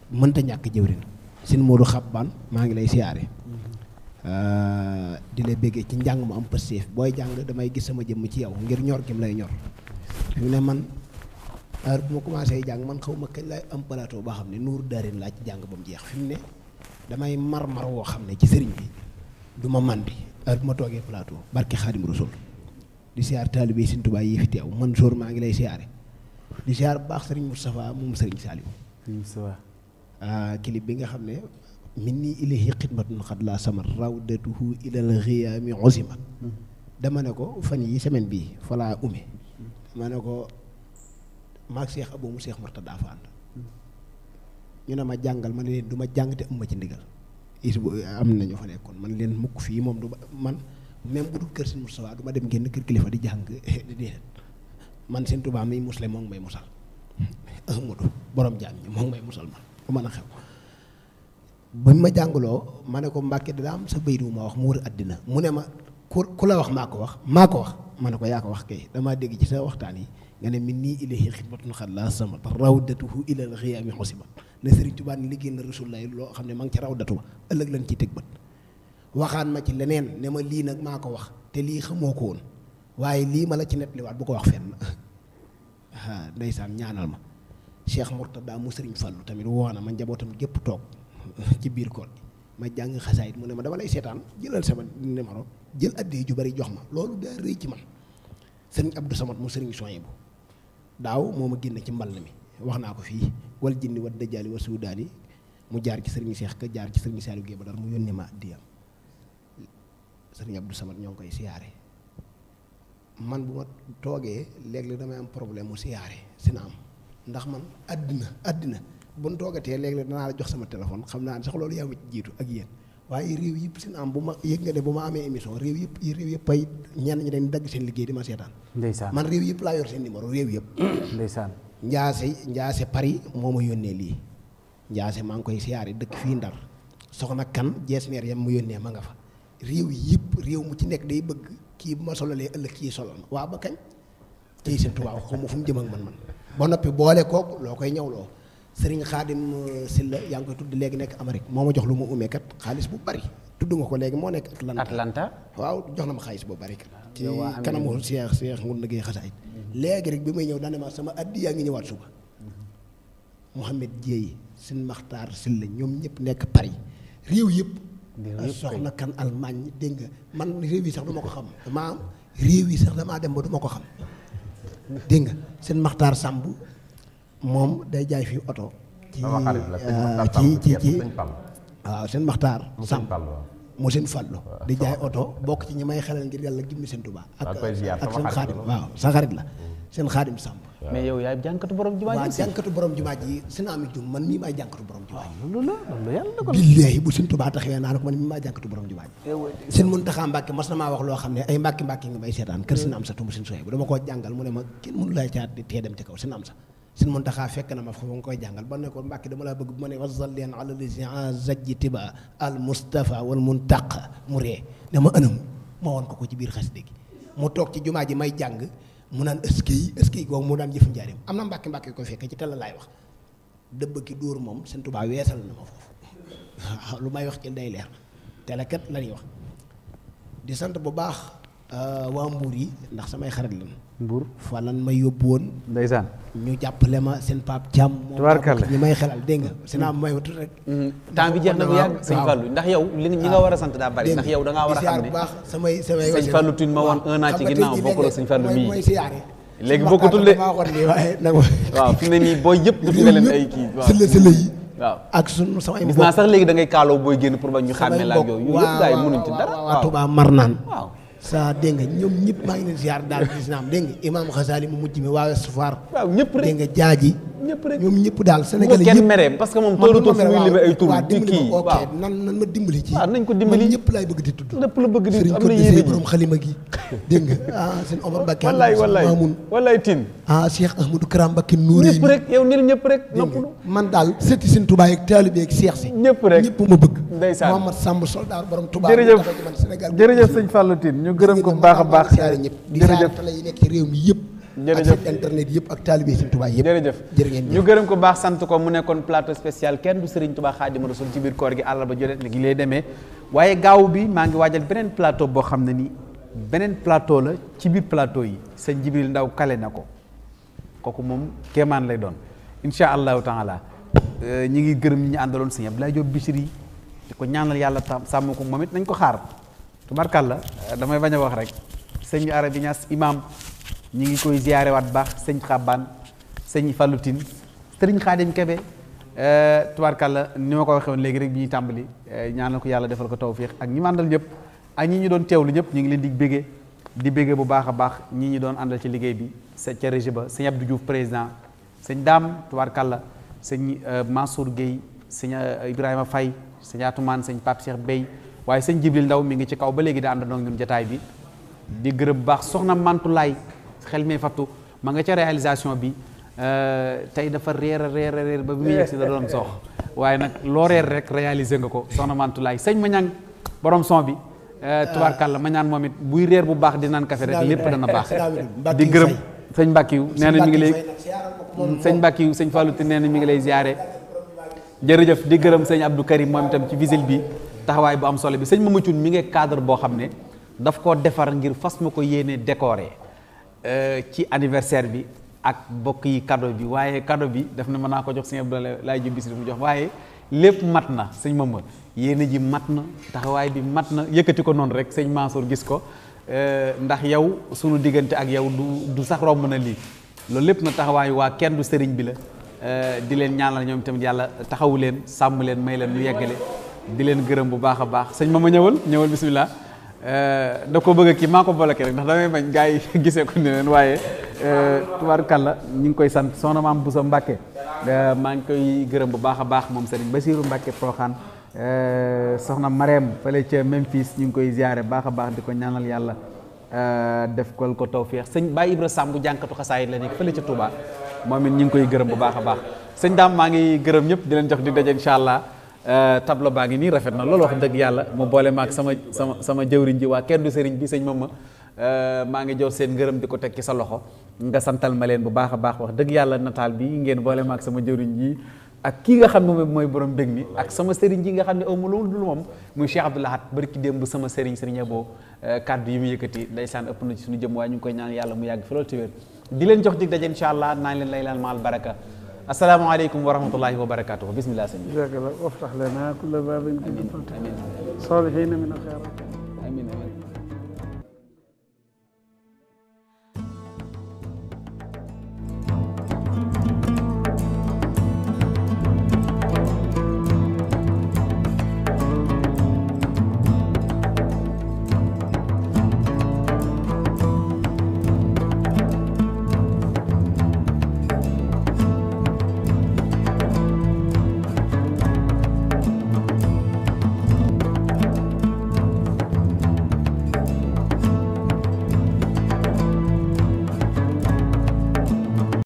mënta ñàkk jëwrin sin Moodu Xabbaan maa ngi lay siyaare euh, di la béggee ci njàng mu am pësteef booy jàng damay gis sama jëmm ci yow ngir ñor gim lay ñor fi ne man heure bu ma commencé jàng man xaw ma kañ laay am plateau boo xam ne nuur daarin laa ci jàng ba mu jeex fi ne damay mar-mar woo xam ne ci sëriñ bi du ma man bi heure bu ma toogee plateau barke xaadim rasul di siyaar taalibe Sëriñ Tuubaa yi fi teew man soor maa ngi lay siyaare di siyaar bu baax sëriñ Moustapha moom sëriñ Saliou. Moustapha. Ah, clip bi nga xam ne. min nii ilayhi xidmatun xad laa samar rawdatuhu ilal xiyaami osimat hmm. dama ne ko fan yi semaine bii falaa ume dama ne ko maag seex aboo mu seex murtadaa fa ànd ñu ne ma jàngal ma ne leen du ma jàng te am ci ndigal is am na ñu fa nekkoon man leen mukk fii moom du ma man même bu dul kër sëñ Moustapha du ma dem génn kër kilifa di jàng di man seen tubaab mi musle moo ngi may musal borom jaam ñi moo ngi may musal man bu mën a xew buñ ma jàngaloo ma ne ko Mbàkke daa am sa bayit wu ma wax mu wër àddina mu ne ma ku ku la wax maa ko wax maa ko wax ma ne ko yaa ko wax kay damaa dégg ci sa waxtaan yi nga ne min nii ilayhi xidmatun xalla sama tax rawdatuhu ilal xiyaami xosiba ne Serigne Touba ni liggéey na rasulullaay loo xam ne ma ngi ca rawdatu ba ëllëg lañ ci teg bët waxaan ma ci leneen ne ma lii nag maa ko wax te lii xamoo ko woon waaye lii ma la ci nettaliwaat bu ko wax fenn ah ndeysaan ñaanal ma Cheikh Mourtada mu Serigne Fallou tamit woo na ma njabootam gépp toog ci biir kool ma jàng xasaayit mu ne ma dama lay seetaan jëlal sama numéro jël addi ju bari jox ma loolu ci man Serigne Abdou Samad mu Serigne Soyebu daaw moo ma génn ci mbal mi wax naa ko fii wal jinni wa dajjaali wa suudaani mu jaar ci sëriñ Cheikh ka jaar ci sëriñ Saliou Guèye Badar mu yónni ma addiyam sëriñ Abdou Samad ñoo koy siyaare man bu ma toogee léeg-léeg damay am problème mu siyaare si am ndax man àddina àddina bu nu toogatee léeg-léeg danaa la jox sama téléphone xam naa ne sax loolu yaa ma jiitu ak yéen. waaye réew yëpp seen am bu ma yëg nga ne bu ma amee émission réew yëpp réew yëpp ay ñenn ñi dañ dagg seen liggéey di ma seetaan. ndeysaan man réew yëpp laa yor seen numéro réew yëpp. ndeysaan Ndiasse Ndiasse Paris moo ma yónnee lii Ndiasse maa ngi koy siyaare dëkk fii Ndar soxna kan jees meer yam mu yónnee ma nga fa réew yëpp réew mu ci nekk day bëgg kii bu ma solalee ëllëg kii solal ma waaw ba kañ tey seen tubaab xaw ma fu mu jëm ak man man ba noppi boole kooku loo koy ñawloo. sëriñ xaadim euh, Silla yaa ngi koy tudd léegi nekk Amérique moo ma jox lu ma umee xaalis bu bari tudd nga ko léegi moo nekk Atlanta Atlanta waaw jox na ma xaalis bu bari kat ah, ci kanamu Cheikh Cheikh ngun na ngay xasaay rek bi may ñëw daane ma sama addi yaa ngi ñëwaat suba mhm. Mouhamed Dieye sin Maxtaar Silla ñoom ñëpp nekk Paris réew yëpp ah, soxna kan Allemagne dégg nga man réew yi sax du ko xam maam réew yi sax damaa dem ba du ko xam dégg nga seen Maxtaar Samb moom day jaay fii oto. ci ci ci ci waaw seen maxtaar sàmm moo seen fàllu di jaay oto bokk ci ñi may xelal ngir yàlla gimmi seen Tuubaa ak seen xaadim waaw sa xarit la seen xaadim sàmm mais yow yaay jànkatu borom jumaa ji waaw jànkatu borom jumaa ji seen ami jum man mii maay jànkatu borom jumaa ji loolu la loolu yàlla ko billaahi bu seen Tuubaa taxawee naa ne ko man mii maay jànkatu borom jumaa ji eh, seen Muntaxa Mbàkke maa wax loo xam ne ay mbàkki mbàkki nga may seetaan kër seen am sa tumb seen soye bu dama koo jàngal mu ne ma kenn mënu lay caat di tee dem ca kaw seen am sa sëñ Muntaxa fekk na ma fa nga koy jàngal ba ne ko Mbàkke dama laa bëgg bu ma ne wasalleen alalazi zajj tiba al mustafa wal muntaq mu ree ne ma ënam ma woon ko ko ci biir xasida gi mu toog ci jumaa ji may jàng mu naan ëskey ëskey googu mu daan jëf njaareem am na Mbàkke Mbàkke koy fekk ci tala laay wax dëbb ki dóor moom sëñ Tuubaa weesal na ma foofu lu may wax ci day leer te la kat la ñuy wax di sant bu baax euh, waa mbuur yi ndax samay xarit lan Mbour fa lan ma yóbbu woon. ndeysaan ñu jàppale ma seen paap Thiam. tubaarkalla ñi may xelal dégg nga si mm. naa may wut rek. Mm. temps bi jeex na bu yàgg sëñ Fallou ndax yow. li ñi nga war a sant daa bari ndax yow da war a xam ne samay ma woon un an ci ginnaaw bokkul waaw fi ne nii booy ay kii waaw ak sunu samay gis sax léegi da ngay kaaloo booy génn pour ba ñu xàmmee la ak yooyu yëpp gars yi mënuñ dara waaw Touba Marnaan saa dégg nga ñoom ñëpp maa ngi leen ziar daal gis naa am dégg nga imaam Xasaali mu mujj mi waaye sufaar. waaw ñëpp rek dégg nga jaaji. ñoom ñëpp daal sénégalais yëpp kenn mere moom ma dimbali ci waaw nañ ko dimbali man ñëpp laay bëgg di tudd lépp la bëgg di man daal gërëm ko bu baax a baax siyaare ñëpp yëpp jërëjëf yëpp ak taalibe Sëriñ Tuubaa yëpp jërëjëf jërë ngeen ñu gërëm ko baax sant ko mu nekkoon plateau spécial kenn du Sëriñ Tuubaa Xaadimu Rasuul ci biir koor gi àll ba jolet li gi lay demee waaye gaaw bi maa ngi waajal beneen plateau boo xam ne ni beneen plateau la ci biir plateau yi sëñ Jibril Ndaw kale na ko kooku moom kéemaan lay doon incha allahu taala euh, ñi ngi gërëm ñi ñu àndaloon sëñ Abdoulaye Diop Bichri di ko ñaanal yàlla sàmm ko moom it nañ ko xaar tubarkàlla damay bañ a wax rek sëñ Arabi Ñas imam ñi ngi koy ziyaare waat baax sëñ Xabbaan sëñ Fallou Tine sëriñ Xaadim Kebe euh, tubarkàlla ni ma ko waxee léegi rek bi ñuy tàmbali euh, ñaanal ko yàlla defal ko tawfiix ak ñi màndal àndal ñëpp ak ñi ñu doon teewlu ñëpp ñu ngi leen di béggee di béggee bu baax a baax ñi ñi doon àndal ci liggéey bi sa ca régie ba sëñ Abdou Diouf président sëñ Daam tubarkàlla sëñ euh, Mansour Guèye sëñ Ibrahima Faye sëñ Atumaan sëñ Pape Cheikh Bey waaye sëñ Jibril Ndaw mi ngi ci kaw ba léegi daan àndandoo ñun jataay bi di gërëm baax soxna Mantulaay xel mee fattu ma nga ca réalisation bi euh, tey dafa reer a réer ba bi muy yegg si da doon soox waaye nag loo reer rek réaliser nga ko soxna Mantulaay sëñ ma borom son bi euh, tubaarkàlla ma mañaan moom it buy réer bu baax di naan kafe rek lépp dana baax di gërëm sëñ Mbàkkiyu nee na mi ngi lay sëñ Mbàkkiyu sëñ Fallu ti na mi ngi lay ziyaare jërëjëf di gërëm sëñ Abdou Karim moom itam ci visile bi taxawaay bu am solo bi sëñ Mama Thioune mi ngi cadre boo xam ne daf koo defar ngir fas ma ko yéene décorer euh, ci anniversaire bi ak bokk yi cadeau bi waaye cadeau bi def na mën naa ko jox sëñ Abdoulaye laay ji bis mu jox waaye lépp mat na sëñ Mama yéene ji mat na taxawaay bi mat na yëkkati ko noonu rek sëñ Mansour gis ko euh, ndax yow sunu diggante ak yow du du sax romb na lii loolu lépp na taxawaayu waa kenn du sëriñ bi la euh, di leen ñaanal ñoom tamit yàlla taxawu leen sàmm leen may leen ñu yeggale di leen gërëm bu baax a baax sëñ ma ma ñëwal ñëwal bisimilah eh, da ko bëgg ki kii maa ko bloqué rek ndax damay bañ gars yi gisee ko ni leen waaye eh, tubaarkàlla ñu ngi koy sant soxna maam Bousso Mbacke eh, maa ngi koy gërëm bu baax a baax moom sëriñ Basiiru Mbacke Proxaan soxna Marème fële ca Memphis ñu ngi koy ziare baax a baax di ko ñaanal yàlla def ko ko tawféex sëñ Baye Ibra Samb jànkatu xasaayit la nekk fële ca Touba moom it ñu ngi koy gërëm bu baax a baax sëñ daam maa ngi gërëm ñëpp di leen Euh, tablo baa ngi nii rafet na loolu wax dëgg yàlla mu boole ak sama sama sama jëwriñ ji waa kenn du sëriñ bi sëñ Mama euh, maa ngi jot seen ngërëm di ko teg ci sa loxo nga santal ma leen bu baax a baax wax dëgg yàlla nataal bi ngeen boole ak sama jëwriñ ji ak kii nga xam ne mooy borom bég mi ak sama sëriñ ji nga xam ne amul lu dul moom muy Cheikh Abdou Lahad bari ki démb sama sëriñ sëriñ Abo euh, kàddu yi mu yëkkati ndeysaan ëpp na ci suñu jëm waaye ñu ngi koy ñaan yàlla mu yàgg fi loolu ci wér di leen jox dig daje allah naa leen lay laal maal asalaamaaleykum wa rahmatullahi wa barakaatu bismillah sëñ bi. jërëjëf waftax lana kulla baabin amiin amiin. saalihiina min xayraat. amiin amiin.